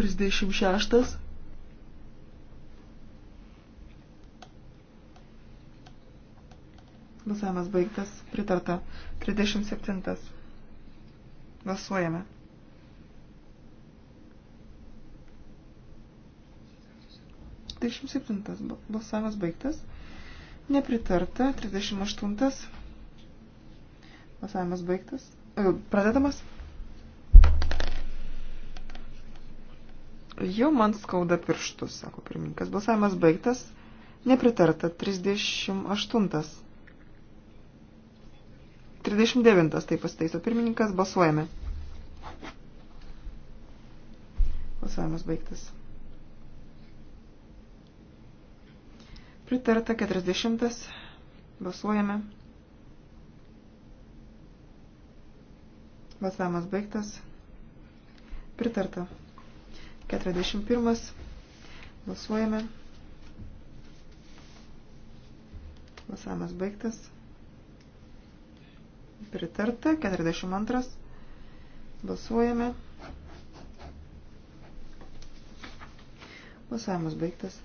36. Balsavimas baigtas. Pritarta. 37. Balsuojame. Dvidešimt septintas balsavimas baigtas. Nepritarta. 38. Balsavimas baigtas. E, pradedamas. Jau man skauda pirštus, sako pirmininkas. Balsavimas baigtas. Nepritarta. 38. 39. Taip pasitaiso pirmininkas. Balsuojame. Balsavimas baigtas. Pritarta 40. Balsuojame. Balsavimas baigtas. Pritarta. 41. Balsuojame. Balsavimas baigtas. Pritarta. 42. Balsuojame. Balsavimas baigtas.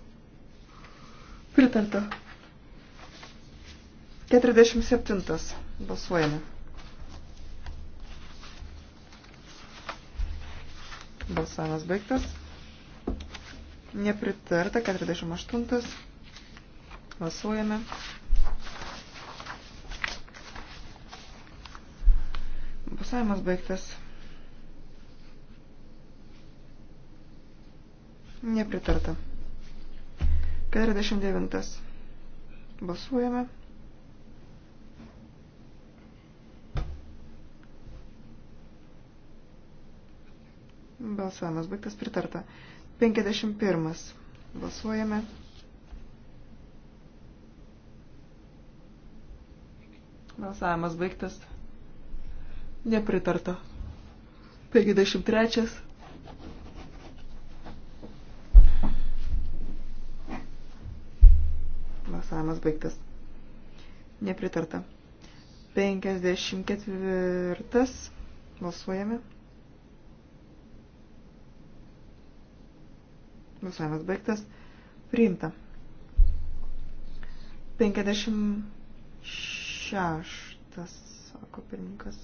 Pritarta. 47. Balsuojame. Balsavimas baigtas. Nepritarta. 48. Balsuojame. Balsavimas baigtas. Nepritarta. 49. Balsuojame. Balsavimas baigtas pritarta. 51. Balsuojame. Balsavimas baigtas. Nepritarta. 53. Balsavimas baigtas. Nepritarta. 54. Balsuojame. Balsavimas baigtas. Priimta. 56. Sako pirmininkas.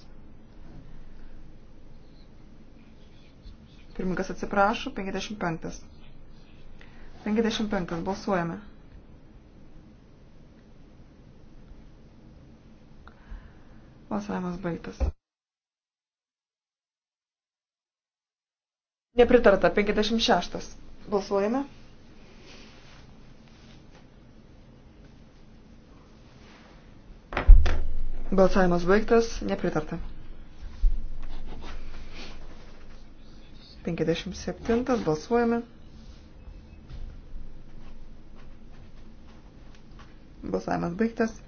Pirmininkas atsiprašo. 55. 55. Balsuojame. Balsavimas baigtas. Nepritarta 56. Balsuojame. Balsavimas baigtas. Nepritarta. 57. Balsuojame. Balsavimas baigtas.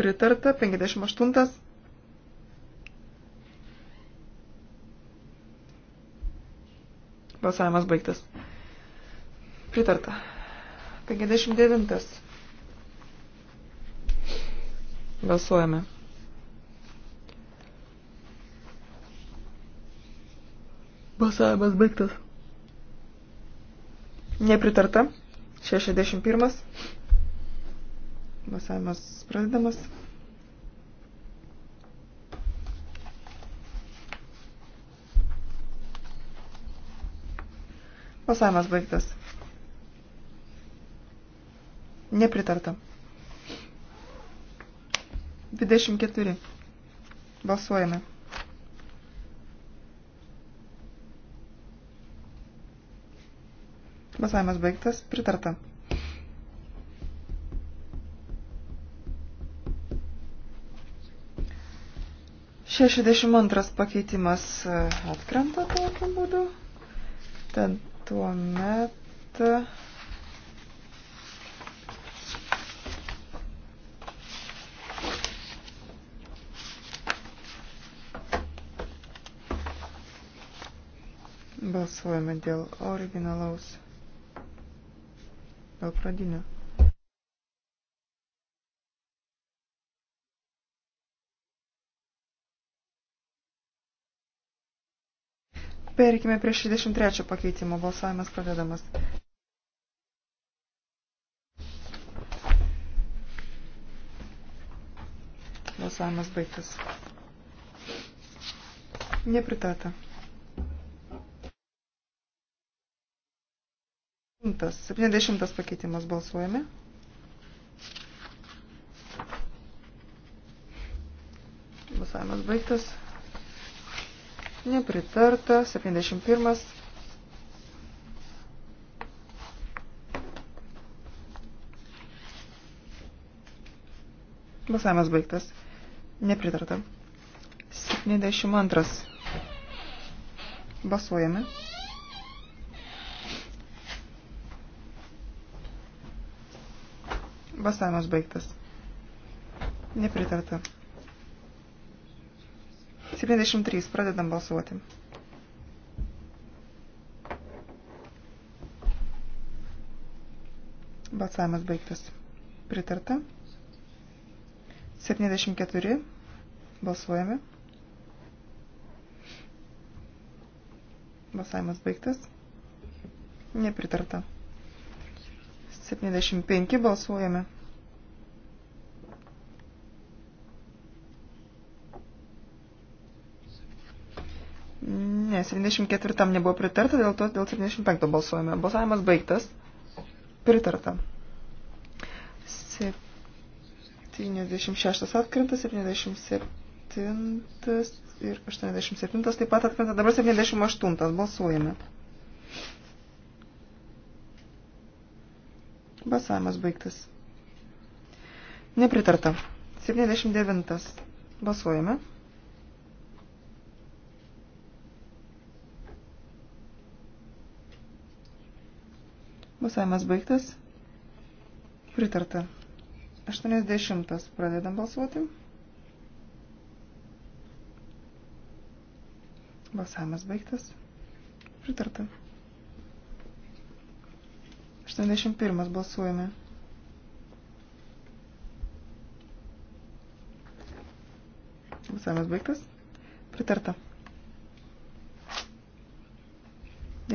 pritarta, 58. Balsavimas baigtas. Pritarta. 59. Balsuojame. Balsavimas baigtas. Nepritarta. 61. Balsavimas pradedamas. Balsavimas baigtas. Nepritarta. 24. Balsuojame. Balsavimas baigtas. Pritarta. 62 pakeitimas e, atkrenta tokiu būdu. Ten tuomet. E, balsuojame dėl originalaus, dėl pradinio. Perikime prie 63 pakeitimo. Balsavimas pradedamas. Balsavimas baigtas. Nepritata. Šimtas. 70 pakeitimas balsuojame. Balsavimas baigtas nepritarta, 71. Balsavimas baigtas. Nepritarta. 72. Balsuojame. Balsavimas baigtas. Nepritarta. 73. Pradedam balsuoti. Balsavimas baigtas. Pritarta. 74. Balsuojame. Balsavimas baigtas. Nepritarta. 75. Balsuojame. Ne, 74 nebuvo pritarta, dėl to dėl 75 balsuojame. Balsavimas baigtas. Pritarta. 76 atkrenta, 77 ir 87 taip pat atkrenta, dabar 78 balsuojame. Balsavimas baigtas. Nepritarta. 79 balsuojame. Balsavimas baigtas. Pritarta. 80. Pradedam balsuoti. Balsavimas baigtas. Pritarta. 81. Balsuojame. Balsavimas baigtas. Pritarta.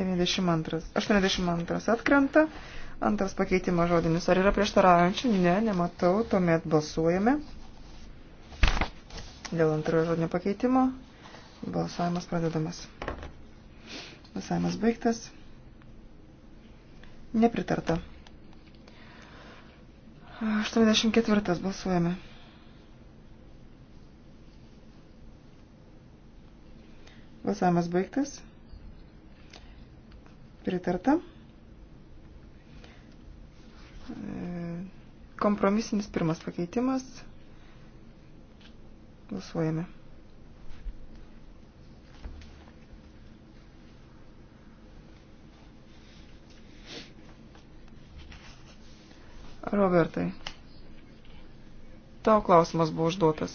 92. 82 atkrenta. Antras pakeitimas žodinis. Ar yra prieštaraujančių? Ne, nematau. Tuomet balsuojame. Dėl antrojo žodinio pakeitimo. Balsavimas pradedamas. Balsavimas baigtas. Nepritarta. 84 balsuojame. Balsavimas baigtas. Pritarta. E, kompromisinis pirmas pakeitimas. Balsuojame. Robertai, tau klausimas buvo užduotas.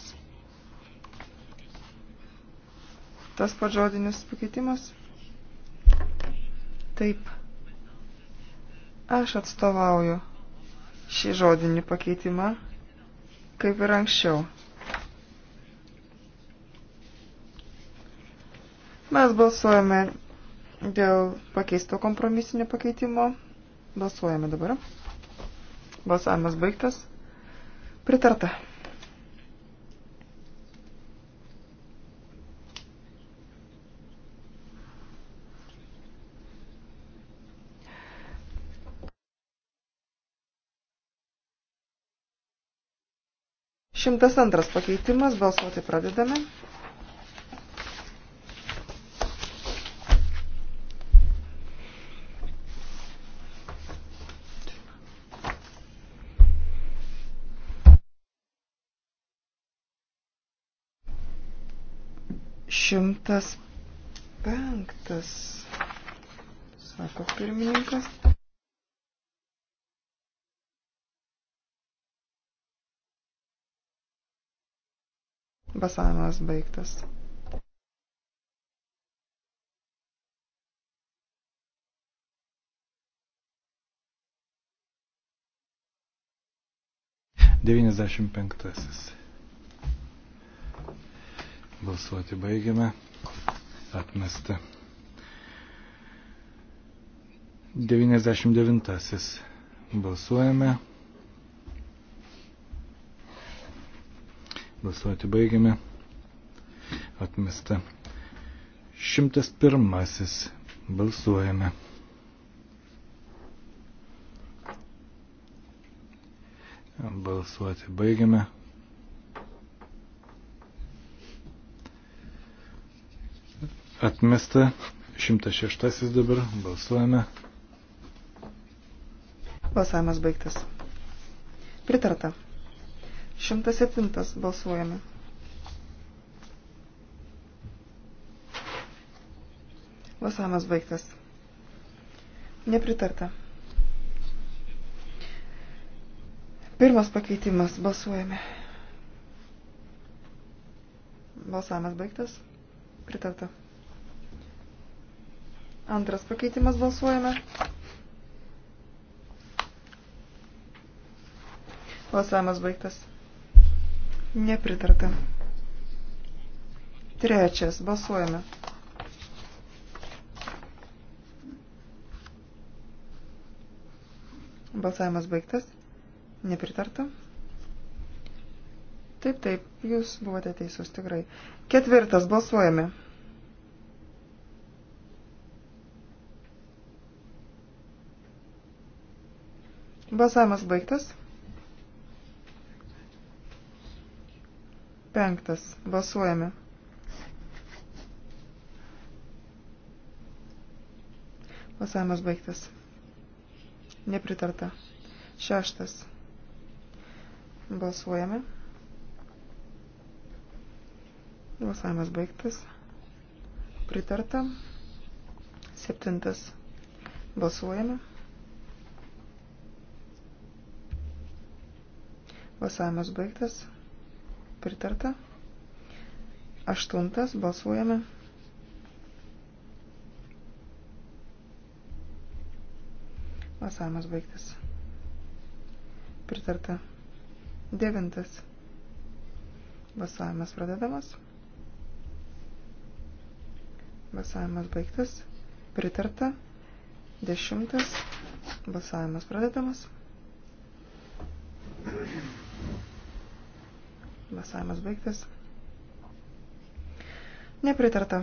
Tas pats žodinis pakeitimas? Taip. Aš atstovauju šį žodinį pakeitimą, kaip ir anksčiau. Mes balsuojame dėl pakeisto kompromisinio pakeitimo. Balsuojame dabar. Balsavimas baigtas. Pritarta. 102 pakeitimas, balsuoti pradedame. Šimtas penktas, sako pirmininkas. Basavimas baigtas. Devyniasdešimt penktasis. Balsuoti baigiame. Atmesta. 99. Balsuojame. Balsuoti baigiame. Atmesta. 101. Balsuojame. Balsuoti baigiame. Atmesta. 106 dabar. Balsuojame. Balsavimas baigtas. Pritarta. 107 balsuojame. Balsavimas baigtas. Nepritarta. Pirmas pakeitimas. Balsuojame. Balsavimas baigtas. Pritarta. Antras pakeitimas. Balsuojame. Balsavimas baigtas. Nepritarta. Trečias. Balsuojame. Balsavimas baigtas. Nepritarta. Taip, taip, jūs buvote teisus tikrai. Ketvirtas. Balsuojame. Balsavimas baigtas. Penktas. Balsuojame. Balsavimas baigtas. Nepritarta. Šeštas. Balsuojame. Balsavimas baigtas. Pritarta. Septintas. Balsuojame. Balsavimas baigtas pritarta. Aštuntas, balsuojame. Balsavimas baigtas. Pritarta. Devintas. Balsavimas pradedamas. Balsavimas baigtas. Pritarta. Dešimtas. Balsavimas pradedamas. Balsavimas baigtas. Nepritarta.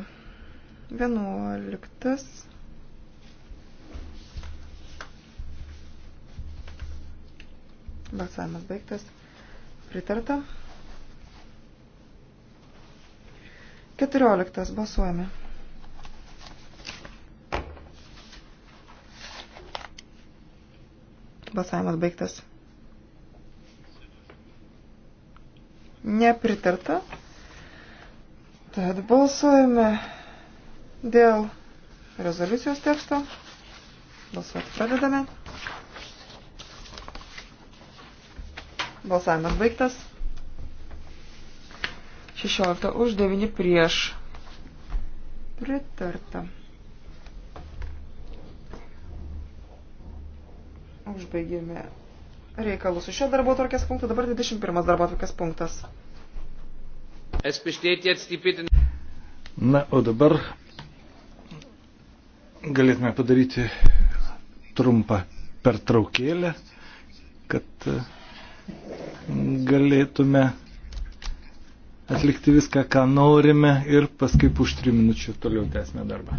11. Balsavimas baigtas. Pritarta. 14. Balsuojame. Balsavimas baigtas. nepritarta. Tad balsuojame dėl rezoliucijos teksto. Balsuoti pradedame. Balsavimas baigtas. 16 už 9 prieš. Pritarta. Užbaigėme reikalus su šio darbo tvarkės punktu. Dabar 21 darbo tvarkės punktas. Na, o dabar galėtume padaryti trumpą pertraukėlę, kad e, galėtume atlikti viską, ką norime ir paskui už 3 minučių toliau tęsime darbą.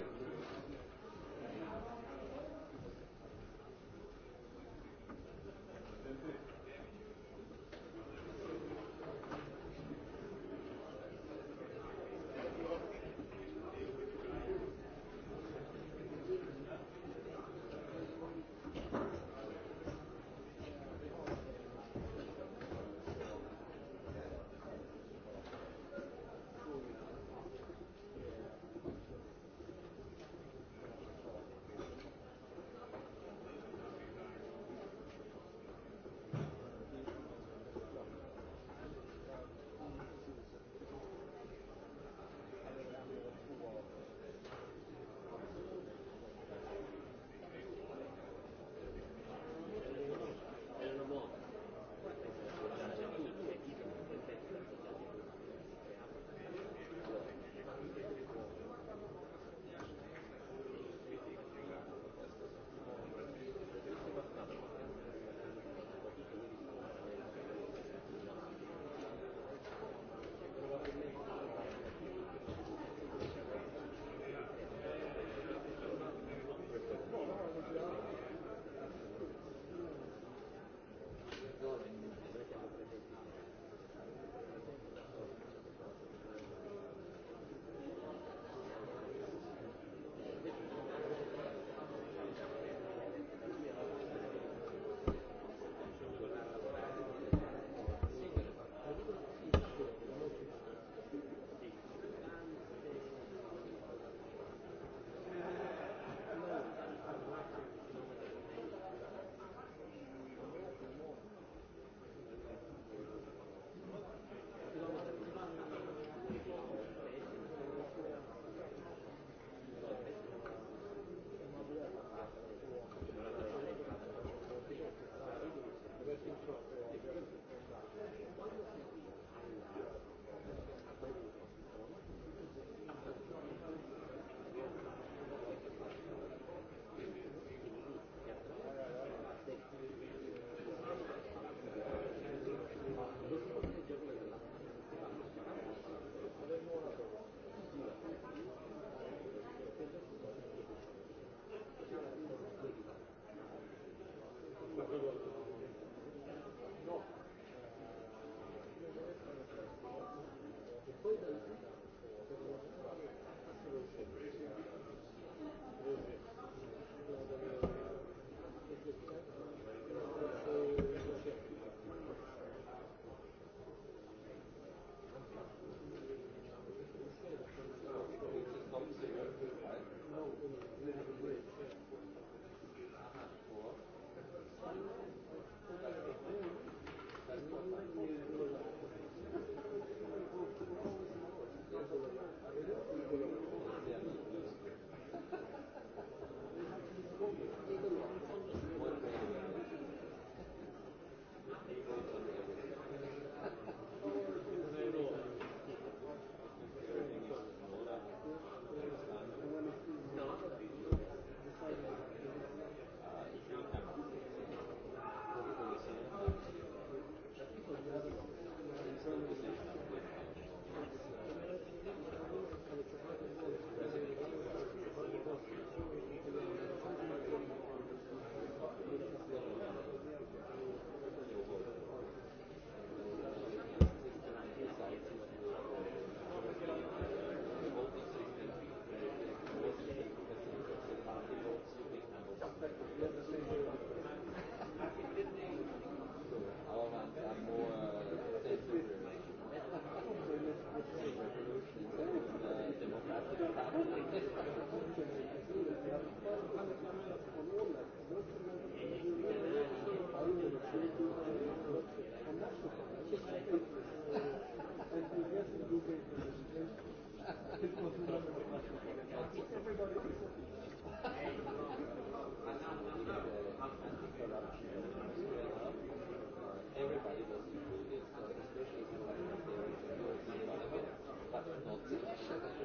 Everybody does do this, especially if you like the European Parliament, but not the national.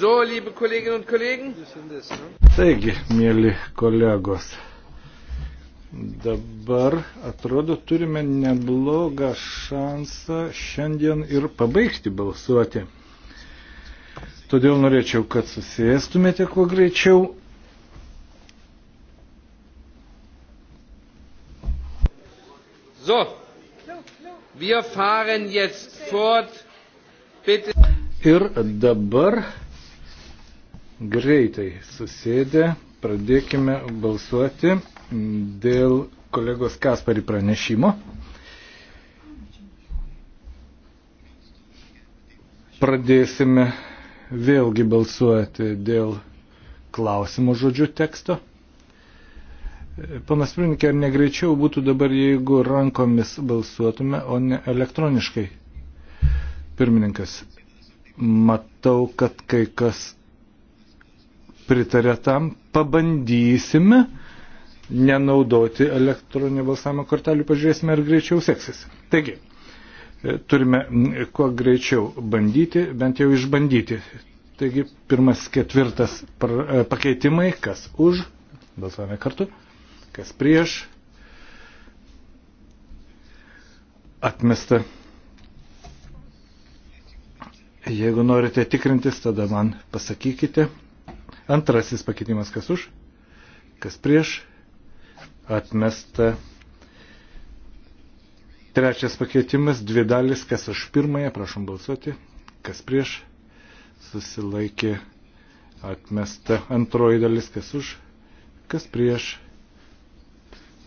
So, liebe Kolleginnen und Kollegen. Taigi, mėly kolegos, dabar atrodo turime neblogą šansą šiandien ir pabaigti balsuoti. Todėl norėčiau, kad susėstumėte kuo greičiau So, wir fahren jetzt fort. Bitte. Ir dabar greitai susėdę, pradėkime balsuoti dėl kolegos Kasparį pranešimo. Pradėsime vėlgi balsuoti dėl klausimo žodžių teksto. Panas Prinikė, ar negreičiau būtų dabar, jeigu rankomis balsuotume, o ne elektroniškai? Pirmininkas, matau, kad kai kas pritarė tam, pabandysime nenaudoti elektroninio balsavimo kortelių, pažiūrėsime, ar greičiau seksis. Taigi, e, turime kuo greičiau bandyti, bent jau išbandyti. Taigi, pirmas ketvirtas e, pakeitimai, kas už, balsavome kartu, kas prieš, atmesta. Jeigu norite tikrintis, tada man pasakykite. Antrasis pakeitimas kas už, kas prieš, atmesta. Trečias pakeitimas, dvi dalis, kas už pirmąją, prašom balsuoti, kas prieš, susilaikė, atmesta. Antroji dalis, kas už, kas prieš,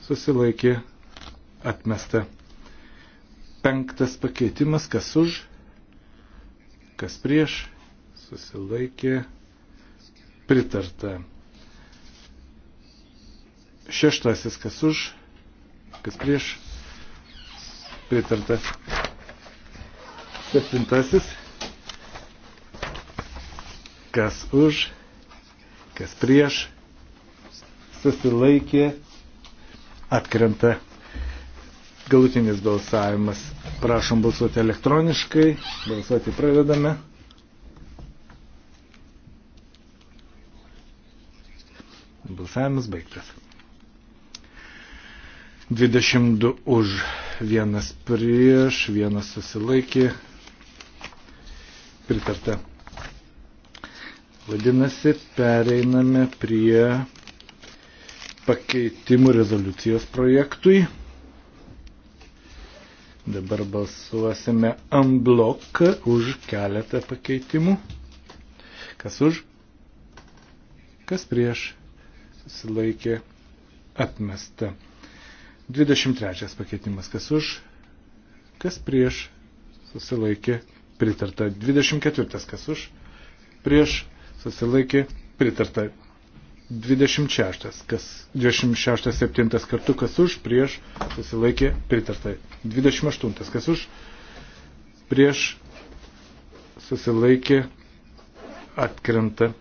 susilaikė, atmesta. Penktas pakeitimas, kas už, kas prieš, susilaikė, atmesta pritarta. Šeštasis, kas už, kas prieš, pritarta. Septintasis, kas už, kas prieš, susilaikė, atkrenta galutinis balsavimas. Prašom balsuoti elektroniškai, balsuoti pradedame. Balsavimas baigtas. 22 už, vienas prieš, vienas susilaikė. Pritarta. Vadinasi, pereiname prie pakeitimų rezoliucijos projektui. Dabar balsuosime unblock už keletą pakeitimų. Kas už? Kas prieš? susilaikė atmesta. 23 pakeitimas, kas už, kas prieš, susilaikė pritarta. 24 kas už, prieš, susilaikė pritarta. 26, kas 26, 7 kartu, kas už, prieš, susilaikė pritarta. 28, kas už, prieš, susilaikė atkrenta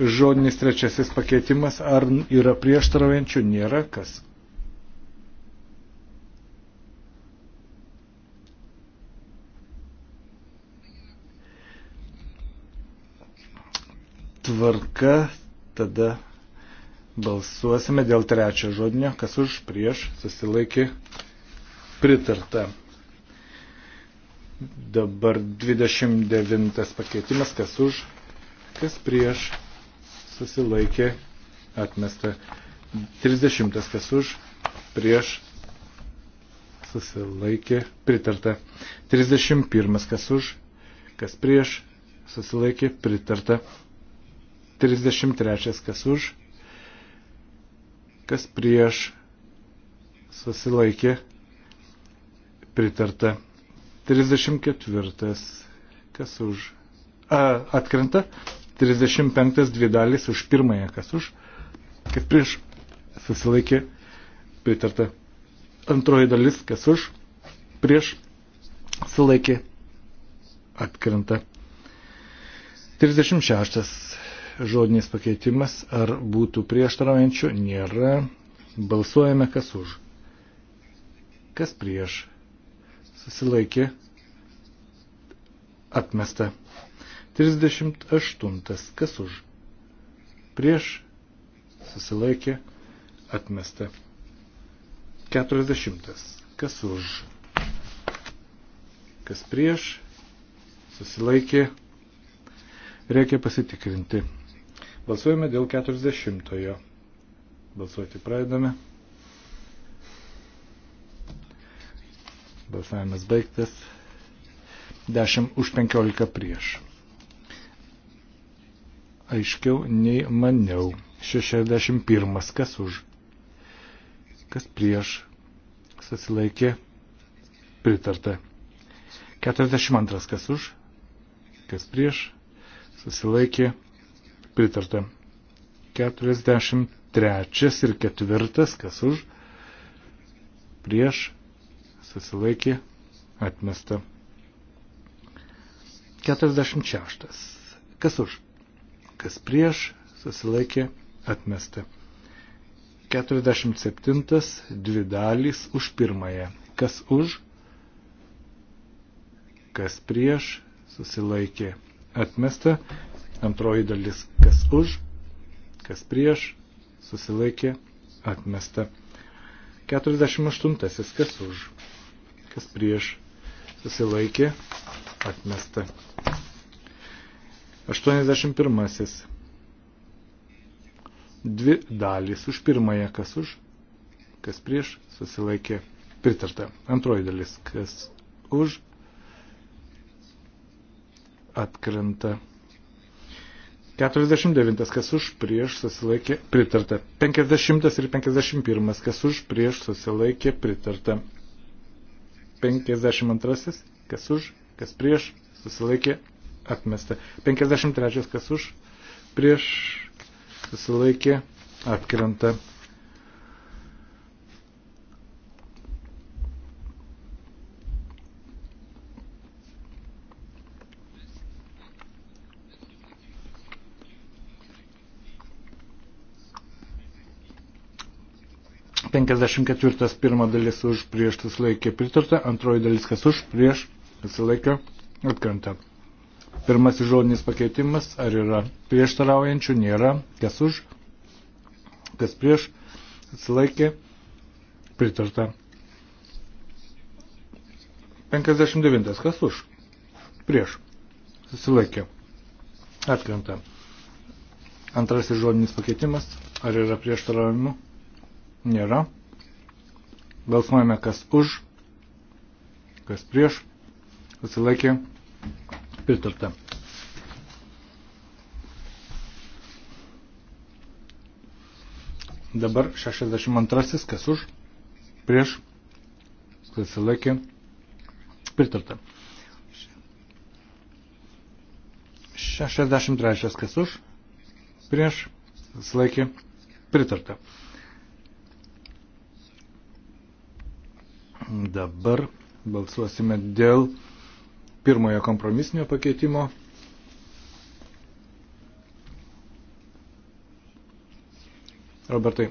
žodinis trečiasis pakeitimas, ar yra prieštaraujančių, nėra kas. Tvarka tada balsuosime dėl trečio žodinio, kas už prieš susilaikė pritarta. Dabar 29 pakeitimas, kas už, kas prieš susilaikė, atmesta. 30 kas už, prieš, susilaikė, pritarta. 31 kas už, kas prieš, susilaikė, pritarta. 33 kas už, kas prieš, susilaikė, pritarta. 34 kas už, a, atkrenta, 35 dvi dalis už pirmąją, kas už, kas prieš, susilaikė, pritarta. Antroji dalis, kas už, prieš, sulaikė, atkrenta. 36. Žodinis pakeitimas, ar būtų prieštaraujančių, nėra. Balsuojame, kas už. Kas prieš? Susilaikė. Atmesta. 38. Kas už? Prieš susilaikė atmesta. 40. Kas už? Kas prieš susilaikė? Reikia pasitikrinti. Balsuojame dėl 40. -ojo. Balsuoti pradedame. Balsavimas baigtas. 10 už 15 prieš aiškiau nei maniau. 61. Kas už? Kas prieš? Susilaikė. Pritarta. 42. Kas už? Kas prieš? Susilaikė. Pritarta. 43 ir 4. Kas už? Prieš? Susilaikė. Atmesta. 46. Kas už? kas prieš, susilaikė atmesta. 47 dvi dalys už pirmąją. Kas už, kas prieš, susilaikė atmesta. Antroji dalis, kas už, kas prieš, susilaikė atmesta. 48. Kas už, kas prieš, susilaikė atmesta. 81. Dvi dalys už pirmąją, kas už, kas prieš, susilaikė pritarta. Antroji dalis, kas už, atkrenta. 49. Kas už prieš susilaikė pritarta. 50 ir 51. Kas už prieš susilaikė pritarta. 52. Kas už, kas prieš susilaikė atmesta. 53 kas už, prieš susilaikė atkrenta. Penkiasdešimt ketvirtas pirma dalis už prieš susilaikė pritarta, antroji dalis kas už prieš susilaikė atkrenta. Pirmasis žodinis pakeitimas, ar yra prieštaraujančių, nėra, kas už, kas prieš, atsilaikė, pritarta. 59, kas už, prieš, susilaikė, atkrenta. Antrasis žodinis pakeitimas, ar yra prieštaravimų, nėra. Balsuojame, kas už, kas prieš, atsilaikė, pritarta Pritarta. Dabar 62, kas už, prieš, susilaikė, pritarta. 63, kas už, prieš, susilaikė, pritarta. Dabar balsuosime dėl pirmojo kompromisinio pakeitimo. Robertai,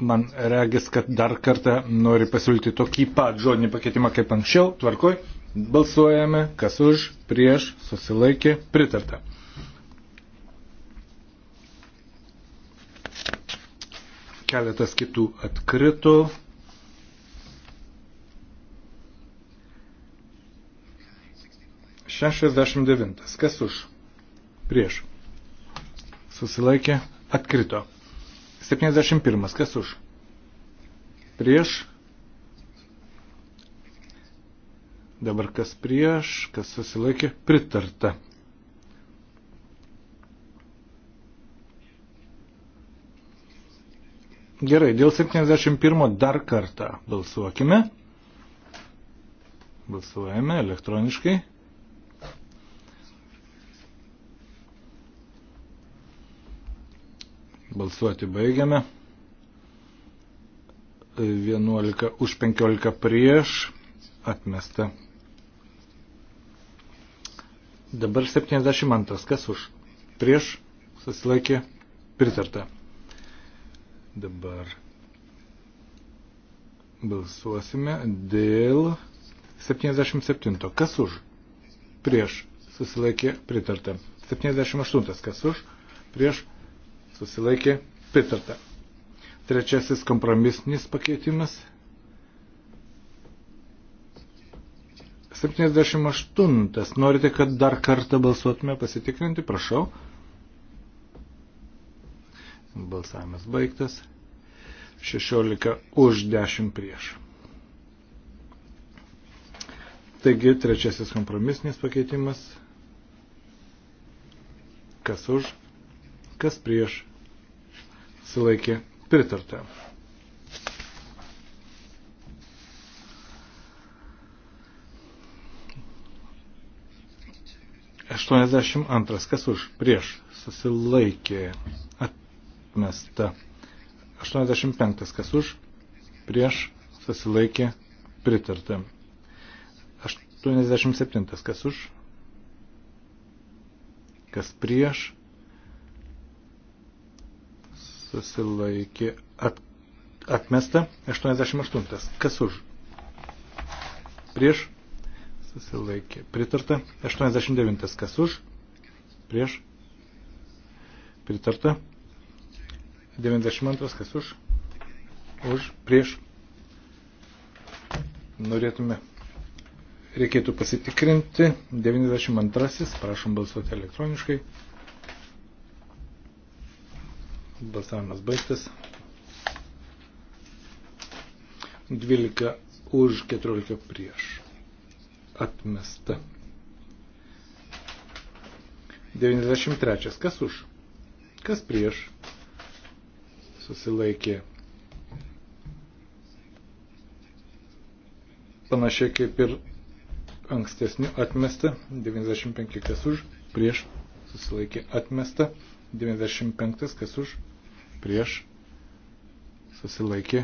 man regis, kad dar kartą nori pasiūlyti tokį pat žodinį pakeitimą kaip anksčiau. Tvarkoj, balsuojame, kas už, prieš, susilaikė, pritarta. Keletas kitų atkrito. 69. Kas už? Prieš. Susilaikė. Atkrito. 71. Kas už? Prieš. Dabar kas prieš, kas susilaikė, pritarta. Gerai, dėl 71 dar kartą balsuokime. Balsuojame elektroniškai. Balsuoti baigiame. 11 už 15 prieš atmesta. Dabar 72. Kas už? Prieš susilaikė pritarta. Dabar balsuosime dėl 77. Kas už? Prieš susilaikė pritarta. 78. Kas už? Prieš susilaikė, pritarta. Trečiasis kompromisinis pakeitimas. 78. Norite, kad dar kartą balsuotume pasitikrinti? Prašau. Balsavimas baigtas. 16 už 10 prieš. Taigi trečiasis kompromisinis pakeitimas. Kas už? kas prieš sulaikė pritarta. Aštuoniasdešimt antras, kas už prieš susilaikė atmesta. Aštuoniasdešimt penktas, kas už prieš susilaikė pritarta. 87. Kas už? Kas prieš? susilaikė at, atmesta. 88. Kas už? Prieš susilaikė. Pritarta. 89. Kas už? Prieš. Pritarta. 92. Kas už? Už. Prieš. Norėtume. Reikėtų pasitikrinti. 92. Prašom balsuoti elektroniškai. Balsavimas baigtas. 12 už 14 prieš. Atmesta. 93. Kas už? Kas prieš? Susilaikė. Panašiai kaip ir ankstesnių atmesta. 95. Kas už? Prieš. Susilaikė atmesta. 95. Kas už? prieš, susilaikė,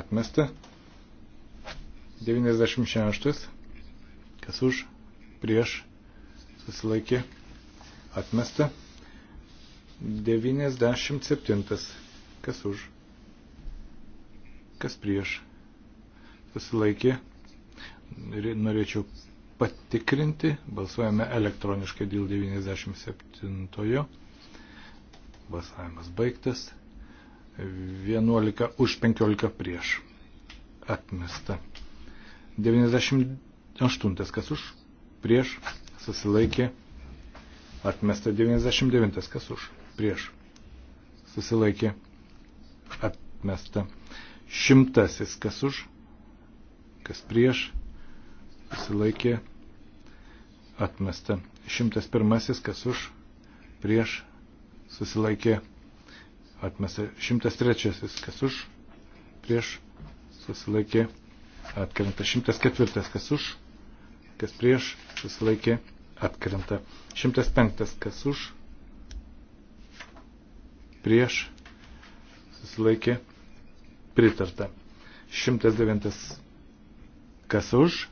atmesta. 96, kas už, prieš, susilaikė, atmesta. 97, kas už, kas prieš, susilaikė. Norėčiau patikrinti, balsuojame elektroniškai dėl 97. -ojo. Balsavimas baigtas. 11 už 15 prieš. Atmesta. 98 kas už prieš susilaikė. Atmesta 99 kas už prieš susilaikė. Atmesta. Šimtasis kas už, kas prieš susilaikė. Atmesta. Šimtas pirmasis kas už prieš susilaikė atmesta 103, kas už, prieš, susilaikė, atkrenta 104, kas už, kas prieš, susilaikė, atkrenta 105, kas už, prieš, susilaikė, pritarta 109, kas už,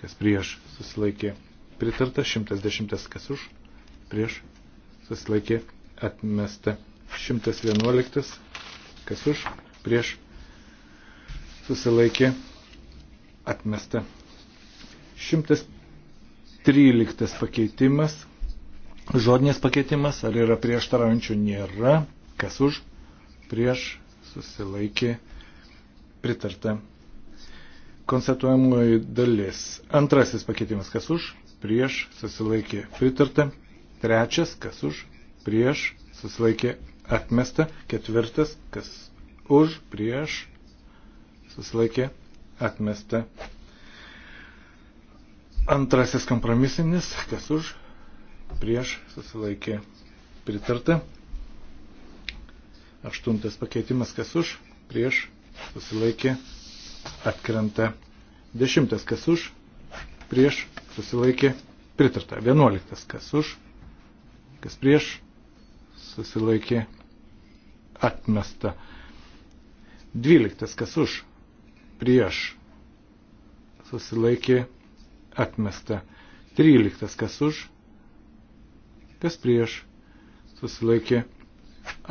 kas prieš, susilaikė, pritarta 110, kas už, prieš, susilaikė atmesta. 111, kas už, prieš, susilaikė atmesta. 113 pakeitimas, žodinės pakeitimas, ar yra prieštaraujančių, nėra, kas už, prieš, susilaikė pritarta. Konstatuojamoji dalis. Antrasis pakeitimas, kas už, prieš, susilaikė pritarta. Trečias, kas už, prieš, susilaikė atmesta. Ketvirtas, kas už, prieš, susilaikė atmesta. Antrasis kompromisinis, kas už, prieš, susilaikė pritarta. Aštuntas pakeitimas, kas už, prieš, susilaikė atkrenta. Dešimtas, kas už, prieš, susilaikė pritarta. Vienuoliktas, kas už, kas prieš, susilaikė atmesta. Dvyliktas, kas už, prieš, susilaikė atmesta. Tryliktas, kas už, kas prieš, susilaikė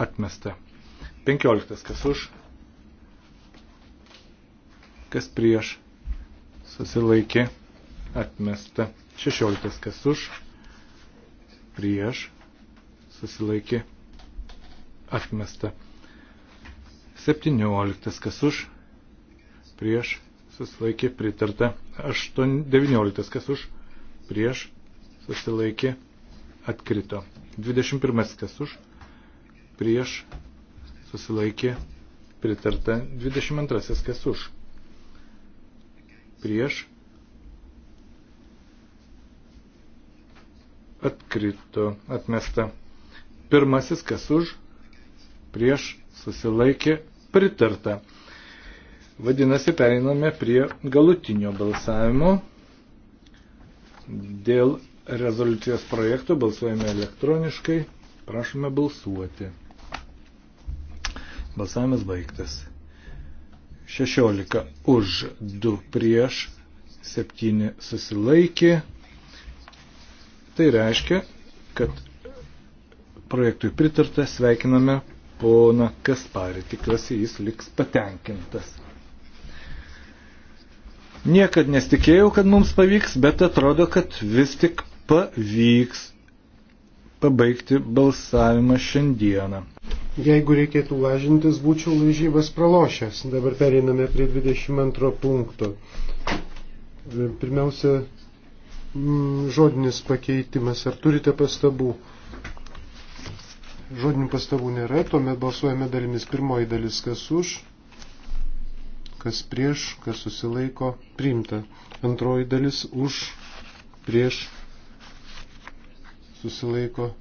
atmesta. Penkioliktas, kas už, kas prieš, susilaikė atmesta. Šešioliktas, kas už, prieš, susilaikė atmesta. 17. Kas už, prieš, susilaikė pritarta. 8, 19. Kas už, prieš, susilaikė atkrito. 21. Kas už, prieš, susilaikė pritarta. 22. Kas už, prieš, atkrito, atmesta. Pirmasis, kas už, prieš susilaikė pritarta. Vadinasi, pereiname prie galutinio balsavimo. Dėl rezoliucijos projekto balsuojame elektroniškai. Prašome balsuoti. Balsavimas baigtas. 16 už 2 prieš 7 susilaikė. Tai reiškia, kad projektui pritarta, sveikiname poną Kasparį, tikiuosi jis liks patenkintas. Niekad nesitikėjau, kad mums pavyks, bet atrodo, kad vis tik pavyks pabaigti balsavimą šiandieną. Jeigu reikėtų lažintis, būčiau lažybas pralošęs. Dabar pereiname prie 22 punkto. Pirmiausia, žodinis pakeitimas. Ar turite pastabų? Žodinių pastabų nėra, tuomet balsuojame dalimis. Pirmoji dalis, kas už, kas prieš, kas susilaiko, priimta. Antroji dalis už, prieš, susilaiko,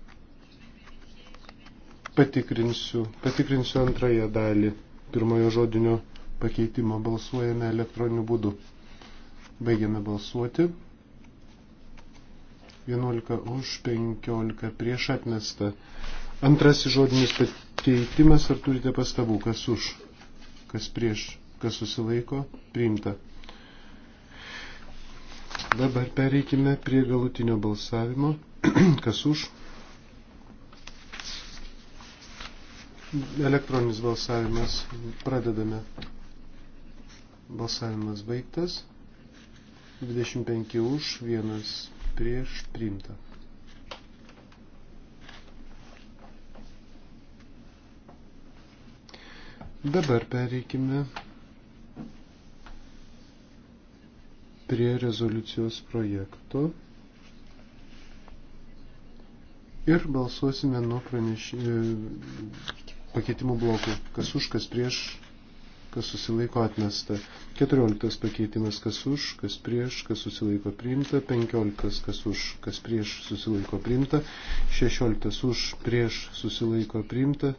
patikrinsiu, patikrinsiu antrąją dalį pirmojo žodinio pakeitimo balsuojame elektroniniu būdu. Baigiame balsuoti. 11 už 15 prieš atmestą. Antrasis žodinis pakeitimas, ar turite pastabų, kas už, kas prieš, kas susilaiko, priimta. Dabar pereikime prie galutinio balsavimo. Kas už? Elektroninis balsavimas. Pradedame. Balsavimas baigtas. 25 už, 1 prieš, priimta. Dabar pereikime prie rezoliucijos projekto ir balsuosime nuo praneš... E, pakeitimų blokų. Kas už, kas prieš, kas susilaiko atmesta. 14 pakeitimas, kas už, kas prieš, kas susilaiko priimta. 15 kas už, kas prieš, susilaiko priimta. 16 už, prieš, susilaiko priimta.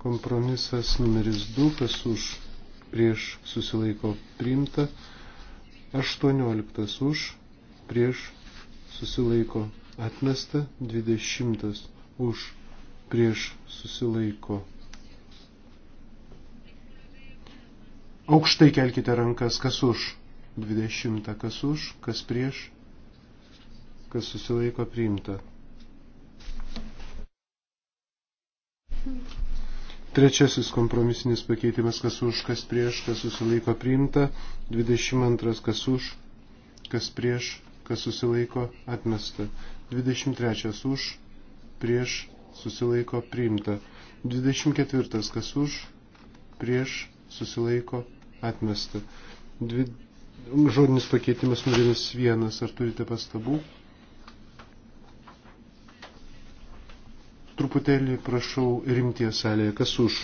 Kompromisas numeris 2, kas už prieš susilaiko priimta. 18 už prieš susilaiko atmesta. 20 už prieš susilaiko. Aukštai kelkite rankas, kas už. 20, kas už, kas prieš, kas susilaiko priimta. Trečiasis kompromisinis pakeitimas, kas už, kas prieš, kas susilaiko priimta. 22, kas už, kas prieš, kas susilaiko atmesta. 23, už, prieš, susilaiko priimta. 24, kas už, prieš, susilaiko atmesta. Dvi... Žodinis pakeitimas numeris vienas. Ar turite pastabų? truputėlį prašau rimties salėje. Kas už?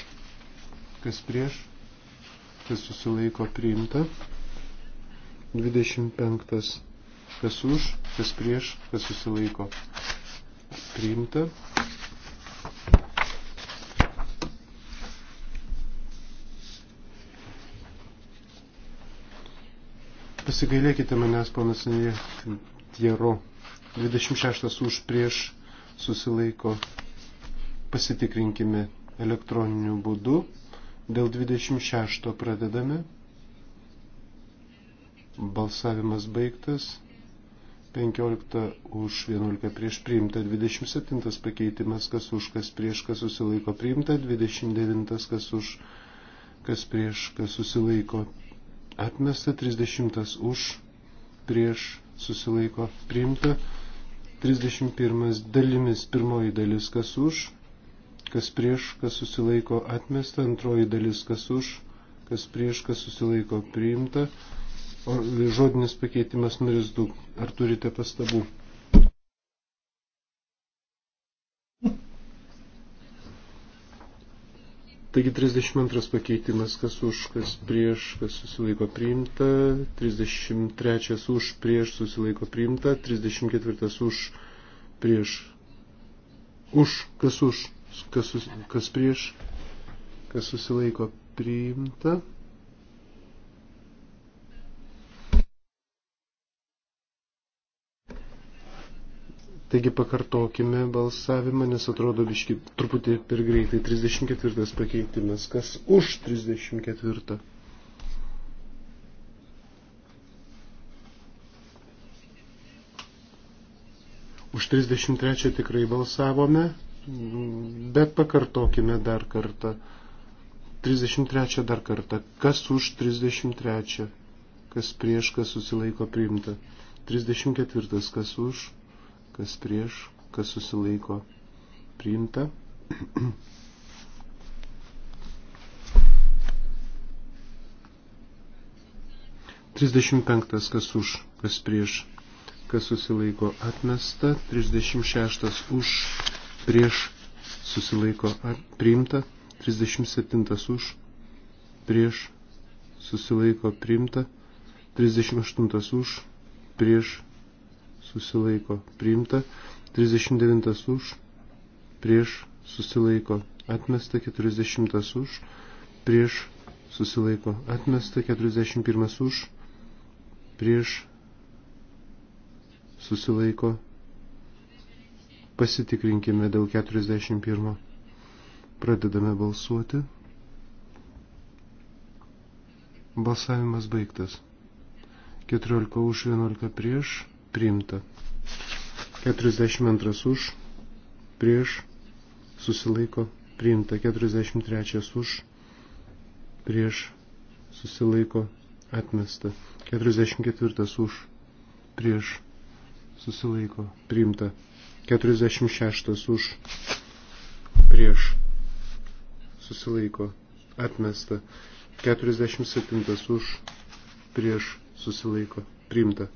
Kas prieš? Kas susilaiko priimta? 25. Kas už? Kas prieš? Kas susilaiko? Priimta. Pasigailėkite manęs, panas Jero. 26 už prieš susilaiko Pasitikrinkime elektroniniu būdu. Dėl 26 pradedame. Balsavimas baigtas. 15 už 11 prieš priimta, 27 pakeitimas, kas už, kas prieš, kas susilaiko priimta, 29 kas už, kas prieš, kas susilaiko atmesta, 30 už, prieš susilaiko priimta, 31 dalimis, pirmoji dalis, kas už, kas prieš, kas susilaiko atmesta, antroji dalis, kas už, kas prieš, kas susilaiko priimta, o žodinis pakeitimas nulis 2. Ar turite pastabų? Taigi 32 pakeitimas, kas už, kas prieš, kas susilaiko priimta, 33 už, prieš susilaiko priimta, 34 už, prieš, už, kas už, kas, sus, kas prieš, kas susilaiko priimta. Taigi pakartokime balsavimą, nes atrodo biški truputį per greitai. 34 pakeitimas. Kas už 34? Už 33 tikrai balsavome. Bet pakartokime dar kartą. 33 dar kartą. Kas už 33? Kas prieš, kas susilaiko priimta. 34. Kas už, kas prieš, kas susilaiko priimta. Trisdešimt penktas, kas už, kas prieš, kas susilaiko atmesta. Trisdešimt šeštas, už, prieš susilaiko priimta, 37 už, prieš susilaiko priimta, 38 už, prieš susilaiko priimta, 39 už, prieš susilaiko atmesta, 40 už, prieš susilaiko atmesta, 41 už, prieš susilaiko Pasitikrinkime dėl 41. Pradedame balsuoti. Balsavimas baigtas. 14 už 11 prieš priimta. 42 už prieš susilaiko priimta. 43 už prieš susilaiko atmesta. 44 už prieš susilaiko priimta. 46 už prieš susilaiko atmesta. 47 už prieš susilaiko priimta.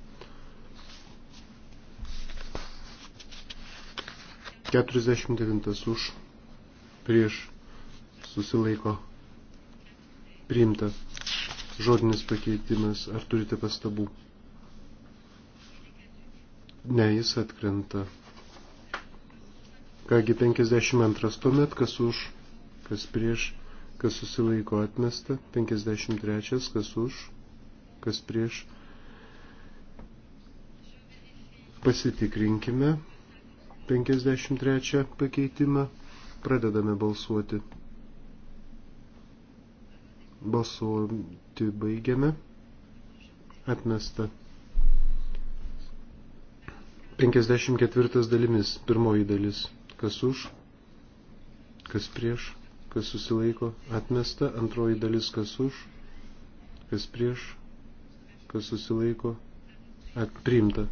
49 už prieš susilaiko priimta. Žodinis pakeitimas. Ar turite pastabų? Ne, jis atkrenta. Kągi 52 tuomet, kas už, kas prieš, kas susilaiko atmesta. 53, kas už, kas prieš. Pasitikrinkime 53 pakeitimą. Pradedame balsuoti. Balsuoti baigiame. Atmesta. 54 dalimis. Pirmoji dalis kas už, kas prieš, kas susilaiko, atmesta, antroji dalis, kas už, kas prieš, kas susilaiko, atprimta.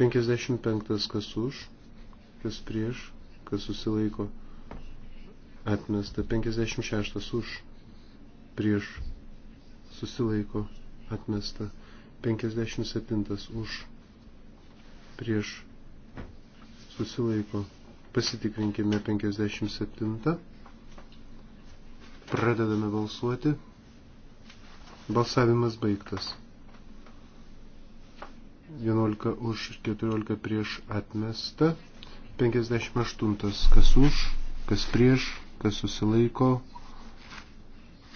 55, kas už, kas prieš, kas susilaiko, atmesta. 56, už, prieš, susilaiko, atmesta. 57, už, prieš, susilaiko. Pasitikrinkime 57. Pradedame balsuoti. Balsavimas baigtas. 11 už 14 prieš atmesta. 58 kas už, kas prieš, kas susilaiko,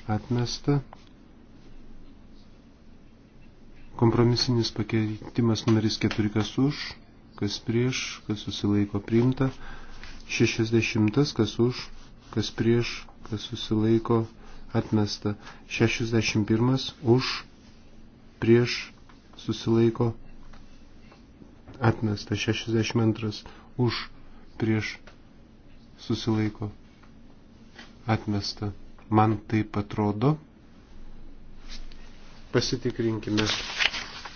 atmesta. Kompromisinis pakeitimas numeris 4 kas už, kas prieš, kas susilaiko priimta. 60, kas už, kas prieš, kas susilaiko atmesta. 61, už, prieš, susilaiko atmesta. 62, už, prieš, susilaiko atmesta. Man tai atrodo. Pasitikrinkime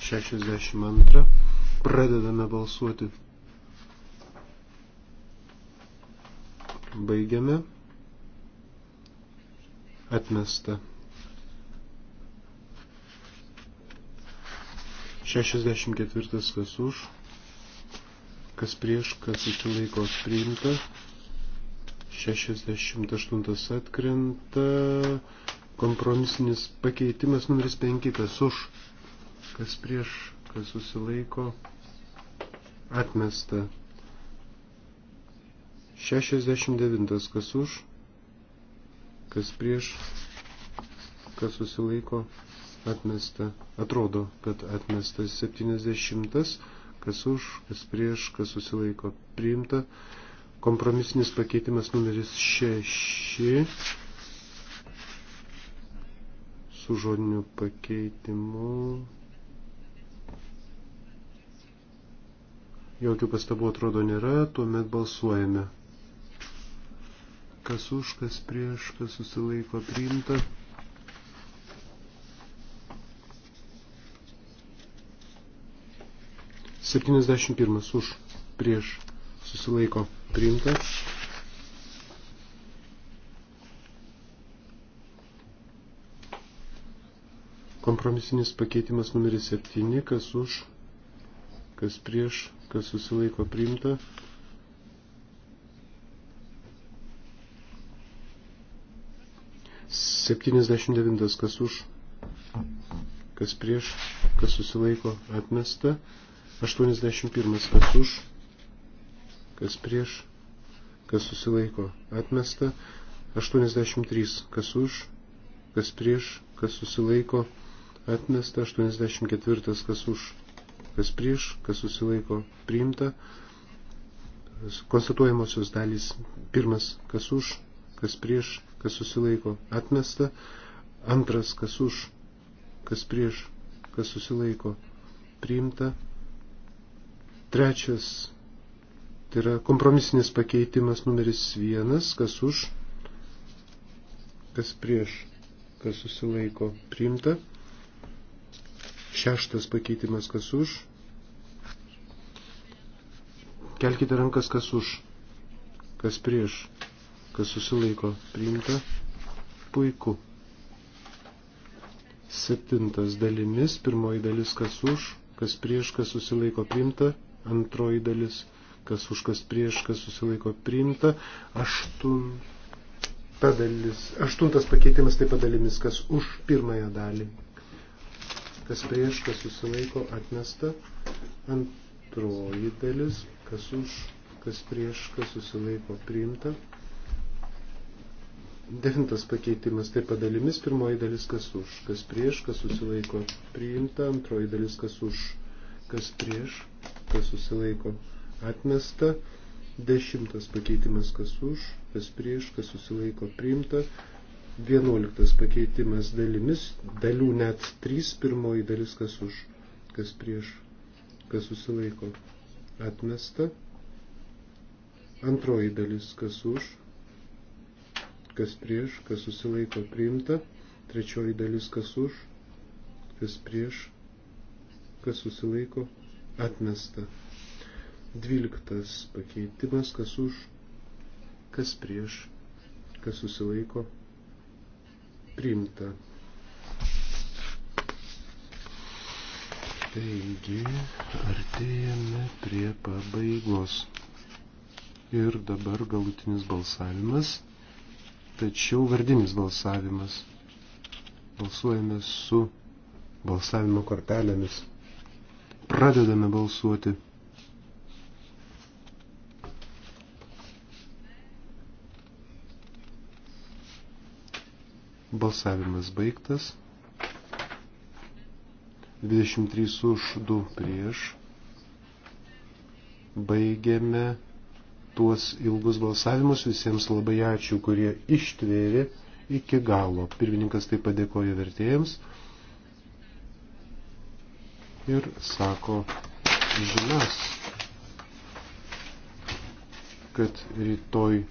62. Pradedame balsuoti. Baigiame. Atmesta. 64 kas už, kas prieš, kas susilaiko priimta. 68 atkrenta. Kompromisinis pakeitimas numeris 5 kas už, kas prieš, kas susilaiko priimta Atmesta. 69. Kas už, kas prieš, kas susilaiko. Atmesta. Atrodo, kad atmestas 70. Kas už, kas prieš, kas susilaiko. Priimta. Kompromisinis pakeitimas numeris 6 su žodiniu pakeitimu Jokių pastabų atrodo nėra, tuomet balsuojame. Kas už, kas prieš, kas susilaiko priimta. Septyniasdešimt pirmas už, prieš, susilaiko priimta. 7, kas už, kas prieš, kas susilaiko priimta. Septyniasdešimt devintas, kas už, kas prieš, kas susilaiko atmesta. Aštuoniasdešimt pirmas, kas už, kas prieš, kas susilaiko atmesta. Aštuoniasdešimt trys, kas už, kas prieš, kas susilaiko atmesta. Aštuoniasdešimt ketvirtas, kas už kas prieš, kas susilaiko priimta. Konstatuojamosios dalys pirmas, kas už, kas prieš, kas susilaiko atmesta. Antras, kas už, kas prieš, kas susilaiko priimta. Trečias, tai yra kompromisinis pakeitimas numeris vienas, kas už, kas prieš, kas susilaiko priimta. Šeštas pakeitimas kas už. Kelkite rankas kas už. Kas prieš. Kas susilaiko. Priimta. Puiku. Septintas dalimis. Pirmoji dalis kas už. Kas prieš. Kas susilaiko. Priimta. Antroji dalis kas už kas prieš, kas susilaiko priimta. Aštunta dalis, aštuntas pakeitimas taip pat dalimis, kas už pirmąją dalį, kas prieš, kas susilaiko atmesta. Antroji dalis, kas už, kas prieš, kas susilaiko priimta. Devintas pakeitimas taip padalimis. Pirmoji dalis, kas už, kas prieš, kas susilaiko priimta. Antroji dalis, kas už, kas prieš, kas susilaiko atmesta. Dešimtas pakeitimas, kas už, kas prieš, kas susilaiko priimta. 11 pakeitimas dalimis, dalių net 3, pirmoji dalis kas už, kas prieš, kas susilaiko atmesta, antroji dalis kas už, kas prieš, kas susilaiko priimta, trečioji dalis kas už, kas prieš, kas susilaiko atmesta. 12 pakeitimas kas už, kas prieš, kas susilaiko atmesta priimta. Taigi, artėjame prie pabaigos. Ir dabar galutinis balsavimas, tačiau vardinis balsavimas. Balsuojame su balsavimo kortelėmis. Pradedame balsuoti. Balsavimas baigtas. 23 už 2 prieš. Baigėme tuos ilgus balsavimus. Visiems labai ačiū, kurie ištvėrė iki galo. Pirmininkas taip padėkojo vertėjams ir sako žinias, kad rytoj